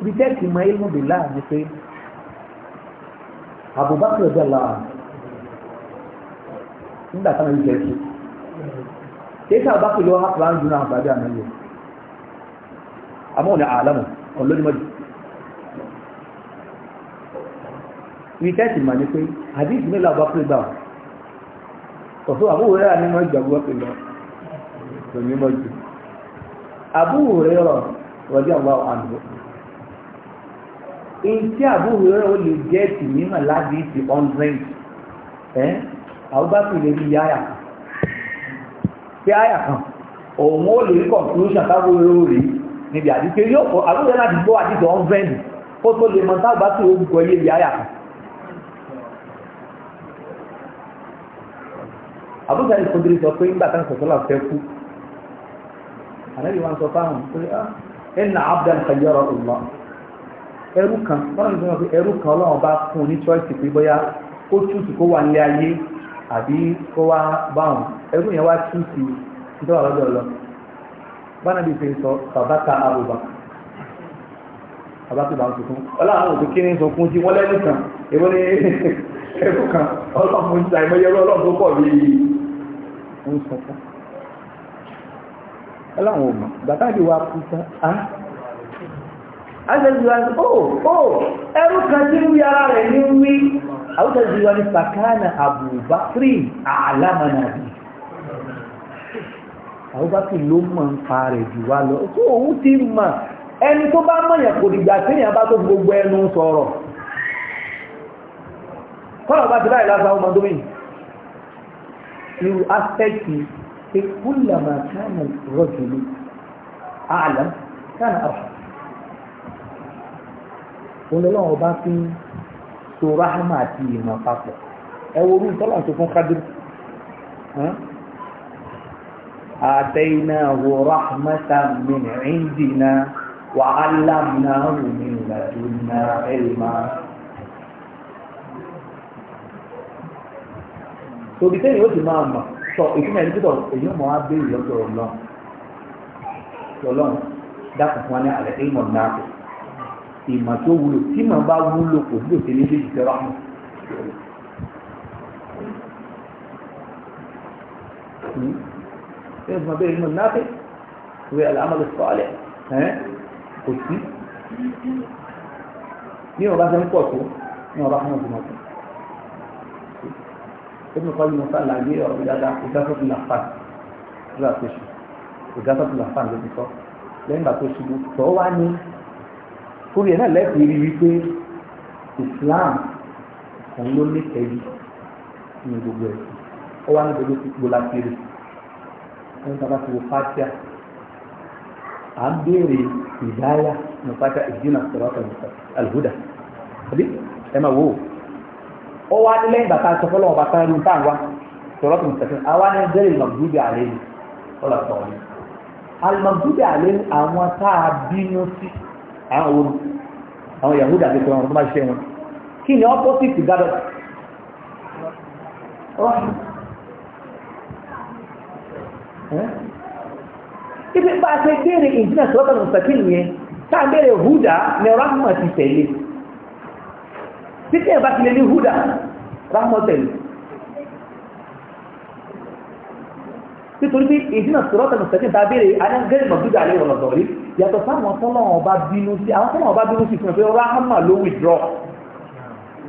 ibi ma ti mọ ìlú bìlá ni pé Abubakar ọjọ́ làwọn nígbà táwọn yìí jẹ́ sí kéésà Abubakar yọ wá fúlàn jù náà àbájá àná yẹ àmọ́ òní àlámù ọ̀lọ́dúnmọ́dù ti mọ pé mélòó gbà àbúrò kò ní mọ̀ jù Abu Hurairah radiyallahu anhu ìtí Abu Hurairah ó le je ti mímọ̀ láti ti ọ̀ndrẹ́ǹd ẹ́ àwọn bá fi lè rí yáyà tí àyà kan òun ó lè conclusion tábù Hurairah rí níbi àdíkẹ́ yóò fọ́ Abu Hurairah láti gbọ́ àdíkẹ́ ọ̀ndrẹ́ǹd kó tó lè mọ tábù bá fi orúkọ yé yáyà kan sọ pé ńgbà táwọn sọ̀tọ́là fẹ́ kú àrẹ́bí wọn sọ fáwọn pé ẹnà abdul kayọrọ ọlọ ẹrú kan wọn ní sọ pé ẹrú kan ọlọ́run bá fún un ní choice pé bóyá ó túùtù kó wà nílé ayé àbí kó wá báwọn ẹrú yẹn wá túùtù nítorí àwọn ọlọ́dọ̀ lọ bọ́nà bíi fi sọ bàbá ka àbùbà bàbá tó bá ń sunkún ọlọ́run òkú kí ni sunkún tí wọ́n lẹ́nu kan èwo ni ẹrú kan ọlọ́run ń ta ìmọ̀ ọlọ́run tó pọ̀ bíi ń sunkún ọláwọn ọmọ bàtàdì wa kú tán á azẹ́zùwájú ó ó ẹrú kan tí ń wí ara rẹ̀ ní wí àwùjọ́zùwájú sàkánà àbùbáfírì àlámànàbì àwùbáfírì ló mọ̀ ń pa rẹ̀ jù wá lọ tó òun ti mọ̀ ẹni tó bá mọ̀yàn kò dìgbà téèyàn bá tó gbogbo ẹnu sọ̀rọ̀ kọ́lọ̀ bá ti báyìí lásán ọmọdé mi pé kúlàmà kánà rọ́jùlù àlà kánà àrùn olólùwọ̀n ọba fi ń so rahama àti ìmọ̀ papọ̀ ẹ wo orú ìtọ́lọ̀ tó fún kádìrì àtẹ̀yìnàwó rahmata min indina wa alamnahu min ladunna ilma. tòbítẹ́yìn ó ti máa mọ̀ sọ ìtumọ̀ ẹni pípọ̀ èyí mọ̀ á béèrè lọ́dọ̀ ọlọ́run ọlọ́run dákun fún wa ní alẹ́ ìmọ̀ náà ìmọ̀ tó wúlò tí mọ̀ bá wúlò kò wúlò sí ní ilé ìjọba mọ̀. ṣé ìmọ̀ bẹ́ẹ̀ ìmọ̀ náà pé ìwé àlámọ̀ lè kò sí ní ọba sọ tó ní ọba fún ọdún ọdún ibn Qayyim ṣàlàyé ọ̀rọ̀ dáadáa ìgáfẹ́ fún làfàn lọ́la tó ṣe ìgáfẹ́ fún làfàn ló ti sọ lẹ́yìn ìgbà tó ṣubú tọ́ wá ní torí ẹ̀ náà lẹ́ẹ̀kì rí wípé Islam kan ló ní kẹ́yì ní gbogbo ẹ̀ ó wá ní gbogbo gbogbo la kiri ẹni tá a bá ti wo fátíà à ń béèrè ìdáyà ní fátíà ìdínà sọ̀rọ̀ àtàlùfà àlùhùdà àbí ẹ máa wò ó ó wá ní lẹ́yìn bàtà sọ fọlọ́wọ́ bàtà ẹrú tá à ń wá sọ̀rọ̀ tó ń sẹ̀fẹ̀ àwa ní ẹgbẹ́rẹ́ màgbúdì àlẹ́ yìí ọ̀là sọ̀ ni àlùmàgbúdì àlẹ́ àwọn tá a bínú sí àwọn òru àwọn Yahudi àti ìtura wọn tó máa ṣe wọn kí ni opposite gadọ ibi bá a ṣe béèrè ìdínà sọ̀rọ̀ tó ń sẹ̀fẹ̀ tá a béèrè Húdà ní ọ̀rọ̀ tẹ̀lé títí ẹ̀ bá ti lè ní húdà rámọ́tẹ̀lì nítorí pé ìdínà sọ̀rọ̀tẹ̀ mùsẹ̀kì ta béèrè anágẹ́rì mọ̀gbígbà lè wọ̀nà sọ̀rí yàtọ̀ sáwọn tọ́lọ́wọ̀n bá bínú sí àwọn tọ́lọ́wọ̀n bá bínú sí fún ẹ̀fẹ́ ráhámà ló withdraw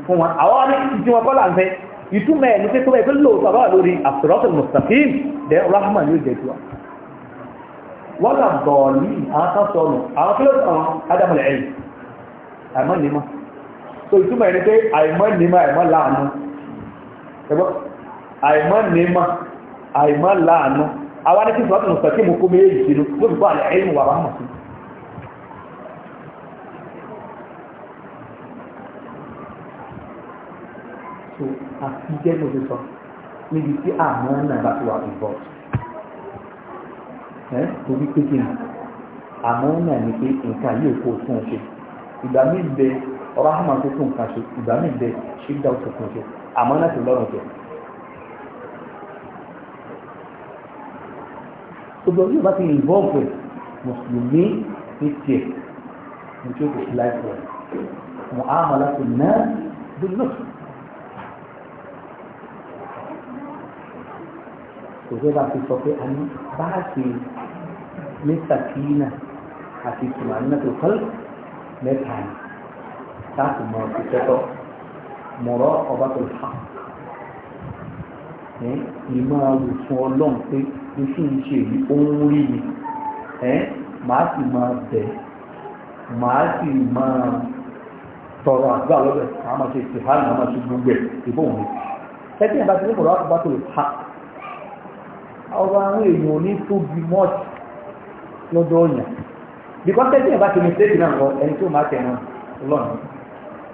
fún wọn àwọn ní ìdí wọn kọ́lá ń fẹ́ ìtumẹ̀ ní pé tó bẹ́ẹ̀ tó lò sọ̀rọ̀ lórí àsọ̀rọ̀tẹ̀ mùsẹ̀kì dẹ̀ ráhámà yóò jẹ́ tiwa wọ́n là bọ̀ọ̀lì àwọn kan sọnù àwọn kílódé àwọn adámọ̀lẹ̀ ẹ̀yìn àmọ́ ní so ìtumọ̀ ẹni pé àìmọ́ nímọ̀ àìmọ́ láàánú ẹgbọ́ àìmọ́ nímọ̀ àìmọ́ láàánú àwọn ní kí n sọ́tún sọ kí mo kó méjì sínú ló fi bọ́ àlẹ́ ẹ̀yìn wà wá mọ̀ so àti jẹ́ mo ti sọ níbi tí àmọ́ náà bá ti wà bọ̀ ẹ́ torí pé kí ni àmọ́ náà ni pé nǹkan yóò ìgbà mí bẹ́ẹ̀ rahama tó tún nǹkan ṣe ìgbà mi bẹ ṣídà tó tún ṣe àmọ́ náà ti lọ́rùn jẹ. gbogbo ọdún bá ti involve mùsùlùmí ní tiẹ̀ ní tí ó kò sí láìpẹ́ mọ̀ áhà láti ná bí lọ́sùn. bá ti sọ pé a ní báàsì ní sàkínà àti tùmọ̀ ànínà tó kọ́lù mẹ́ta ni láti mọ ìtẹ́tọ́ mọ̀rọ́ ọba tó fà ẹ́ ìmọ̀ àwòsàn ọlọ́run pé iṣẹ́ ìṣe yìí ó ń rí mi ẹ́ màá sì máa bẹ̀ màá sì máa tọrọ àdúrà lọ́bẹ̀ àwọn máa ṣe ìfàlù àwọn máa ṣe gbogbo ẹ̀ ìbọn mi ẹgbẹ́ ìbá ti ní mọ̀rọ́ ọba tó fà ọba àwọn èèyàn ò ní tóbi mọ́ọ̀tì lọ́dọ̀ ọ̀yàn bí kọ́ńtẹ́tì ẹ̀ bá ti ní sẹ́ẹ̀tì náà lọ ẹni tó máa tẹ̀ wọn lọ́nà.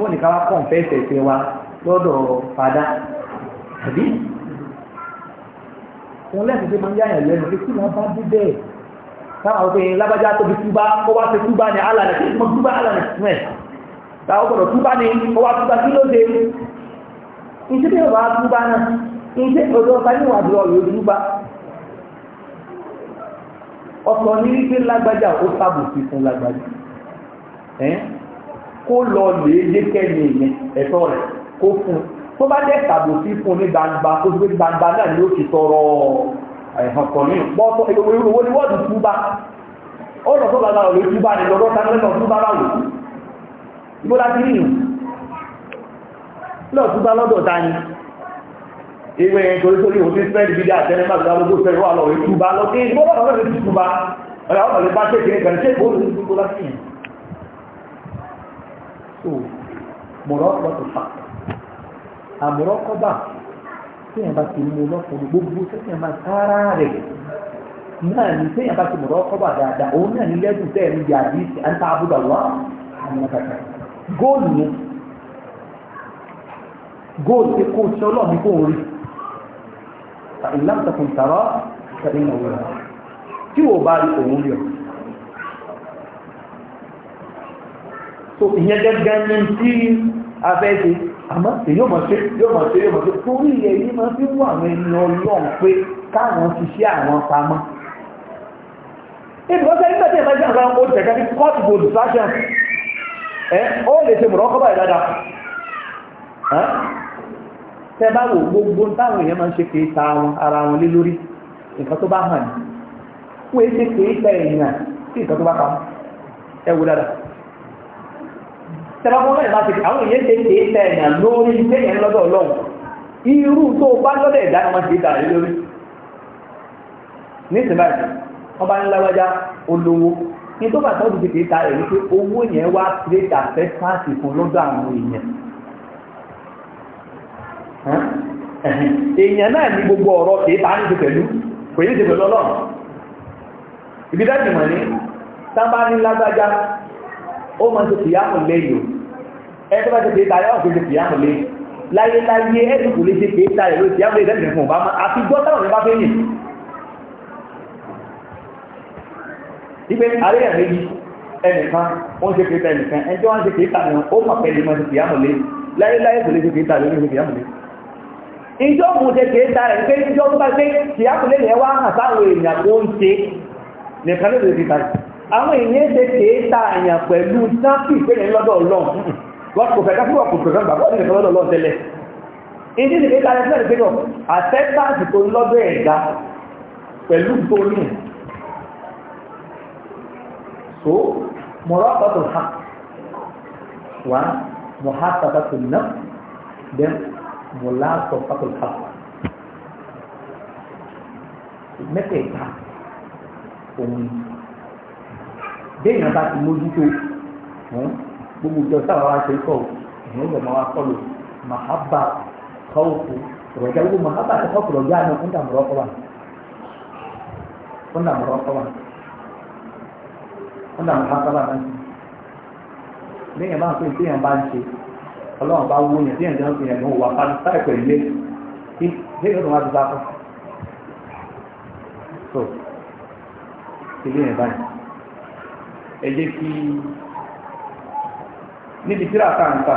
wọ́n ní ká wá pọ̀ nfẹ́ ìfẹ̀fẹ̀ wa lọ́dọ̀ fada àbí òun lẹ́sìn tó máa ń yáyàn lẹ́nu pé kí ló bá dé bẹ́ẹ̀ táwọn ọ̀gbìn yẹn lábájá tóbi túbá ó wá ṣe túbá ní alànà kí mo túbá alànà fún ẹ̀ táwọn gbọ́dọ̀ túbá ní ó wá túbá kí ló dé ìṣe tí wàá túbá náà ìṣe ọjọ́ ọ̀sán ní wàá dúró ọ̀rọ̀ túbá ọkọ̀ ní wípé lágbájá ó sábò sí fún lágbájá kó lọ lè yé kẹ́ni ìyẹn ẹ̀tọ́ rẹ̀ kó fún tó bá jẹ́ tàbí fún ní gbangba tó gbé gbangba náà ni ó ti tọrọ ẹ̀hàn kan ní bọ́tọ̀ ìwé owó ni wọ́ọ̀dù túbá ó lọ tó bàbá òwe túbá ni lọ́dọ́ ta lẹ́nà túbá ráwò ìbó láti rí yìí lọ́ọ̀ túbá lọ́dọ̀ ta ni ìwé yẹn torí torí òun ti fẹ́ẹ̀lì bídá àtẹnẹ́ má gbàgbọ́ gbogbo fẹ́ẹ̀rọ àlọ́ òwe túbá lọ́dọ̀ ìbó bàbá òwe túbá ọ̀rẹ́ bá ṣèkèrè kẹrẹ ṣé so mọ̀rọ́kọ́ tó fà àmọ̀rọ́kọ́ bá téèyàn bá ti mú lọ́kùnrin gbogbo téèyàn bá sára rẹ̀ náà ní téèyàn bá ti mọ̀rọ́kọ́ bá dáadáa òun náà ní lẹ́dùn tẹ́ ẹ̀rí yà bí ti àǹtà àbúdà wà góòlù yẹn góòlù ti kó tí ọlọ́ọ̀ni kò rí ìlànà tó kùn tààrọ́ tẹ̀lé ìnáwó rẹ̀ tí wò bá rí òun rí ọ̀rọ̀. tó ìyẹn gẹ́gẹ́ ní tí a fẹ́ ṣe àmọ́ yóò mọ̀ ṣe yóò mọ̀ ṣe yóò mọ̀ ṣe torí ilẹ̀ yìí máa fi wọ́n àwọn ẹni ọlọ́run pé káwọn ṣiṣẹ́ àwọn pamọ́ ibi wọ́n sẹ́yìn tẹ́tẹ́ ìfẹ́sẹ̀ àwọn ọmọ òṣèkẹ́ ní court for distraction ẹ ó lè ṣe mọ̀rọ́ kọ́bà ìdádá tẹ́ bá wò gbogbo táwọn èèyàn máa ń ṣe kìí ta wọn ara wọn lé lórí nǹkan tó bá hàn ní wọ́n ṣe kìí ta èèyàn sí nǹkan tó bá pa ẹ wò dáadáa tẹ́lá fún ọlọ́yìn láti àwọn èèyàn ṣe ń tẹ̀ ẹ̀yàn lórí lẹ́yìn lọ́dọ̀ ọlọ́run irú tó bá lọ́dọ̀ ẹ̀dá ni wọ́n ti dà lé lórí nísìnyí wọ́n bá ń lágbájá olówó ní tó bá tó ti tètè ta rẹ̀ owó gbogbo ọ̀rọ̀ ní ti pẹ̀lú ti pẹ̀lú ọlọ́run mọ̀ ní ní lágbájá ó ẹ tó bá ti kéta yọ ọ̀gbìn ti fi àmọ̀ lé láyé láyé ẹ̀dùn kò lè ṣe kéta yẹ ló ti àmọ̀ lé lẹ́nu fún ọba àti gbọ́ táwọn ọba fẹ́ yìn. ipe àríyá méjì ẹnìkan ó ń ṣe kéta ẹnìkan ẹni tí wọ́n ń ṣe kéta ni ó mọ̀ pẹ̀lú ìmọ̀ ti fi àmọ̀ lé láyé láyé kò lè ṣe kéta ló ti fi àmọ̀ lé. ìjọ mú ṣe kéta rẹ̀ pé ìjọ tó bá ṣe ti àmọ̀ lé yẹn wá hàn sáwọn èèyàn tó ń ṣe nìkan ló ti fi ta àwọn èèyàn ṣe kéta àyàn pẹ̀lú sáfì pé ní lọ́dọ̀ ọlọ́run wọ́n kò fẹ́ káfíwọ̀ kò fẹ́ bàbá ọdún ìfẹ́ lọ́dọ̀ tẹ́lẹ̀ ìdí ìdí ìdí àrẹ́sílẹ̀ ìfẹ́ náà àtẹ́tàǹsì tó lọ́dọ̀ ẹ̀dá pẹ̀lú tóní so mọ̀rọ̀ àpapọ̀ ha wà mọ̀ ha pàtà tó ná dẹ́ mọ̀ láàtọ̀ pàtó ha mẹ́tẹ̀ẹ̀ta òun bẹ́ẹ̀ yàtà ti mójútó hmm, gbogbo ìjọ sábà wá ṣe é kọ́ ìyẹn lè máa wá kọ́ lò mahaba kọ́ọ̀kù rọ̀jà gbogbo mahaba àti kọ́ọ̀kù rọ̀jà náà ń dàmú rọ́kọ́ wa ń dàmú rọ́kọ́ wa ń dàmú rọ́kọ́ wa náà lẹ́yìn bá ń pè téèyàn bá ń ṣe ọlọ́run bá wó yẹn téèyàn jẹ́ ń pè yẹn lọ́wọ́ wá ti bá kí níbi tíra táǹkà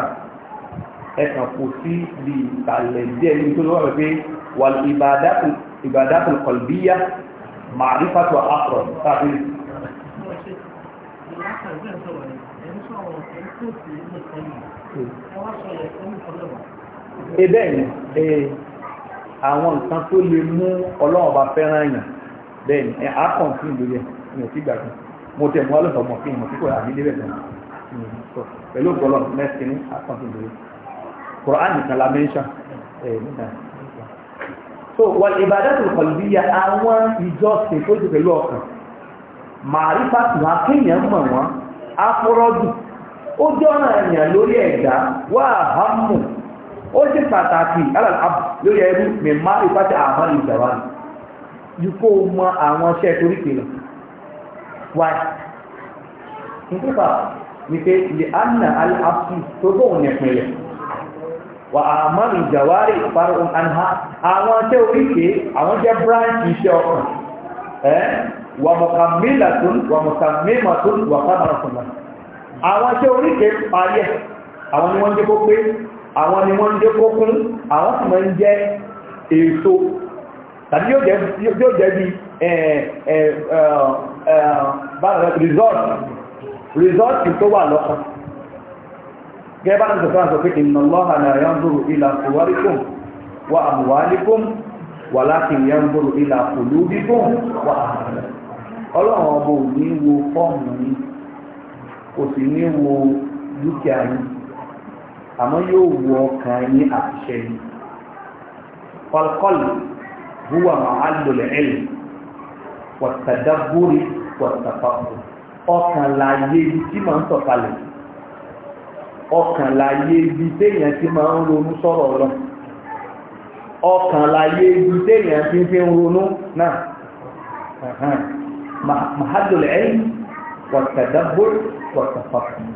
ẹ̀kàn kò sí di ìtàlẹ̀ díẹ̀ ní tó lọ́wọ́ pé wà ìbàdàkùn kọ̀lbíyà màrífàtò àpọ̀ tàbí ebe ẹ̀ àwọn nǹkan tó lè mú ọlọ́run bá fẹ́ràn èèyàn bẹ́ẹ̀ ni a kàn fún ìlú rẹ̀ ní òkè mo tẹ̀ mọ́ ọlọ́sọ̀mọ́ tí kò rà nílé rẹ̀ sọ pẹ̀lú gbọ́lọ̀ mẹ́sìn ní àkọsílẹ̀ Quran nìkan la mẹ́ńṣà nígbà so wọ́n ìbádàtù kọ̀lùbíyà àwọn ìjọsìn tó ti pẹ̀lú ọkàn màrífà tí wọ́n akéèyàn mọ̀ wọ́n afọ́rọ́dù ó jọ́nà ẹ̀yàn lórí ẹ̀dá wà áhàmù ó sì pàtàkì alàlábù lórí ẹrú mẹ́má ìfàtí àmọ́ ìjọba yìí kó mọ àwọn iṣẹ́ torí pèlè wáyé nítorí ní pé lè anna al-afi tó bóun nìpínlẹ̀ wà á máa ń jàwárí ìparí ohun anha àwọn iṣẹ́ oríkèé àwọn jẹ́ bíráǹkì iṣẹ́ ọkàn ẹ́ wà mọ̀kàmílà tó wà mọ̀kàmílà tó wà kámàrà sọ̀rọ̀ àwọn iṣẹ́ oríkèé parí ẹ̀ àwọn ni wọ́n jẹ́ kó pé àwọn ni wọ́n jẹ́ kó kún àwọn rìsọ́ọ̀tì tó wà lọ́kàn gẹ́gẹ́ bá ní sọ̀tọ́ àṣọ pé inna Allaha la yanzuru ila suwarikum wa amwalikum walakin yanzuru ila qulubikum wa a'malikum ọlọ́run ọba ò ní wo fọ́ọ̀mù yìí kò sì ní ọkàn láyé ibi tí màá ń sọ̀kalẹ̀ ọkàn láyé ibi téèyàn ti máa ń ronú sọ̀rọ̀ lọ ọkàn láyé ibi téèyàn ti fi ń ronú náà mahadul ilm wa tadabbur wa tafakkur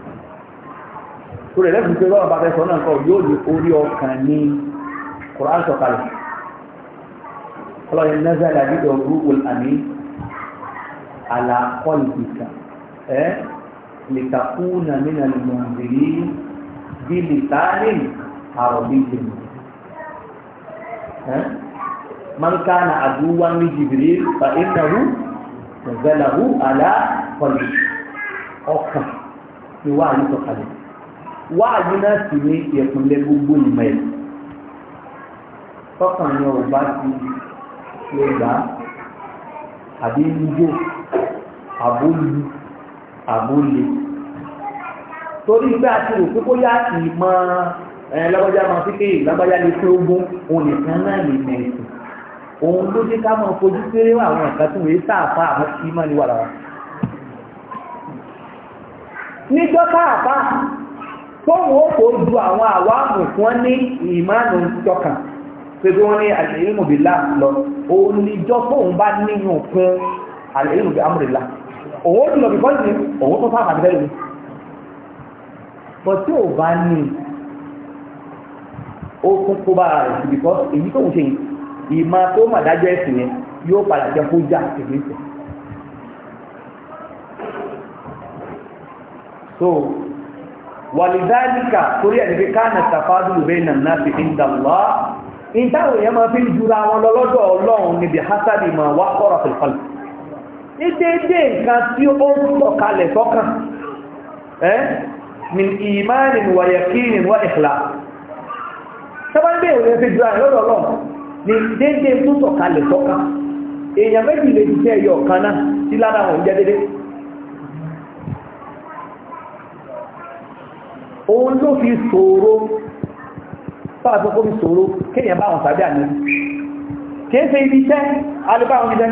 tó rẹ̀ lẹ́kùn pé báwọn bá fẹ́ sọ náà kọ́ yóò ní orí ọkàn ní Qur'an sọ̀kalẹ̀ ọlọ́rin nazala bihi ruhul amin ala qalbika ẹ́ lìtàkùnà nínú ìmọ̀nbìrì bí lìtàlìn àròbíjì ẹ́ mankana àdúwà ní jìbìrì fa ìtàrú nàzẹ́làhù àlá pọ̀lì ọkàn ni wà ní sọ̀kalẹ̀ wà ní náà sì ní ìyẹ̀kùnlé gbogbo ìmọ̀ ẹ̀ tọ́kàn ni ọ̀rọ̀ bá ti lè gbà àbí ń jó àbúlé torí pé a ti rò pé bóyá ìmọ̀ lágbájá máa fi kéyìí lágbájá lè fi ogún òun nìkan náà lè mẹ̀sìn òun ló dé ká máa fojú kéré àwọn nǹkan tí wọ́n sáàfà àmọ́ kí mọ́ ní wàrà wa níjọ́ sáàfà tóun ó kò ju àwọn àwáàmù fún wọn ní ìmánu jọkàn pé bí wọ́n ní àlèyìnmùbìlá lọ òun níjọ́ tóun bá níyàn kún àlèyìnmùbìlá òun ó ti lọ bí bọ́ọ̀lù ni òun tó sáà pàdé bẹ́ẹ̀ ni bọ́ tí ò bá ní ó tún kó bá rẹ̀ sí bíkọ́ èyí tó ń ṣe ìmọ̀ tó mà dájọ́ ẹ̀sìn yẹn yóò padà jẹ́ kó jà tèmi sẹ̀. so wàlìdáníkà torí ẹ̀ níbi káàna tàfádùlù bẹ́ẹ̀ nà náà fi ń dà wá ìdáhùn yẹn máa fi ń jura wọn lọ ọlọ́run níbi hásábì máa wá kọ́ra pẹ̀lú ní déédé nǹkan tí ó ń sọ̀kalẹ̀ sọ́kàn ẹ́ min imanin wa yakinin wa ikhla sábàbí ìwòye fi jù àìlọ́rọ̀ ọlọ́run ní déédé tó sọ̀kalẹ̀ sọ́kàn èèyàn méjì lè jíṣẹ́ ẹyọ kan náà tí lára wọn jẹ́ déédé òun ló fi ṣòro fáwọn tó fi ṣòro kéèyàn bá wọn sàbí àná kìí ibi iṣẹ́ alùpàá wọn iṣẹ́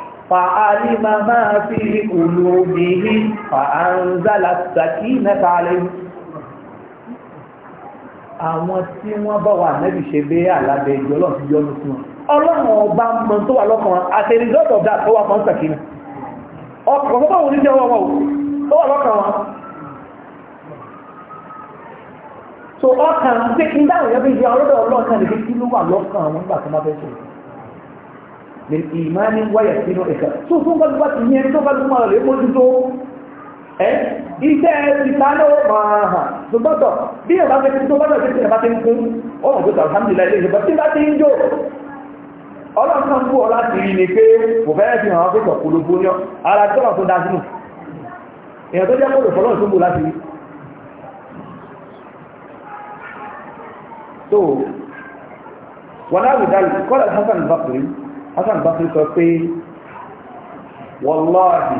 فعلم ما في قلوبهم فأنزل السكينة عليهم àwọn tí wọ́n bá wà nẹ́bì ṣe bé àlábẹ́ ìjọ ọlọ́run ti yọ́nú fún wọn ọlọ́run ọba mọ̀ tó wà lọ́kàn àti result of that tó wà fún sàkínà ọkọ̀ tó báwọn oníṣẹ́ ọwọ́ wọn tó wà lọ́kàn wọn so ọkàn tí kí dáwọn yẹ́bí ìjọ ọlọ́dọ̀ ọlọ́kàn lè fi kí ló wà lọ́kàn wọn nígbà tó má fẹ́ sọ̀rọ̀ lè ìmáni wáyà sínú ẹ̀ka tó fún gbogbo ti ní ẹni tó bá gbogbo rẹ̀ mójú tó ẹ́ iṣẹ́ ìta náà máa hàn lọ́gbọ́tọ̀ bí ẹ̀bá fẹ́ tó bá náà tẹ́tẹ́ bá ti ń kún ọ̀rọ̀ tó tà alhamdulillah ilé ìjọba tí bá ti ń jò ọlọ́run kan kú ọlá ti rí ni pé kò fẹ́ fi hàn pẹ́tọ̀ kúlógbó ní ara tó rọ̀ tó dá sínú èèyàn tó jẹ́ kó lè fọlọ́run tó mú láti rí tó wọ́n láwùdá kọ́lá Hasan al-Bakri hasan basri sọ pé wàláhi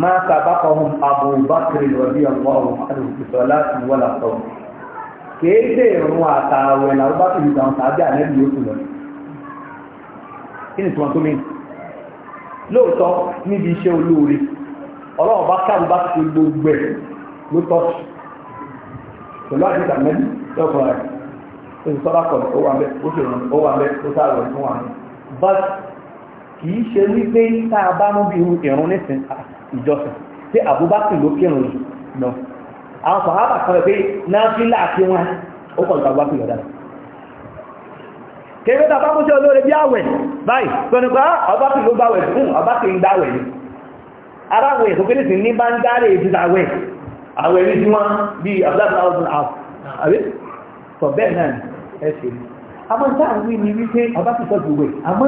máa sabaqahum abubakar lọ́dí ọ̀pọ̀ àdùnkùsọ̀ láti wọ́n làtọ̀ kìí ṣe ìrún àtàwẹ̀ làwọn bá fi ìgbà tàbí àlẹ́bí yókù lọ kí ni tiwọn tó mí lóòótọ́ níbi iṣẹ́ olóore ọlọ́run bá káàbù bá ti gbogbo ẹ̀ ló tọ́sí pẹ̀lú àdìsá mẹ́lì lọ́kọ̀ọ́ rẹ̀ ó ti kọ̀ ó wà mẹ́ ó sì rán ó wà mẹ́ ó sáré rẹ̀ fún mẹ́ but í ṣe wípé tá a bá mú bí ìrún nísìn ìjọsìn tí àbúbákì ló kírun yìí lọ àwọn sàhábà kan rẹ̀ pé náfílà àti wọn ó kọ̀ lọ́ta àbúbákì lọ́dà kèrè tá a bá mú sí olóore bí àwẹ̀ báyìí pẹ̀lú pé àbúbákì ah, ló gbàwẹ̀ fún àbúbákì ń gbàwẹ̀ ni aráwẹ̀ tó kéde sí ní bá ń dáre àwẹ̀ àwẹ̀ bí àwẹ̀ ẹ̀ ṣe àmọ́ níta àwọn ìní wípé ọba ti sọ gbogbo ẹ̀ àmọ́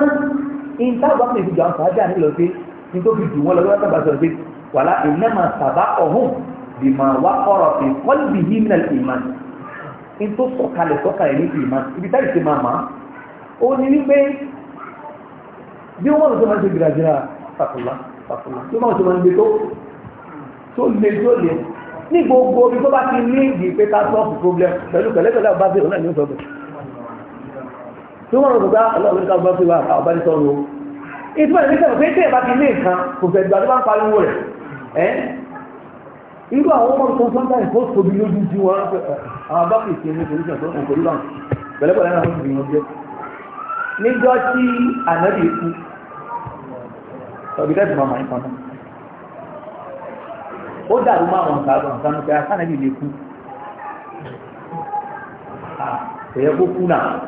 níta ọba ti fi jọ àwọn sàájà nílò pé nítorí jù wọn lọ lọ́wọ́ sábà sọ pé wàlá ìnáma sábà ọ̀hún bìmọ̀ wá ọ̀rọ̀ ìkọ́lùbì yìí nà ìmàn nítorí sọ̀kalẹ̀ sọ̀kalẹ̀ ní ìmàn ibi táyì ti máa mọ̀ ó ní wípé bí wọ́n tó máa ń ṣe gbìràgbìrà pàtùlá pàtùlá bí wọ́n tó máa ń gbé tó tó le ní gbogbo ibi tó bá ti ní ìdí pé ká sọ́ọ̀fù problem pẹ̀lú pẹ̀lẹ́pẹ̀lẹ́ ọba bẹ̀rẹ̀ náà ní ó sọ tí wọ́n rọ̀ gbá ọlọ́run ká gbọ́ pé wà á ọba ní sọ́run o ìtumọ̀ ìdíkẹ́ òfin tí ẹ̀ bá ti lé nǹkan kò fẹ́ gbà tó bá ń pariwo rẹ̀ ẹ́ irú àwọn ọmọ nǹkan sọ́ńtà ìfọ́ tóbi lójú ju wọn àwọn bá fi ṣe ní solution tó ń kò lóra pẹ̀lẹ́pẹ̀lẹ́ náà wọ́n ti gbìyànjú jẹ́ níjọ́ tí ànábì kú ọ̀bí dẹ́tù màmá ìkan náà ó dàrú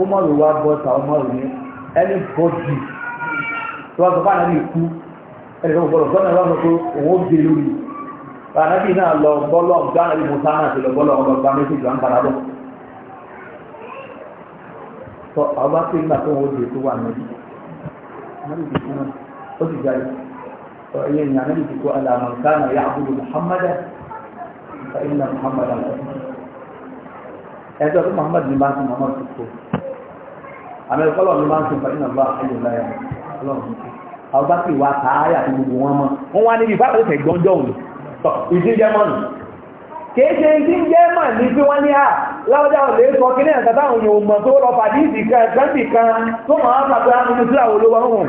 ó mọ̀rù wá bọ́ta ó mọ̀rù ní ẹni bọ́dì tó wá sọ fún ànábì kú ẹni tó gbọ́dọ̀ gbọ́dọ̀ lọ́nà pé òun ó gbé e lórí ànábì náà lọ bọ́lọ̀ gbá ànábì musa náà ti lọ bọ́lọ̀ ọmọ gba méjèèjì wá ń padà bọ̀ tọ àwọn bá pé nígbà tó wọ́n ó dé e tó wà níbi ànábì ti kú náà ó sì jáde ẹ̀yẹ ní ànábì ti kú alamọ̀ yà àbúrò muhammadan fa inna muhammadan ẹ̀dọ́ tó muhammad ní bá ti muhammad ti kú àmì ọlọ́run ló máa ń sìn fàyínà bá ayé láyà ọlọ́run àwọn bá sì wá tààyà tó gbogbo wọn mọ wọn wá níbi ìfáàpọ̀ tẹ̀ gbọ́njọ́ òní tọ̀ ìdí jẹ́mọ́nù kìí ṣe ìdí jẹ́mọ̀ ní bí wọ́n ní à láwọ́já ò lè sọ kí ní ẹ̀ka táwọn yòó mọ̀ tó lọ fàdíìsì kan kẹ́ǹtì kan tó mọ̀ á pàtó àwọn ọmọ sílẹ̀ àwọn olówó ọ̀hún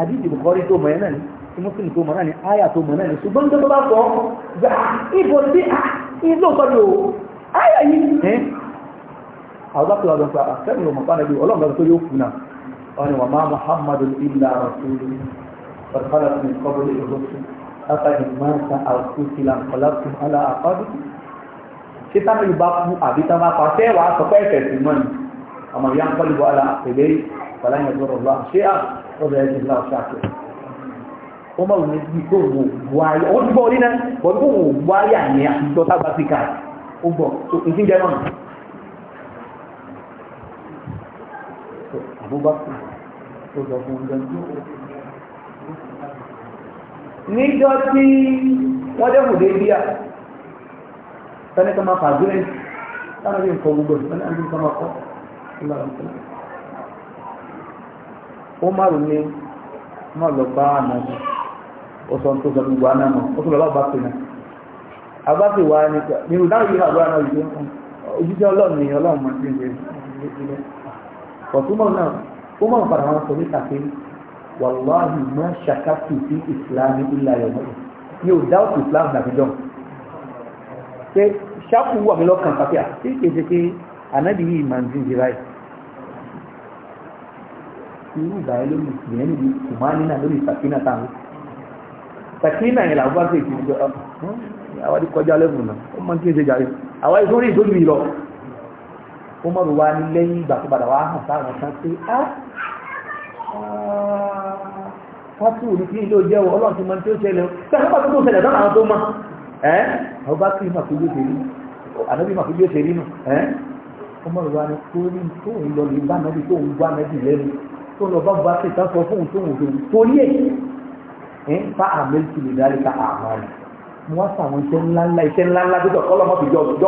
àdíìsì bùkọ́rí tó mọ̀ ẹ́ ni tí mùsùlùmí tó mọ̀ náà ni áyà tó mọ̀ náà ni ṣùgbọ́n tó bá sọ ìbò sí ìlú sọ́dọ̀ áyà yìí àwọn bá kúrò àgbàgbà àfẹ́mi ò mọ̀pá nàbí ọlọ́run tó yóò kú náà wọn ni wà má muhammadu illa rasulun ọ̀dọ́fàdà tó ní kọ́bọ̀ lè rọ́sù láta ìmọ̀ọ́ta àkú sílá ọ̀làkú ọ̀là àkọ́dù ṣé táwọn yóò bá kú àbí táwọn apá fẹ́ wàá sọ pé ẹ̀fẹ̀ sí mọ́ni àmọ́ ìyá ń kọ́lù bọ́ ọ̀là àpèlé ìpàlàyé ọ̀dọ́rọ̀ lọ ṣé à ọ̀dọ̀ ẹ̀ ó máa wùmí bí kò wò wáyé ó bọ́ orí náà bọ́ wò wáyé àyè àtijọ́ tábà sí ó bọ̀ tó ìdíjẹ́ náà Abubakar tó sọ fún ọjọ́ níjọ́ tí wọ́n dẹ́kùn dé bíyà sẹ́nẹ́kọ́ máa fàájúrẹ́ táwọn yóò kọ gbogbo ìsẹ́nẹ́ àti ìsọ́nà ọkọ́ ìlànà ó márùn ní má lọ bá àmà ó sọ tó sọ gbogbo àná mọ̀ ó sọ lọ bá pè náà wà ní ìrù yìí àbúrò náà yìí ojúṣe ọlọ́run ni ọlọ́run máa ń gbé ọ̀túnmọ̀ náà hmm, ó máa padà wọn sọ níta pé wàláhì má ṣàkàtì sí ìsìlámù ilà ẹ̀rọ mi ò dá òtù ìsìlámù nàbíjọ́ pé ṣáàpù wà mí lọ́kàn pàtẹ́ àti kéde pé ànábì yìí máa ń dín ìdíra ẹ̀ irú ìbáyé lórí ìyẹn níbi kùmánínà lórí sàkínà táwọn sàkínà yẹn làwọn bá fèèkì ìjọ àwọn àdìkọjá lẹ́bùn náà ó máa ń kí ń ṣe jàre àwọn ìsórí ìdólùmí lọ Umar wa ní lẹ́yìn ìgbà tó padà wá hàn sáwọn kan pé á ah, ah, fásitì òní kí ilé òjẹ́ wọn ọlọ́run ti mọ tí ó ṣẹlẹ̀ sẹ́yìn pàtó tó ṣẹlẹ̀ lọ́nà àwọn tó mọ̀ ẹ́ àwọn bá kí màkú bí ó ṣe rí ànábì màkú bí ó ṣe rí nù ẹ́ Umar wa ní kó ní tó ń lọ lè bá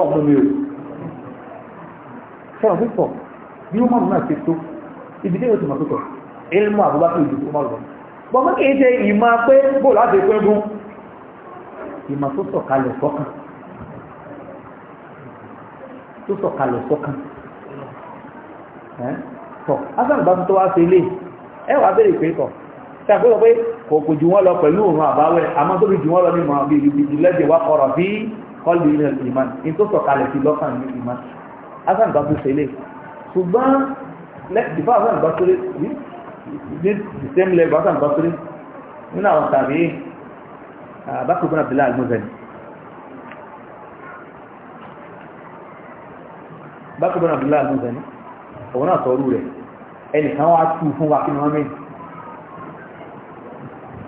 nàbì tó sẹ́wọ̀n pípọ̀ bí ó mọ̀rún náà ṣe tó ibi tí ó ti mọ̀ pípọ̀ ilmu àbúbákì ìdìbò mọ̀rún bọ̀ mọ́ kìí ṣe ìmọ̀ pé bó láti pẹ́ gún ìmọ̀ tó sọ̀kalẹ̀ sọ́kàn tó sọ̀kalẹ̀ sọ́kàn tọ̀ asàǹgbà tó wá sí ilé ẹ wà bẹ̀rẹ̀ pé tọ̀ ṣàkóso pé kò kò jù wọ́n lọ pẹ̀lú òun àbáwẹ̀ àmọ́ tó fi jù wọ́n lọ ní mọ̀ bí ìlú lẹ́jẹ̀ wá kọ̀rọ̀ bí kọ́lù ilẹ̀ ìmọ̀ ní tó sọ̀kalẹ̀ sí lọ́kàn ní ìmọ̀ hasan basri ṣe lé ṣùgbọ́n bífà hasan basri ní the same level hasan basri nínú àwọn tàbí bákan fún abdullahi al-muzani bákan fún abdullahi al-muzani òun náà sọ̀rọ̀ rẹ̀ ẹnìkan wá tú fún wa kí ni wọ́n mẹ́rin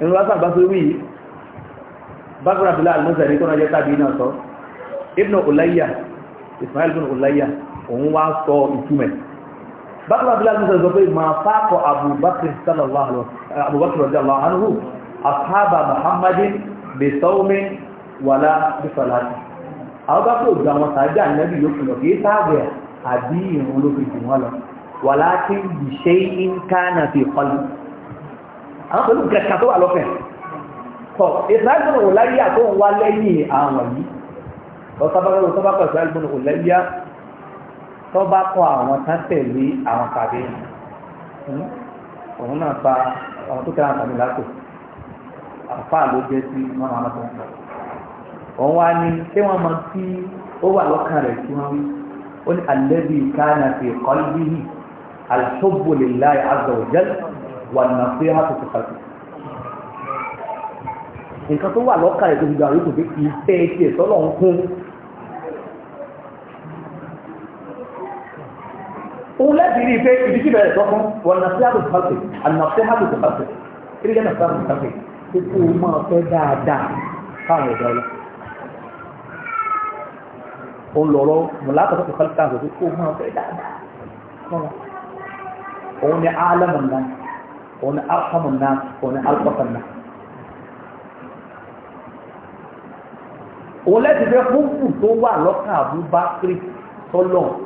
ẹnu hasan basri wíyí bákan fún abdullahi al-muzani tó náà jẹ́ tàbí náà sọ ibn ulayya ismail ibn ulayya òun wá sọ ìtumẹ̀ bákan abúlé àgbẹ̀sẹ̀ sọ pé máa fákọ̀ abubakar sallallahu radiyallahu anhu ashaba muhammadin bi sawmin wàlá bi salati àwọn bá kó gbà wọn sàájà nẹ́bí yóò kìlọ̀ kì í sáàbẹ̀ àbí ìrún ló fi jù wọn lọ wàlá tí bi shay'in kana fi qalbi àwọn tó bá kọ àwọn tán tẹ̀lé àwọn tàbí hmm? òun náà fa àwọn tó tẹ̀lé àwọn tàbí lápò àfa ló jẹ́ sí wọn máa tó ń sọ. òun wá ní ṣé wọ́n mọ tí ó wà lọ́kàn rẹ̀ tí wọ́n ó ní alẹ́bí káyà fi kọ́lí yìí alṣọ́bù lè láyé azza wa jal wà nàfẹ́ àtúntò kàtó nǹkan tó wà lọ́kàn rẹ̀ tó gbogbo àwọn ètò ìfẹ́ tiẹ̀ sọ́lọ́ ń kún òun láti rí i pé ibi tí bẹ̀rẹ̀ sọ́kún wọn nà sí àtúntò kàfé àná sí àtúntò kàfé kí lè nà sí àtúntò kàfé kí kó o máa fẹ́ dáadáa káwọn ẹ̀dá ọlọ́ òun lọ̀rọ̀ mọ̀láàtọ̀ tó kàfé káwọn ẹ̀dá kó o máa fẹ́ dáadáa kọ́ra òun ni álámù náà òun ni áfàmù náà òun ni álùpàpà náà òun láti fẹ́ fún kù tó wà lọ́kàn àbúbá kiri tọ́lọ́ọ̀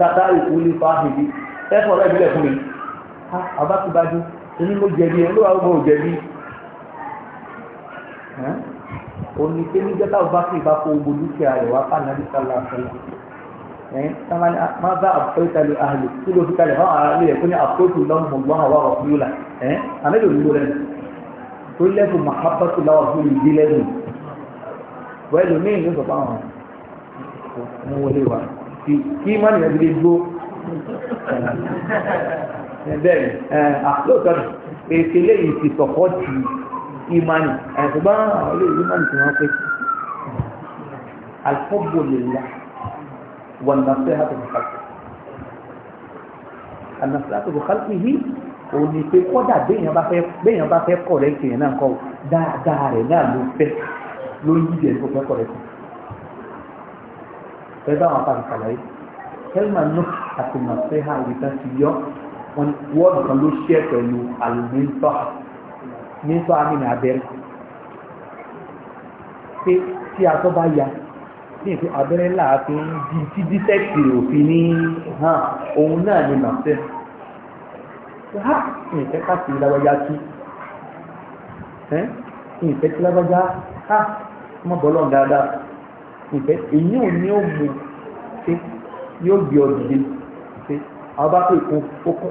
tata ìkúlé fáhìdì ẹ̀fọ́ ọ̀rẹ́ ìbílẹ̀ fún mi abákúbájú èmi mo jẹ̀bi ẹ̀ lóra ọgbọ̀n òjẹ̀bi òní pé ní jẹ́ta ọbákì bá kó gbogbo dúkìá rẹ̀ wá fà nàbí sálà sálà ẹ̀ sábà ní má bá àpẹẹtàlẹ̀ àhàlẹ̀ tí ló fi kalẹ̀ fún àhàlẹ̀ rẹ̀ fún ní àpótò lọ́mọ̀ gbọ́n àwọn ọ̀rọ̀ fún yóla ẹ̀ àmẹ́lẹ̀ òní lórí ẹ̀ tó lẹ́bù màhábàtò láwọ̀ fún ìdílẹ́nu wẹ́ẹ̀lú mí ìlú bàbá kí mọ́nì rẹ̀ lè gbó bẹ́ẹ̀ lóòótọ́ èké léyìí ti sọ̀kọ́ ti ìmánì ṣùgbọ́n àwọn olóyè ìmánì tí wọ́n pè sí alfọ́bù lèlá wọn nà fẹ́ hàtò bùkálùkì ànàfẹ́ hàtò bùkálùkì yìí òun ni pé kọ́dà béèyàn bá fẹ́ kọ̀ rẹ̀ kìnyẹn náà kọ́ dáadáa rẹ̀ náà ló fẹ́ ló ń yí jẹ́ kọ̀ pẹ̀lú àwọn apá ìsàlàyé tẹ́lẹ̀mà náà àti màṣẹ́hà ìrìtà ti yọ wọn wọ́ọ̀dù kan ló ṣe pẹ̀lú àlùmíńtọ́ míńtọ́ àmìnà abẹ́rẹ́ pé tí aṣọ bá ya ní ìpín abẹ́rẹ́ ńlá fi di tí dísẹ́kì òfin ní hàn òun ni màṣẹ́ ha ní ìfẹ́ káàkiri lágbájá tú ní ìfẹ́ tí lágbájá ha ọmọ bọ́lọ̀ dáadáa ìfẹ́ èyí ò ní òmù ṣe yóò gbé ọ dìde ṣe àwọn bá pè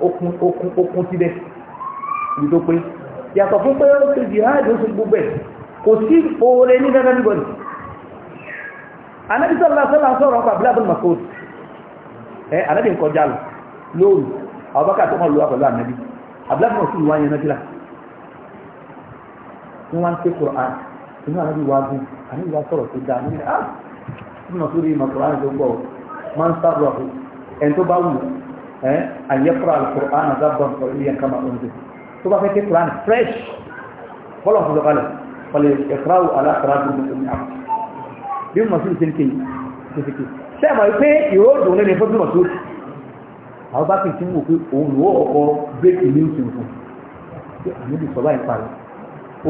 okun okun okun síbẹ̀ ibi tó pé yàtọ̀ fún pé ó ṣe jihad ó ṣe gbogbo ẹ̀ kò sí oore ní dandan níbọ̀dì anábì sọ́lá sọ́lá sọ́rọ̀ ọkọ̀ àbílá bọ́lá masoud ẹ anábì ń kọjá lọ lóòrù àwọn bákà tó wọ́n lọ́wọ́ pẹ̀lú anábì àbílá bọ́lá masoud wáyé náà wọ́n wá ń ké kùrọ̀ àti inú anábì wá gùn anábì wá sọ̀rọ̀ tó dáa nílẹ̀ ah, súnmọ̀ tó rí ìmọ̀kùnrin tó gbọ́ máa ń sábà fún ẹn tó bá wù ẹ́ àyẹ́kọ́ra alùpùrán àgbàbọ̀n pọ̀ ilé ẹ̀ka máa ń dè tó quran fresh bọ́lọ̀ fún lọ́kàlẹ̀ pọ̀lẹ̀ ẹ̀kọ́ráwù alákọ̀ọ́rá tó gbogbo ní àwọn bí mo sì ṣe ń kéyìn tó fi kéyìn sẹ́ẹ̀ mọ̀ pé ìró òdòwó lẹ́nu fún bí mo tó àwọn bá fi ti ń wò pé òun lò ó ọkọ̀ bẹ́ẹ̀kì ní ìsìn fún pé àmì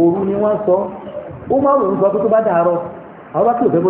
òru ni wọ́n sọ ó máa wò ó sọ pé tó bá dàárọ̀ àwọn bá tó fẹ́ bó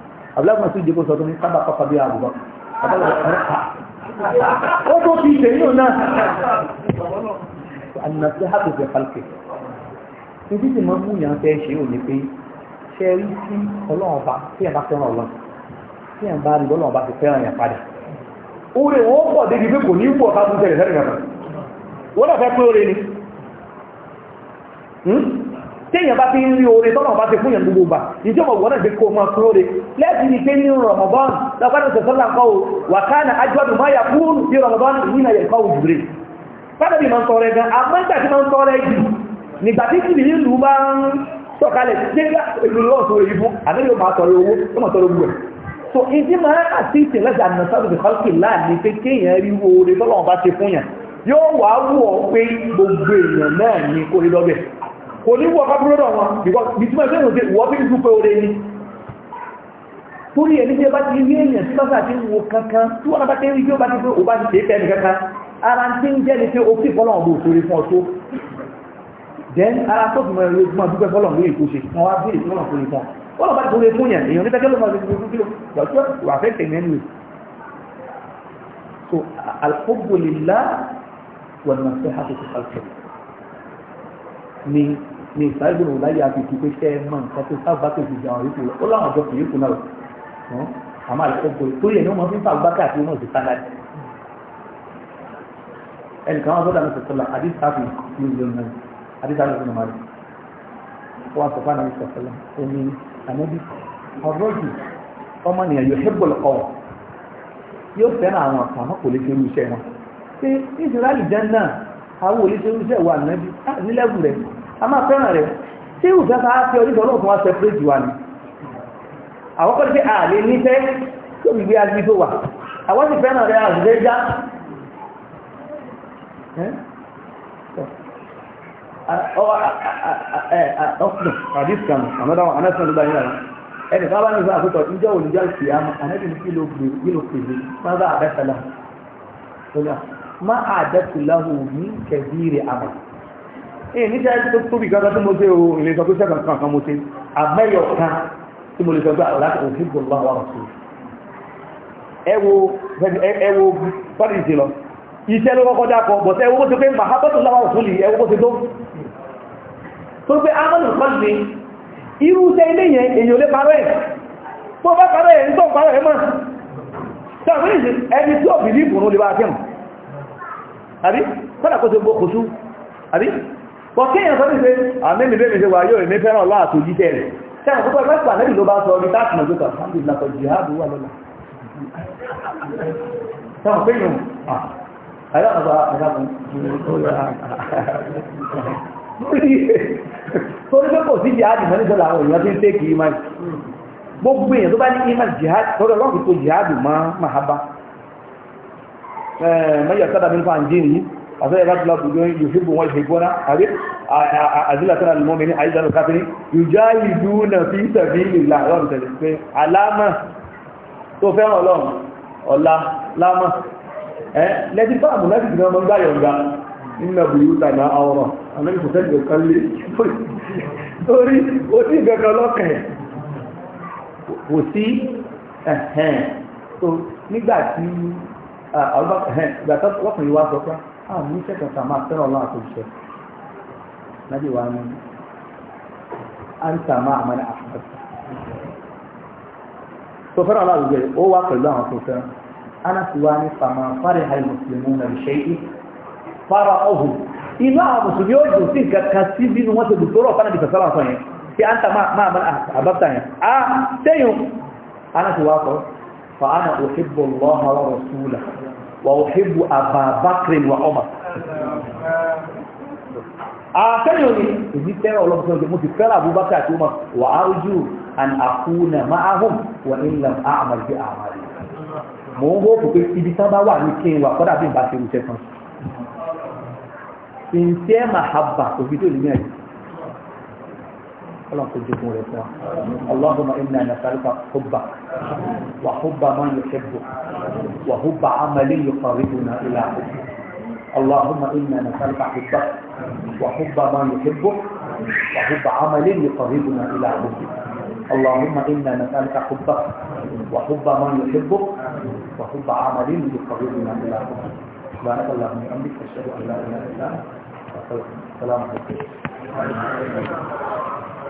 abúlé masu ìdìbò sọ tó ní sábà pàpà bí àbúgbà ó tó fi ìṣe yóò náà ànàtí hàtò fẹ́ falkè ibi tí mo mú yàn fẹ́ ṣe ò ní pé ṣe rí sí ọlọ́run bá tí ẹ̀ bá fẹ́ràn ọlọ́run tí ẹ̀ bá rí ọlọ́run bá ti fẹ́ràn yàn padà orí wọn pọ̀ débi pé kò ní pọ̀ ká tún tẹ̀lé sẹ́rìn kankan wọ́n náà fẹ́ pé orí ni hmm? téèyàn bá fi ń rí oore tọ́nà bá ti fún yẹn gbogbo bà ìjọ mọ̀ wọ́n náà gbé kó mọ́ fún oore lẹ́ẹ̀tì ní pé ní Ramadan lọ́pàá tó sọ́lá ń kọ́ o wà káàna ajọ́dù máa yà fún ní Ramadan yìí náà yẹ kọ́ òjúre fádàbí máa ń tọrẹ gan àmọ́ ìgbà máa ń tọrẹ jù nígbà tí kìlì ní bá ń tọ́kalẹ̀ nígbà ìlú lọ́wọ́ so ìdí máa ń àti ìtẹ̀lẹ́sà nà sábẹ̀ kọ́lùkì láàrin pé kéèyàn rí oore tọ́lọ́wọ́n bá ti fún yàn yóò wá kò ní wọ́n kápúrọ́dọ̀ wọn bí tí máa ṣe ìròdé wọ́n bí ìlú pé oore ní torí ẹni tí ó bá ti rí èèyàn tí lọ́sà ti wo kankan tí wọ́n bá ti rí bí ó bá ti pé ó bá ti ṣe é fẹ́ nìkankan ara ti ń jẹ́ ni pé ó fi fọ́lọ̀ ọ̀bọ̀ òṣèré fún ọ̀tọ́ then ni ni ìsáyébùnú láyé àfihàn pé kẹ́ ẹ mọ nǹkan tó sábà tó fi jàun yìí kù lọ ó láwọn àjọ kìí kù náà àmọ́ àlẹ́ ọkọ̀ torí ẹ̀ ní wọ́n fi ń fa àgbákà àti wọn ò sì sáná jù ẹnìkan wọn sọ́dọ̀ àmì sọ̀tọ̀lá àdìsáfì ní ìlú náà àdìsáfì ní ìlú náà wọn sọ fún àmì sọ̀tọ̀lá omi ànábì ọ̀rọ̀jù ọmọ nìyẹn yóò hébùl ọ̀ yóò fẹ́ràn àwọn àkàmọ́ kò lè ṣe irú iṣẹ́ wọn ṣé Israẹli jẹ́ náà àwọn olùsẹ́wọ́sẹ́ wà nàbí ah, nílẹ́bù rẹ̀ a máa fẹ́ràn rẹ̀ tí ìwùfẹ́ fa fi oníṣẹ́ ọlọ́run wá sẹ́pẹ́rẹ́tì wà ní àwọn a sí ààlè nífẹ́ tó gbígbé agbí tó wà àwọn sì fẹ́ràn rẹ̀ àṣìṣẹ́ já ọ̀pọ̀ àdíṣkan another one another one gbáyé rẹ̀ ẹni bá bá ní ìfẹ́ àkótọ̀ ìjọ olùjọ́ ìfìyàmọ́ anẹ́bìnrin kí ló gbé kí ló pèsè mọ́tà àbẹ́sẹ̀lá má àdẹ́kù láhùn ní kẹ̀bíire àmà èyí ní sẹ́yìn tó tóbi gángan tó mo ṣe o lè sọ pé sẹ́kàn kan kan mo ṣe àmẹ́yọ̀ kan tí mo lè sọ pé aláàkà òfin kò lọ́wọ́ àwọn ọ̀ṣun ẹwo ẹwo bọ́dì ìṣe lọ iṣẹ́ ló kọ́kọ́ dákọ̀ bọ̀tẹ́ ẹwọ́ tó pé mahabatu lọ́wọ́ òfin lì ẹwọ́ tó ẹ̀ ń tọ́ parọ́ ẹ̀ mọ́ ẹni tí ò bìlí ìbùnú lè àbí kọ́nà kó tó gbó kò sú àbí pọ̀ kí èèyàn sọ́dún pé àmẹ́mì bẹ́ẹ̀ mi ṣe wà yóò èmi fẹ́ràn ọlọ́ àti òjíṣẹ́ rẹ̀ sẹ́wọ̀n púpọ̀ ẹgbẹ́ pàdé ló bá sọ ní táàkì náà jókòó àti ìlàkọ̀ jihadu wà lọ́la sẹ́wọ̀n ah, pé yòó àyàkọ̀bá àyàkọ̀ gbogbo èèyàn tó bá ní imá jihad tọ́lọ́ lọ́kùn tó jihad máa máa من يرتد منكم عن دينه أصلا يبقى الله يحبهم ويحبون أبي أذلة على المؤمنين عايز على الكافرين يجاهدون في سبيل الله وهم تلسفين علامة tó fẹ́ràn ọlọ́run ọ̀la lámà ẹ́ eh, lẹ́tí fáàmù láti fi ọmọ gbá yọ̀nga nínú ọ̀bù yóò tàbí àwọ̀rọ̀ alẹ́kùnfẹ́lẹ̀ kan lé torí ó sì gẹ́gẹ́ ọlọ́kẹ̀ kò sí ẹ̀hẹ́n tó nígbàtí ọlọ́kùnrin ah, eh, wa sọ pé àwọn ah, oníṣẹ́ kankan máa fẹ́ràn ọlọ́run àti òṣìṣẹ́ nábì wa ní àǹtà máa àmàlà àfẹ́fẹ́ tó fẹ́ràn ọlọ́run àwùjọ ó wá pẹ̀lú àwọn tó fẹ́ràn ánàtì wa ní fàmà fárẹ̀ àì mùsùlùmí nà ìṣe yìí fara ọ̀hún inú àwọn mùsùlùmí ó dùn sí nǹkan kan sí bínú wọn ti dùn tó rọ̀ fánàbì sọ̀sọ́ àwọn sọ yẹn tí àǹtà máa àmàlà àbábtà yẹn á ah, sẹ́yìn ánàtì wa sọ fa ana òṣèbọ̀ lọ́hàn rọ̀ wà òhèbù àbàbákìrì wà ọmọ àtẹ́yìn òní èmi fẹ́ràn ọlọ́pùsọ́ ìjọ mo ti fẹ́ràn àbúbákà àti ọmọ wà áwùjú and àkúnà máa hùn wà nílẹ̀ àmàlì bí àmàlì mo ń hóòpù pé ibi tán bá wà ní kí n wà kọ́dà bí n bá ṣe irúṣẹ́ kan sincere mahabba òbí tó lè ní ẹ̀jẹ̀ اللهم في الجمهور اللهم إنا نسألك حبك وحب ما يحبك وحب عملي يقربنا إلى حبك اللهم إنا نسألك حبك وحب ما يحبك وحب عملي يقربنا إلى حبك اللهم إنا نسألك حبك وحب ما يحبك وحب عملي يقربنا إلى حبك سبحانك اللهم أمرك أشهد أن لا إله إلا أنت السلام عليكم